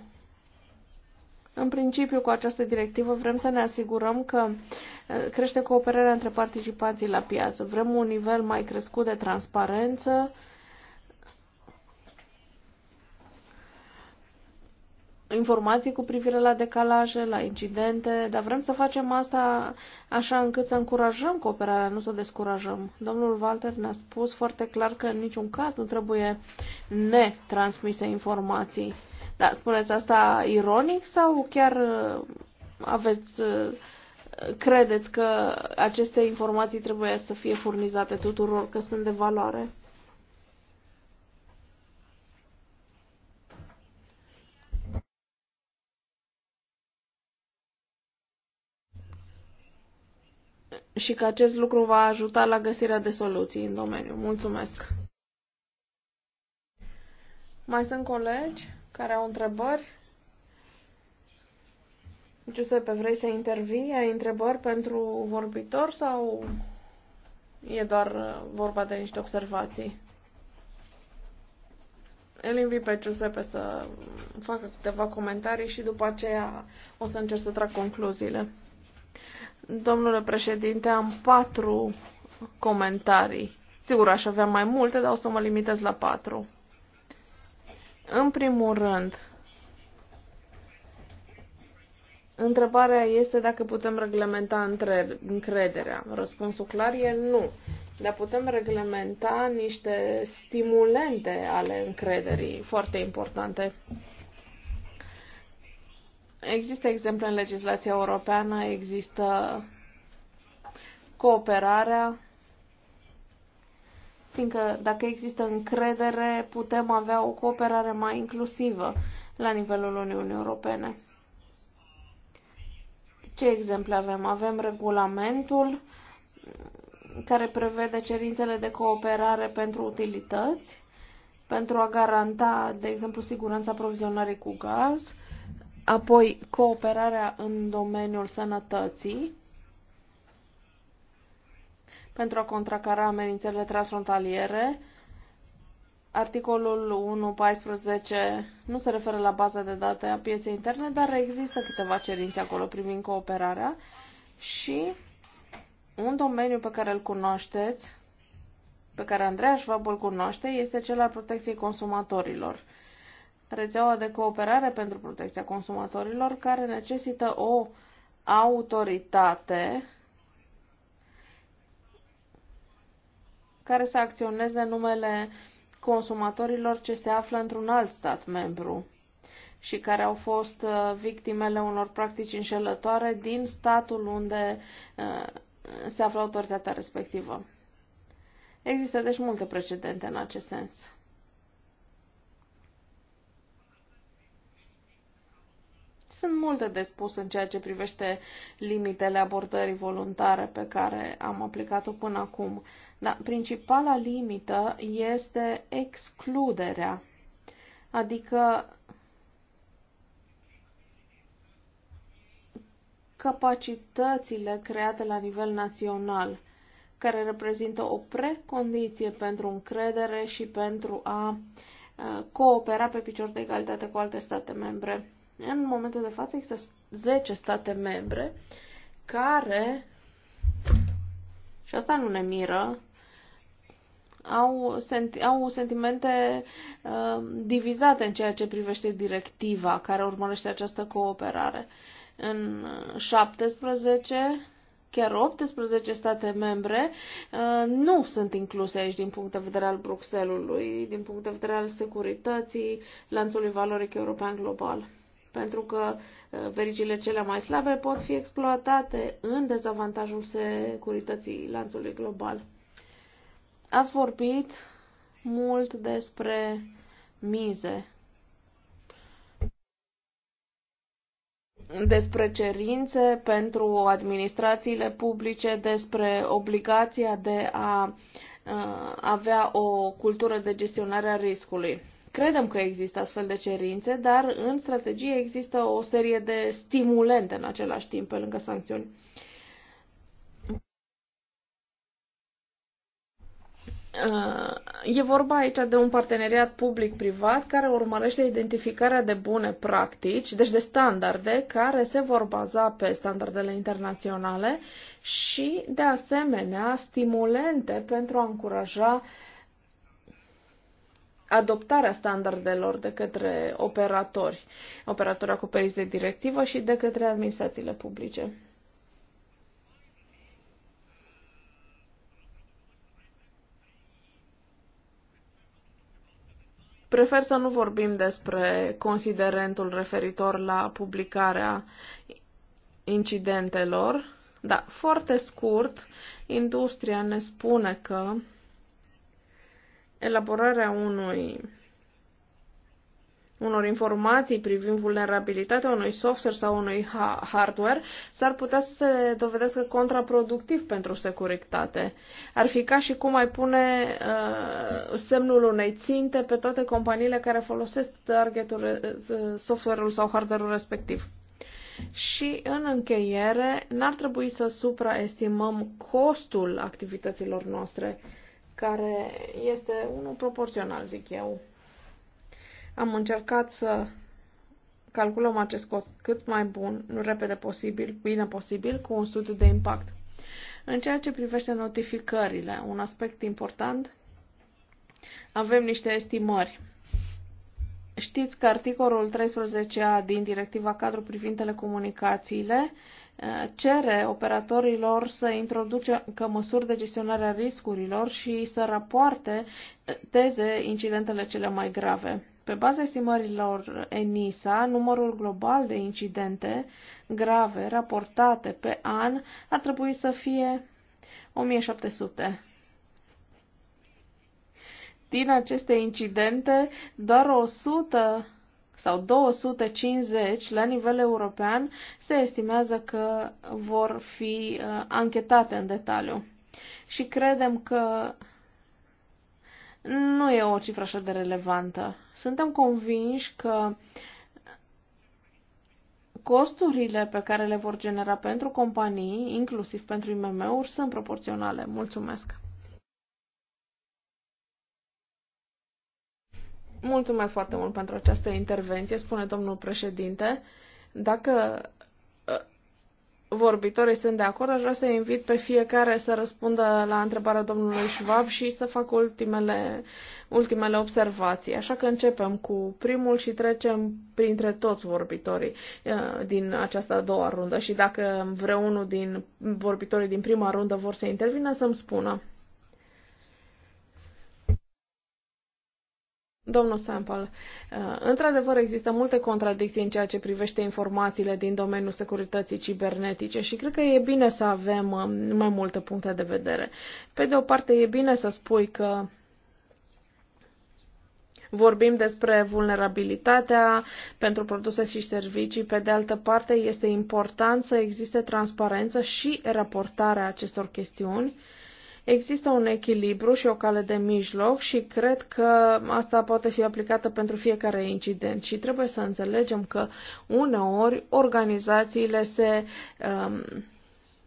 În principiu, cu această directivă vrem să ne asigurăm că uh, crește cooperarea între participanții la piață. Vrem un nivel mai crescut de transparență, informații cu privire la decalaje, la incidente, dar vrem să facem asta așa încât să încurajăm cooperarea, nu să o descurajăm. Domnul Walter ne-a spus foarte clar că în niciun caz nu trebuie netransmise informații. Da, spuneți asta ironic sau chiar uh, aveți, uh, credeți că aceste informații trebuie să fie furnizate tuturor, că sunt de valoare? și că acest lucru va ajuta la găsirea de soluții în domeniu. Mulțumesc! Mai sunt colegi care au întrebări? Giuseppe, vrei să intervii? Ai întrebări pentru vorbitor sau e doar uh, vorba de niște observații? Îl invit pe Giuseppe să facă câteva comentarii și după aceea o să încerc să trag concluziile. Domnule președinte, am patru comentarii. Sigur, aș avea mai multe, dar o să mă limitez la patru. În primul rând, întrebarea este dacă putem reglementa între încrederea. Răspunsul clar e nu. Dar putem reglementa niște stimulente ale încrederii foarte importante. Există exemple în legislația europeană, există cooperarea, fiindcă dacă există încredere, putem avea o cooperare mai inclusivă la nivelul Uniunii Europene. Ce exemple avem? Avem regulamentul care prevede cerințele de cooperare pentru utilități, pentru a garanta, de exemplu, siguranța aprovizionării cu gaz, Apoi, cooperarea în domeniul sănătății pentru a contracara amenințările transfrontaliere. Articolul 1.14 nu se referă la baza de date a pieței interne, dar există câteva cerințe acolo privind cooperarea și un domeniu pe care îl cunoașteți, pe care Andreea Schwab îl cunoaște, este cel al protecției consumatorilor rețeaua de cooperare pentru protecția consumatorilor, care necesită o autoritate care să acționeze numele consumatorilor ce se află într-un alt stat membru și care au fost uh, victimele unor practici înșelătoare din statul unde uh, se află autoritatea respectivă. Există deci multe precedente în acest sens. Sunt multe de spus în ceea ce privește limitele abordării voluntare pe care am aplicat-o până acum, dar principala limită este excluderea, adică capacitățile create la nivel național, care reprezintă o precondiție pentru încredere și pentru a uh, coopera pe picior de egalitate cu alte state membre. În momentul de față există 10 state membre care, și asta nu ne miră, au, senti- au sentimente uh, divizate în ceea ce privește directiva care urmărește această cooperare. În 17, chiar 18 state membre uh, nu sunt incluse aici din punct de vedere al Bruxelului, din punct de vedere al securității lanțului valoric european global pentru că uh, verigile cele mai slabe pot fi exploatate în dezavantajul securității lanțului global. Ați vorbit mult despre mize, despre cerințe pentru administrațiile publice, despre obligația de a uh, avea o cultură de gestionare a riscului. Credem că există astfel de cerințe, dar în strategie există o serie de stimulente în același timp, pe lângă sancțiuni. Uh, e vorba aici de un parteneriat public-privat care urmărește identificarea de bune practici, deci de standarde care se vor baza pe standardele internaționale și, de asemenea, stimulente pentru a încuraja uh, adoptarea standardelor de către operatori, operatori acoperiți de directivă și de către administrațiile publice. Prefer să nu vorbim despre considerentul referitor la publicarea incidentelor. dar foarte scurt, industria ne spune că elaborarea unui unor informații privind vulnerabilitatea unui software sau unui hardware, s-ar putea să se dovedească contraproductiv pentru securitate. Ar fi ca și cum ai pune uh, semnul unei ținte pe toate companiile care folosesc targetul, uh, software-ul sau hardware-ul respectiv. Și în încheiere, n-ar trebui să supraestimăm costul activităților noastre. Uh, care este unul proporțional, zic eu. Am încercat să calculăm acest cost cât mai bun, nu repede posibil, bine posibil, cu un studiu de impact. În ceea ce privește notificările, un aspect important, avem niște estimări. Știți că articolul 13a din Directiva Cadru privind telecomunicațiile uh, cere operatorilor să introducă măsuri de gestionare a riscurilor și să rapoarte eh, teze incidentele cele mai grave. Pe baza estimărilor ENISA, numărul global de incidente grave raportate pe an ar trebui să fie 1700. Din aceste incidente, doar 100 sau 250 la nivel european se estimează că vor fi uh, anchetate în detaliu. Și credem că nu e o cifră așa de relevantă. Suntem convinși că costurile pe care le vor genera pentru companii, inclusiv pentru IMM-uri, sunt proporționale. Mulțumesc! Mulțumesc foarte mult pentru această intervenție, spune domnul președinte. Dacă ă, vorbitorii sunt de acord, aș vrea să invit pe fiecare să răspundă la întrebarea domnului Schwab și să facă ultimele, ultimele observații. Așa că începem cu primul și trecem printre toți vorbitorii ă, din această a doua rundă și dacă vreunul din vorbitorii din prima rundă vor să intervină, să-mi spună. Domnul Sample, uh, într-adevăr există multe contradicții în ceea ce privește informațiile din domeniul securității cibernetice și cred că e bine să avem uh, mai multe puncte de vedere. Pe de o parte, e bine să spui că vorbim despre vulnerabilitatea pentru produse și servicii. Pe de altă parte, este important să existe transparență și raportarea acestor chestiuni Există un echilibru și o cale de mijloc și cred că asta poate fi aplicată pentru fiecare incident și trebuie să înțelegem că uneori organizațiile se um,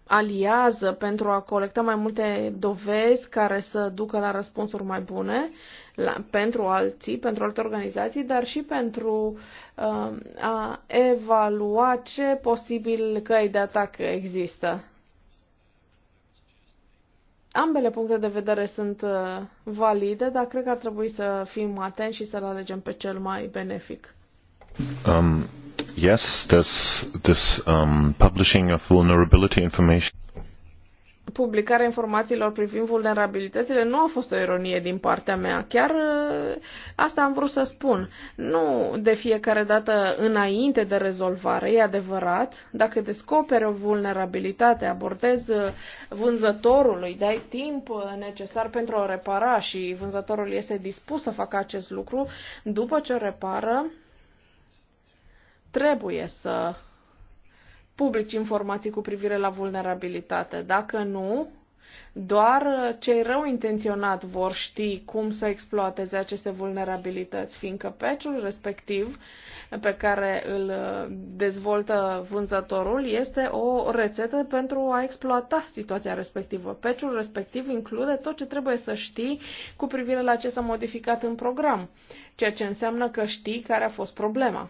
aliază pentru a colecta mai multe dovezi care să ducă la răspunsuri mai bune la, pentru alții, pentru alte organizații, dar și pentru um, a evalua ce posibil căi de atac există. Ambele puncte de vedere sunt uh, valide, dar cred că ar trebui să fim atenți și să-l alegem pe cel mai benefic. Um, yes, this, this um, publishing of vulnerability information publicarea informațiilor privind vulnerabilitățile nu a fost o ironie din partea mea. Chiar uh, asta am vrut să spun. Nu de fiecare dată înainte de rezolvare, e adevărat, dacă descoperi o vulnerabilitate, abordez uh, vânzătorului, dai timp uh, necesar pentru a o repara și vânzătorul este dispus să facă acest lucru, după ce o repară, trebuie să publici informații cu privire la vulnerabilitate. Dacă nu, doar cei rău intenționat vor ști cum să exploateze aceste vulnerabilități, fiindcă peciul respectiv pe care îl uh, dezvoltă vânzătorul este o rețetă pentru a exploata situația respectivă. Peciul respectiv include tot ce trebuie să știi cu privire la ce s-a modificat în program, ceea ce înseamnă că știi care a fost problema.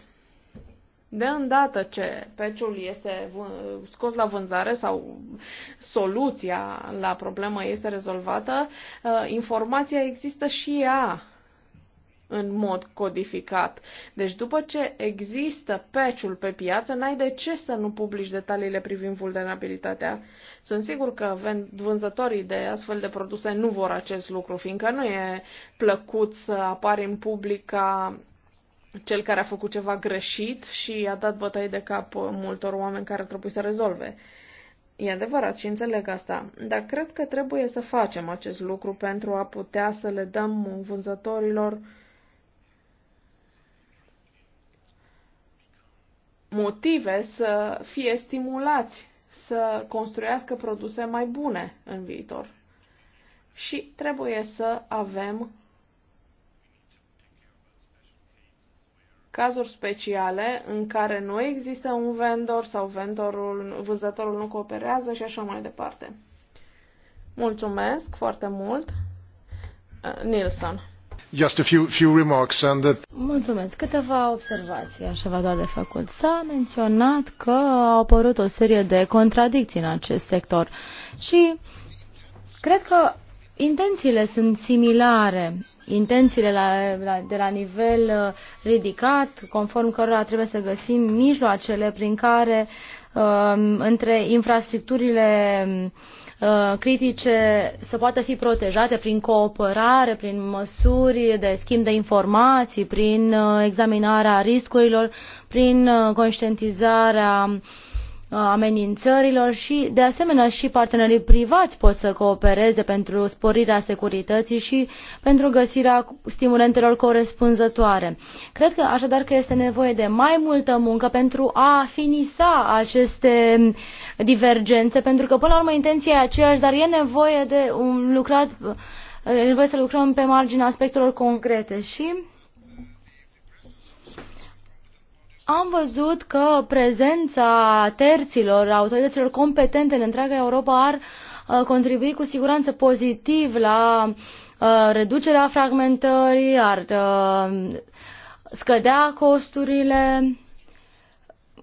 De îndată ce peciul este scos la vânzare sau soluția la problemă este rezolvată, uh, informația există și ea în mod codificat. Deci după ce există peciul pe piață, n-ai de ce să nu publici detaliile privind vulnerabilitatea. Sunt sigur că vânzătorii de astfel de produse nu vor acest lucru, fiindcă nu e plăcut să apari în public ca cel care a făcut ceva greșit și a dat bătaie de cap multor oameni care trebuie să rezolve. E adevărat și înțeleg asta, dar cred că trebuie să facem acest lucru pentru a putea să le dăm vânzătorilor motive să fie stimulați să construiască produse mai bune în viitor. Și trebuie să avem cazuri speciale în care nu există un vendor sau vendorul, vânzătorul nu cooperează și așa mai departe. Mulțumesc foarte mult. Uh, Nilsson. Just a few, few remarks and the... Mulțumesc. Câteva observații aș avea doar de făcut. S-a menționat că au apărut o serie de contradicții în acest sector și cred că intențiile sunt similare intențiile la, la, de la nivel uh, ridicat, conform cărora trebuie să găsim mijloacele prin care um, între infrastructurile um, uh, critice să poată fi protejate prin cooperare, prin măsuri de schimb de informații, prin uh, examinarea riscurilor, prin conștientizarea Uh, amenințărilor și, de asemenea, și partenerii privați pot să coopereze pentru sporirea securității și pentru găsirea stimulentelor corespunzătoare. Cred că, așadar, că este nevoie de mai multă muncă pentru a finisa aceste divergențe, pentru că, până la urmă, intenția e aceeași, dar e nevoie de un lucrat, e nevoie să lucrăm pe marginea aspectelor concrete și Am văzut că prezența terților, autorităților competente în întreaga Europa ar uh, contribui cu siguranță pozitiv la uh, reducerea fragmentării, ar uh, scădea costurile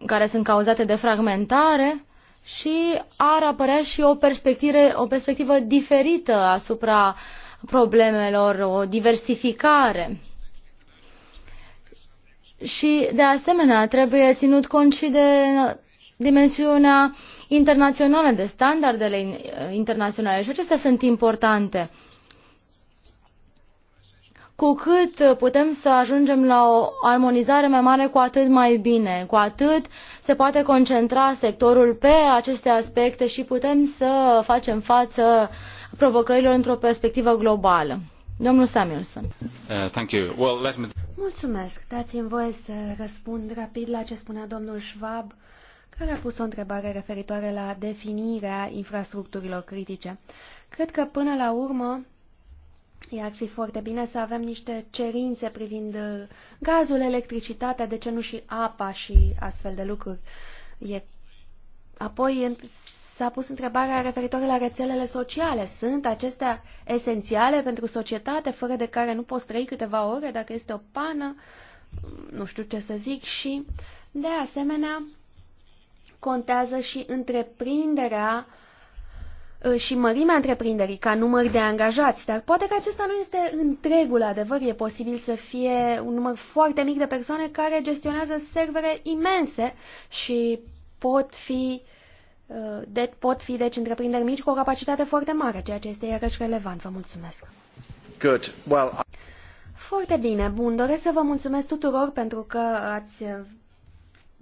care sunt cauzate de fragmentare și ar apărea și o perspectivă, o perspectivă diferită asupra problemelor, o diversificare și, de asemenea, trebuie ținut cont și de dimensiunea internațională, de standardele internaționale și acestea sunt importante. Cu cât putem să ajungem la o armonizare mai mare, cu atât mai bine, cu atât se poate concentra sectorul pe aceste aspecte și putem să facem față provocărilor într-o perspectivă globală. Domnul Samuelson. Uh, thank you. Well, let me... Mulțumesc. Dați-mi voie să răspund rapid la ce spunea domnul Schwab, care a pus o întrebare referitoare la definirea infrastructurilor critice. Cred că până la urmă ar fi foarte bine să avem niște cerințe privind gazul, electricitatea, de ce nu și apa și astfel de lucruri. E Apoi S-a pus întrebarea referitoare la rețelele sociale. Sunt acestea esențiale pentru societate, fără de care nu poți trăi câteva ore dacă este o pană? Nu știu ce să zic și, de asemenea, contează și întreprinderea uh, și mărimea întreprinderii ca număr de angajați, dar poate că acesta nu este întregul adevăr. E posibil să fie un număr foarte mic de persoane care gestionează servere imense și pot fi uh, Uh, de, pot fi deci întreprinderi mici cu o capacitate foarte mare, ceea ce este iarăși relevant. Vă mulțumesc. Good. Well, I... Foarte bine, bun. Doresc să vă mulțumesc tuturor pentru că ați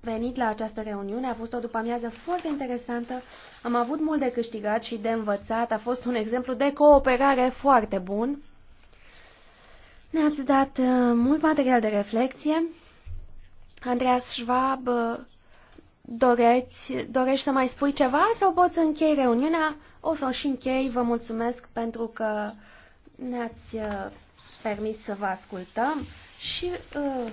venit la această reuniune. A fost o după-amiază foarte interesantă. Am avut mult de câștigat și de învățat. A fost un exemplu de cooperare foarte bun. Ne-ați dat uh, mult material de reflexie. Andreas Schwab uh, Doreți, dorești să mai spui ceva sau poți să închei reuniunea? O să o și închei. Vă mulțumesc pentru că ne-ați uh, permis să vă ascultăm și uh,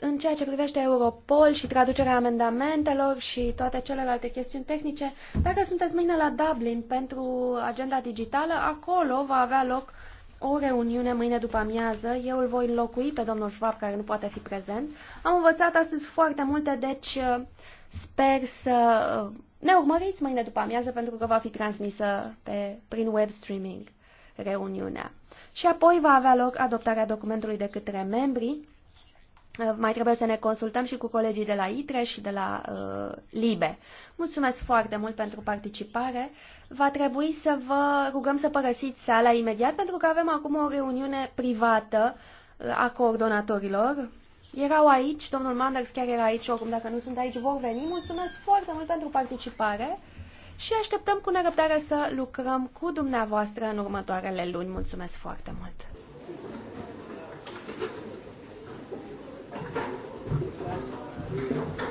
în ceea ce privește Europol și traducerea amendamentelor și toate celelalte chestiuni tehnice, dacă sunteți mâine la Dublin pentru agenda digitală, acolo va avea loc o reuniune mâine după amiază. Eu îl voi înlocui pe domnul Schwab, care nu poate fi prezent. Am învățat astăzi foarte multe, deci uh, sper să uh, ne urmăriți mâine după amiază, pentru că va fi transmisă pe, prin web streaming reuniunea. Și apoi va avea loc adoptarea documentului de către membrii Uh, mai trebuie să ne consultăm și cu colegii de la ITRE și de la uh, LIBE. Mulțumesc foarte mult pentru participare. Va trebui să vă rugăm să părăsiți sala imediat pentru că avem acum o reuniune privată uh, a coordonatorilor. Erau aici, domnul Manders chiar era aici, oricum dacă nu sunt aici vor veni. Mulțumesc foarte mult pentru participare și așteptăm cu nerăbdare să lucrăm cu dumneavoastră în următoarele luni. Mulțumesc foarte mult! Thank you.